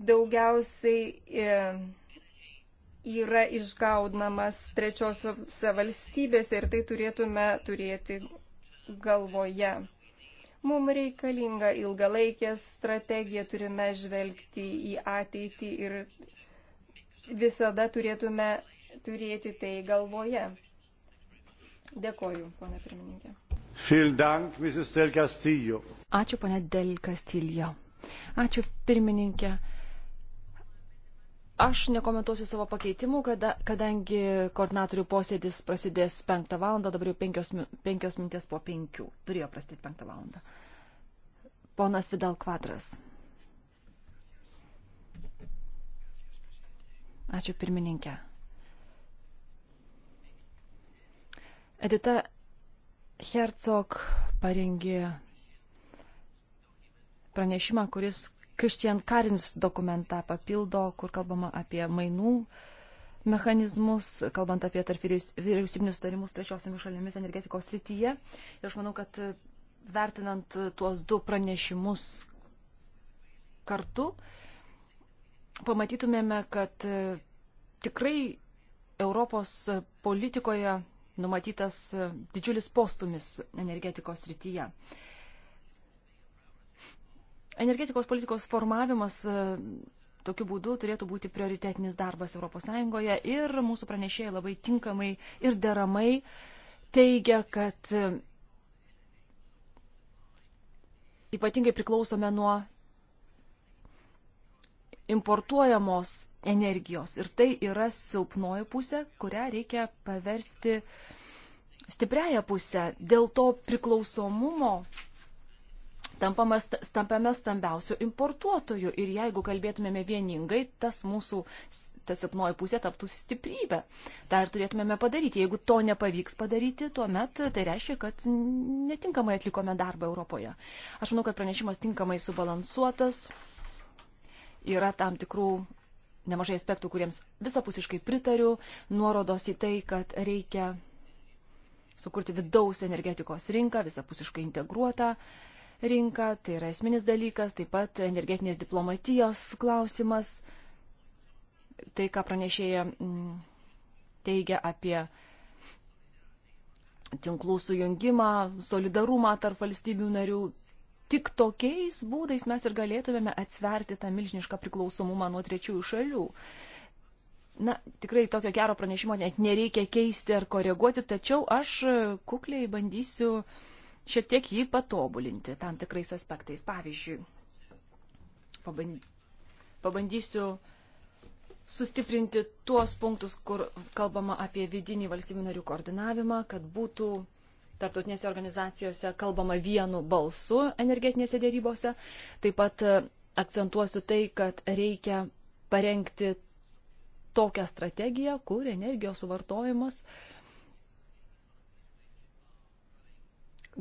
daugiausiai e, yra išgaunamas trečiosiose valstybėse ir tai turėtume turėti galvoje. Mums reikalinga ilgalaikė strategija, turime žvelgti į ateitį ir visada turėtume turėti tai galvoje. Dėkoju, ponė pirmininkė. Dank,
Ačiū, pane Del Castillo. Ačiū, pirmininkė. Aš nekomentuosiu savo pakeitimų, kada, kadangi koordinatorių posėdis prasidės 5 val. dabar jau 5, 5 minties po 5. Turėjo prasidėti 5 val. Ponas Vidal Kvadras. Ačiū pirmininkė. Edita Hercog parengė pranešimą, kuris Christian Karins dokumentą papildo, kur kalbama apie mainų mechanizmus, kalbant apie tarp vyriausybinius tarimus trečiosiomis šalimis energetikos srityje. Ir aš manau, kad e, vertinant e, tuos du pranešimus kartu, pamatytumėme, kad e, tikrai Europos politikoje numatytas e, didžiulis postumis energetikos rytyje. Energetikos politikos formavimas e, tokiu būdu turėtų būti prioritetinis darbas ES ir mūsų pranešėjai labai tinkamai ir deramai teigia, kad e, ypatingai priklausome nuo importuojamos energijos. Ir tai yra silpnoji pusė, kurią reikia paversti stipriają pusę. Dėl to priklausomumo tampame stambiausių importuotojų. Ir jeigu kalbėtumėme vieningai, tas mūsų ta silpnoji pusė taptų stiprybė. Ta ir turėtumėme padaryti. Jeigu to nepavyks padaryti, tuomet tai reiškia, kad netinkamai atlikome darbą Europoje. Aš manau, kad pranešimas tinkamai subalansuotas, yra tam tikrų nemažai aspektų, kuriems visapusiškai pritariu, nuorodos į tai, kad reikia sukurti vidaus energetikos rinką, visapusiškai integruotą rinką, tai yra esminis dalykas, taip pat energetinės diplomatijos klausimas, tai, ką pranešėja mm, teigia apie tinklų sujungimą, solidarumą tarp valstybių narių, tik tokiais būdais mes ir galėtumėme atsverti tą milžinišką priklausomumą nuo trečiųjų šalių. Na, tikrai tokio gero pranešimo net nereikia keisti ar koreguoti, tačiau aš e, kukliai bandysiu šiek tiek jį patobulinti tam tikrais aspektais. Pavyzdžiui, pabandysiu sustiprinti tuos punktus, kur kalbama apie vidinį valstybių narių koordinavimą, kad būtų tarptautinėse organizacijose kalbama vienu balsu energetinėse dėrybose. Taip pat e, akcentuosiu tai, kad reikia parengti tokią strategiją, kur energijos suvartojimas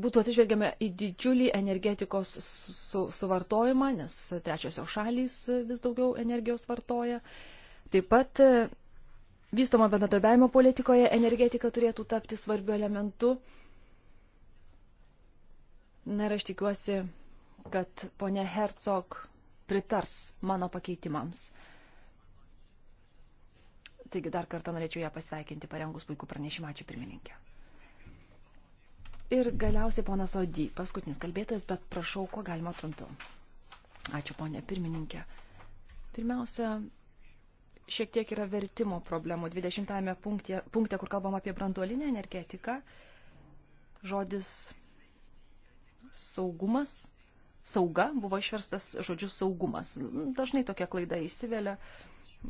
būtų atsižvelgiama į didžiulį energetikos su, suvartojimą, nes trečiosios šalys vis daugiau energijos vartoja. Taip pat e, vystomo bendradarbiavimo politikoje energetika turėtų tapti svarbiu elementu Na ir aš tikiuosi, kad ponia Hercog pritars mano pakeitimams. Taigi dar kartą norėčiau ją pasveikinti parengus puikų pranešimą. Ačiū pirmininkė. Ir galiausiai ponas Odį, paskutinis kalbėtojas, bet prašau, kuo galima trumpiau. Ačiū ponė pirmininkė. Pirmiausia, šiek tiek yra vertimo problemų. 20 punkte, punkte, kur kalbam apie branduolinę energetiką, žodis saugumas, sauga buvo išverstas žodžiu saugumas. Dažnai tokia klaida įsivelia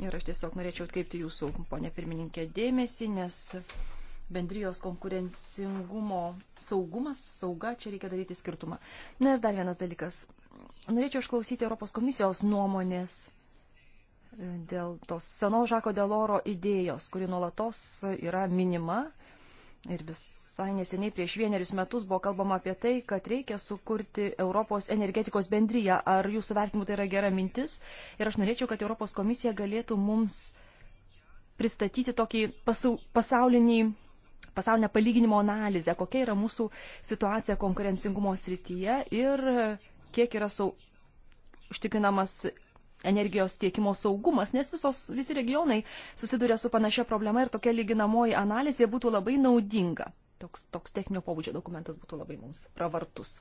ir aš tiesiog norėčiau atkreipti jūsų, ponė pirmininkė, dėmesį, nes bendrijos konkurencingumo saugumas, sauga, čia reikia daryti skirtumą. Na ir dar vienas dalykas. Norėčiau išklausyti Europos komisijos nuomonės e, dėl tos seno Žako Deloro idėjos, kuri nuolatos yra minima Ir visai neseniai prieš vienerius metus buvo kalbama apie tai, kad reikia sukurti Europos energetikos bendryją. Ar jūsų vertimu tai yra gera mintis? Ir aš norėčiau, kad Europos komisija galėtų mums pristatyti tokį pasau, pasaulinį, pasaulinę palyginimo analizę, kokia yra mūsų situacija konkurencingumo srityje ir kiek yra sau, užtikrinamas energijos tiekimo saugumas, nes visos, visi regionai susiduria su panašia problema ir tokia lyginamoji analizė būtų labai naudinga. Toks, toks techninio pobūdžio dokumentas būtų labai mums pravartus.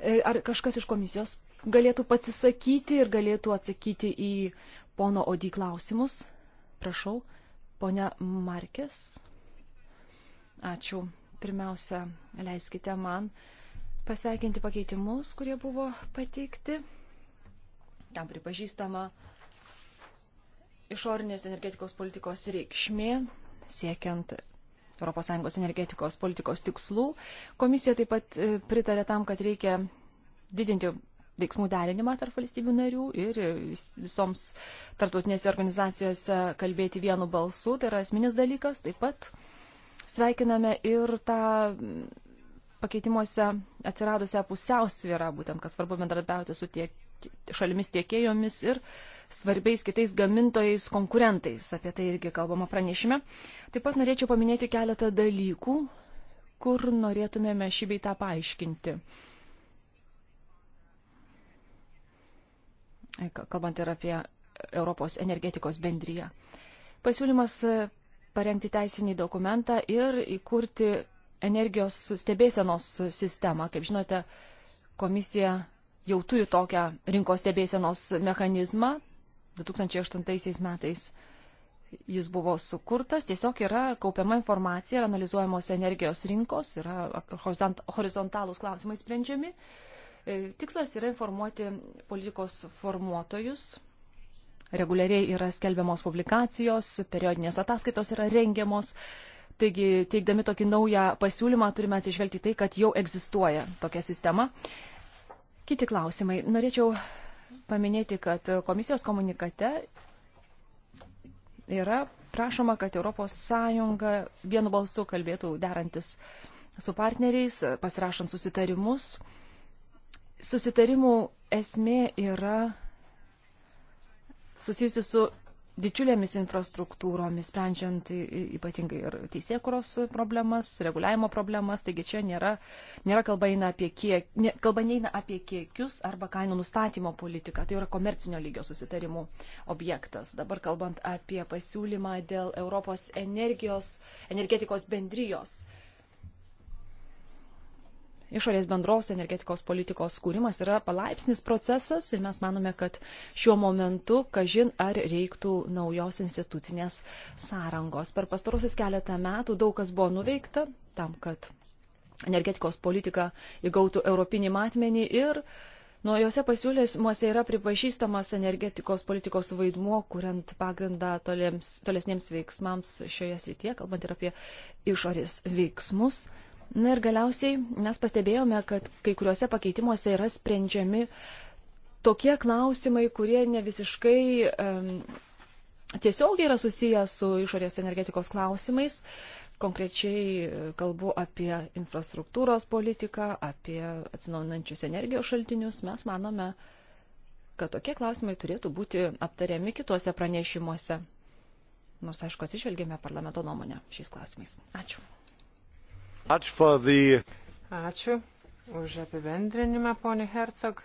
E, ar kažkas iš komisijos galėtų pasisakyti ir galėtų atsakyti į pono Odį klausimus? Prašau, ponia Markės. Ačiū. Pirmiausia, leiskite man pasveikinti pakeitimus, kurie buvo pateikti tam pripažįstama išorinės energetikos politikos reikšmė siekiant ES energetikos politikos tikslų. Komisija taip pat e, pritarė tam, kad reikia didinti veiksmų derinimą tarp valstybių narių ir e, visoms tartutinėse organizacijose kalbėti vienu balsu. Tai yra esminis dalykas. Taip pat sveikiname ir tą pakeitimuose atsiradusią pusiausvyrą, būtent kas svarbu bendradarbiauti su tiek šalimis tiekėjomis ir svarbiais kitais gamintojais konkurentais. Apie tai irgi kalbama pranešime. Taip pat norėčiau paminėti keletą dalykų, kur norėtumėme šį beitą paaiškinti. Kalbant ir apie Europos energetikos bendryje. Pasiūlymas parengti teisinį dokumentą ir įkurti energijos stebėsenos sistemą. Kaip žinote, komisija jau turi tokią rinkos stebėsenos mechanizmą. 2008 metais jis buvo sukurtas, tiesiog yra kaupiama informacija ir analizuojamos energijos rinkos, yra horizontalūs klausimai sprendžiami. E, tikslas yra informuoti politikos formuotojus. Reguliariai yra skelbiamos publikacijos, periodinės ataskaitos yra rengiamos. Taigi, teikdami tokį naują pasiūlymą, turime atsižvelgti tai, kad jau egzistuoja tokia sistema. Uh, Kiti klausimai. Norėčiau paminėti, kad komisijos komunikate yra prašoma, kad ES vienu balsu kalbėtų derantis su partneriais, pasirašant susitarimus. Susitarimų esmė yra susijusi su didžiulėmis infrastruktūromis, sprendžiant ypatingai ir teisėkuros problemas, reguliavimo problemas, taigi čia nėra, nėra kalba, eina apie kiek, ne, kalba neina apie kiekius arba kainų nustatymo politiką, tai yra komercinio lygio susitarimų objektas. Dabar kalbant apie pasiūlymą dėl Europos energijos, energetikos bendrijos išorės bendros energetikos politikos skūrimas yra palaipsnis procesas ir mes manome, kad šiuo momentu, kažin ar reiktų naujos institucinės sąrangos. Per pastarosius keletą metų daug kas buvo nuveikta tam, kad energetikos politika įgautų europinį matmenį ir Nuo juose pasiūlymuose yra pripažįstamas energetikos politikos vaidmuo, kuriant pagrindą toliems, tolesniems veiksmams šioje srityje, kalbant ir apie išorės veiksmus. Uh, Na ir galiausiai mes pastebėjome, kad kai kuriuose pakeitimuose yra sprendžiami tokie klausimai, kurie ne visiškai um, tiesiogiai yra susiję su išorės energetikos klausimais. Konkrečiai e, kalbu apie infrastruktūros politiką, apie atsinaunančius energijos šaltinius. Mes manome, kad tokie klausimai turėtų būti aptariami kituose pranešimuose. Nors, aišku, atsižvelgėme parlamento nuomonę šiais klausimais. Ačiū.
Ačiū už apibendrinimą, ponė Hercog.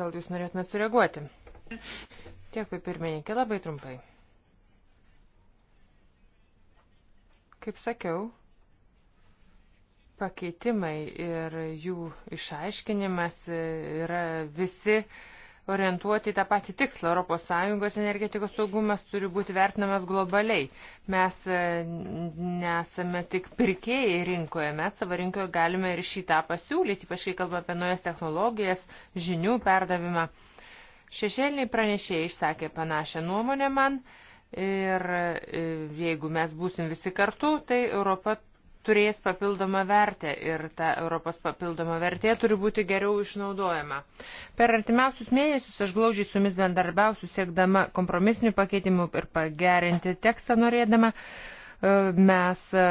Gal jūs norėtumėte sureaguoti? Dėkui, pirmininkė, labai trumpai. Kaip sakiau, pakeitimai ir jų išaiškinimas yra visi uh, orientuoti į tą patį tikslą. ES energetikos saugumas turi būti vertinamas globaliai. Mes e, nesame tik pirkėjai rinkoje, mes savo rinkoje galime ir šitą pasiūlyti, ypač kai kalbame apie naujas technologijas, žinių perdavimą. Šešėliniai pranešėjai išsakė panašią nuomonę man. Ir e, jeigu mes būsim visi kartu, tai Europa turės papildomą vertę ir ta Europos papildoma vertė turi būti geriau išnaudojama. Per artimiausius mėnesius aš glaužiai su jumis bendarbiausiu, siekdama kompromisinių pakeitimų ir pagerinti tekstą norėdama. E, mes e,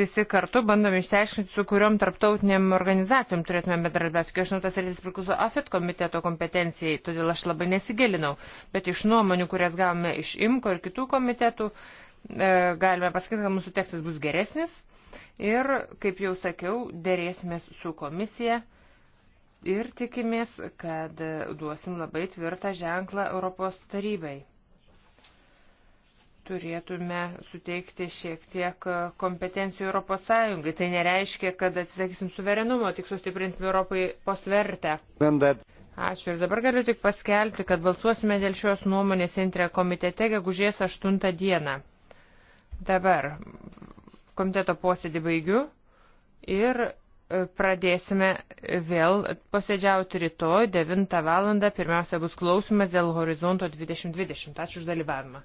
visi kartu bandom išsiaiškinti, su kuriuom tarptautiniam organizacijom turėtume bendradarbiauti. Kai aš žinau, tas rytis priklauso AFIT komiteto kompetencijai, todėl aš labai nesigilinau. Bet iš nuomonių, kurias gavome iš IMKO ir kitų komitetų, E, galime pasakyti, kad mūsų tekstas bus geresnis ir, kaip jau sakiau, dėrėsimės su komisija ir tikimės, kad duosim labai tvirtą ženklą Europos tarybai. Turėtume suteikti šiek tiek kompetencijų Europos Sąjungai. Tai nereiškia, kad atsisakysim suverenumo, tik sustiprinsim Europai posvertę. Ačiū. Ir dabar galiu tik paskelbti, kad balsuosime dėl šios nuomonės intrė komitete gegužės 8 dieną. Dabar komiteto posėdį baigiu ir e, pradėsime vėl posėdžiauti rytoj 9 val. Pirmiausia bus klausimas dėl horizonto 2020. Ačiū už dalyvavimą.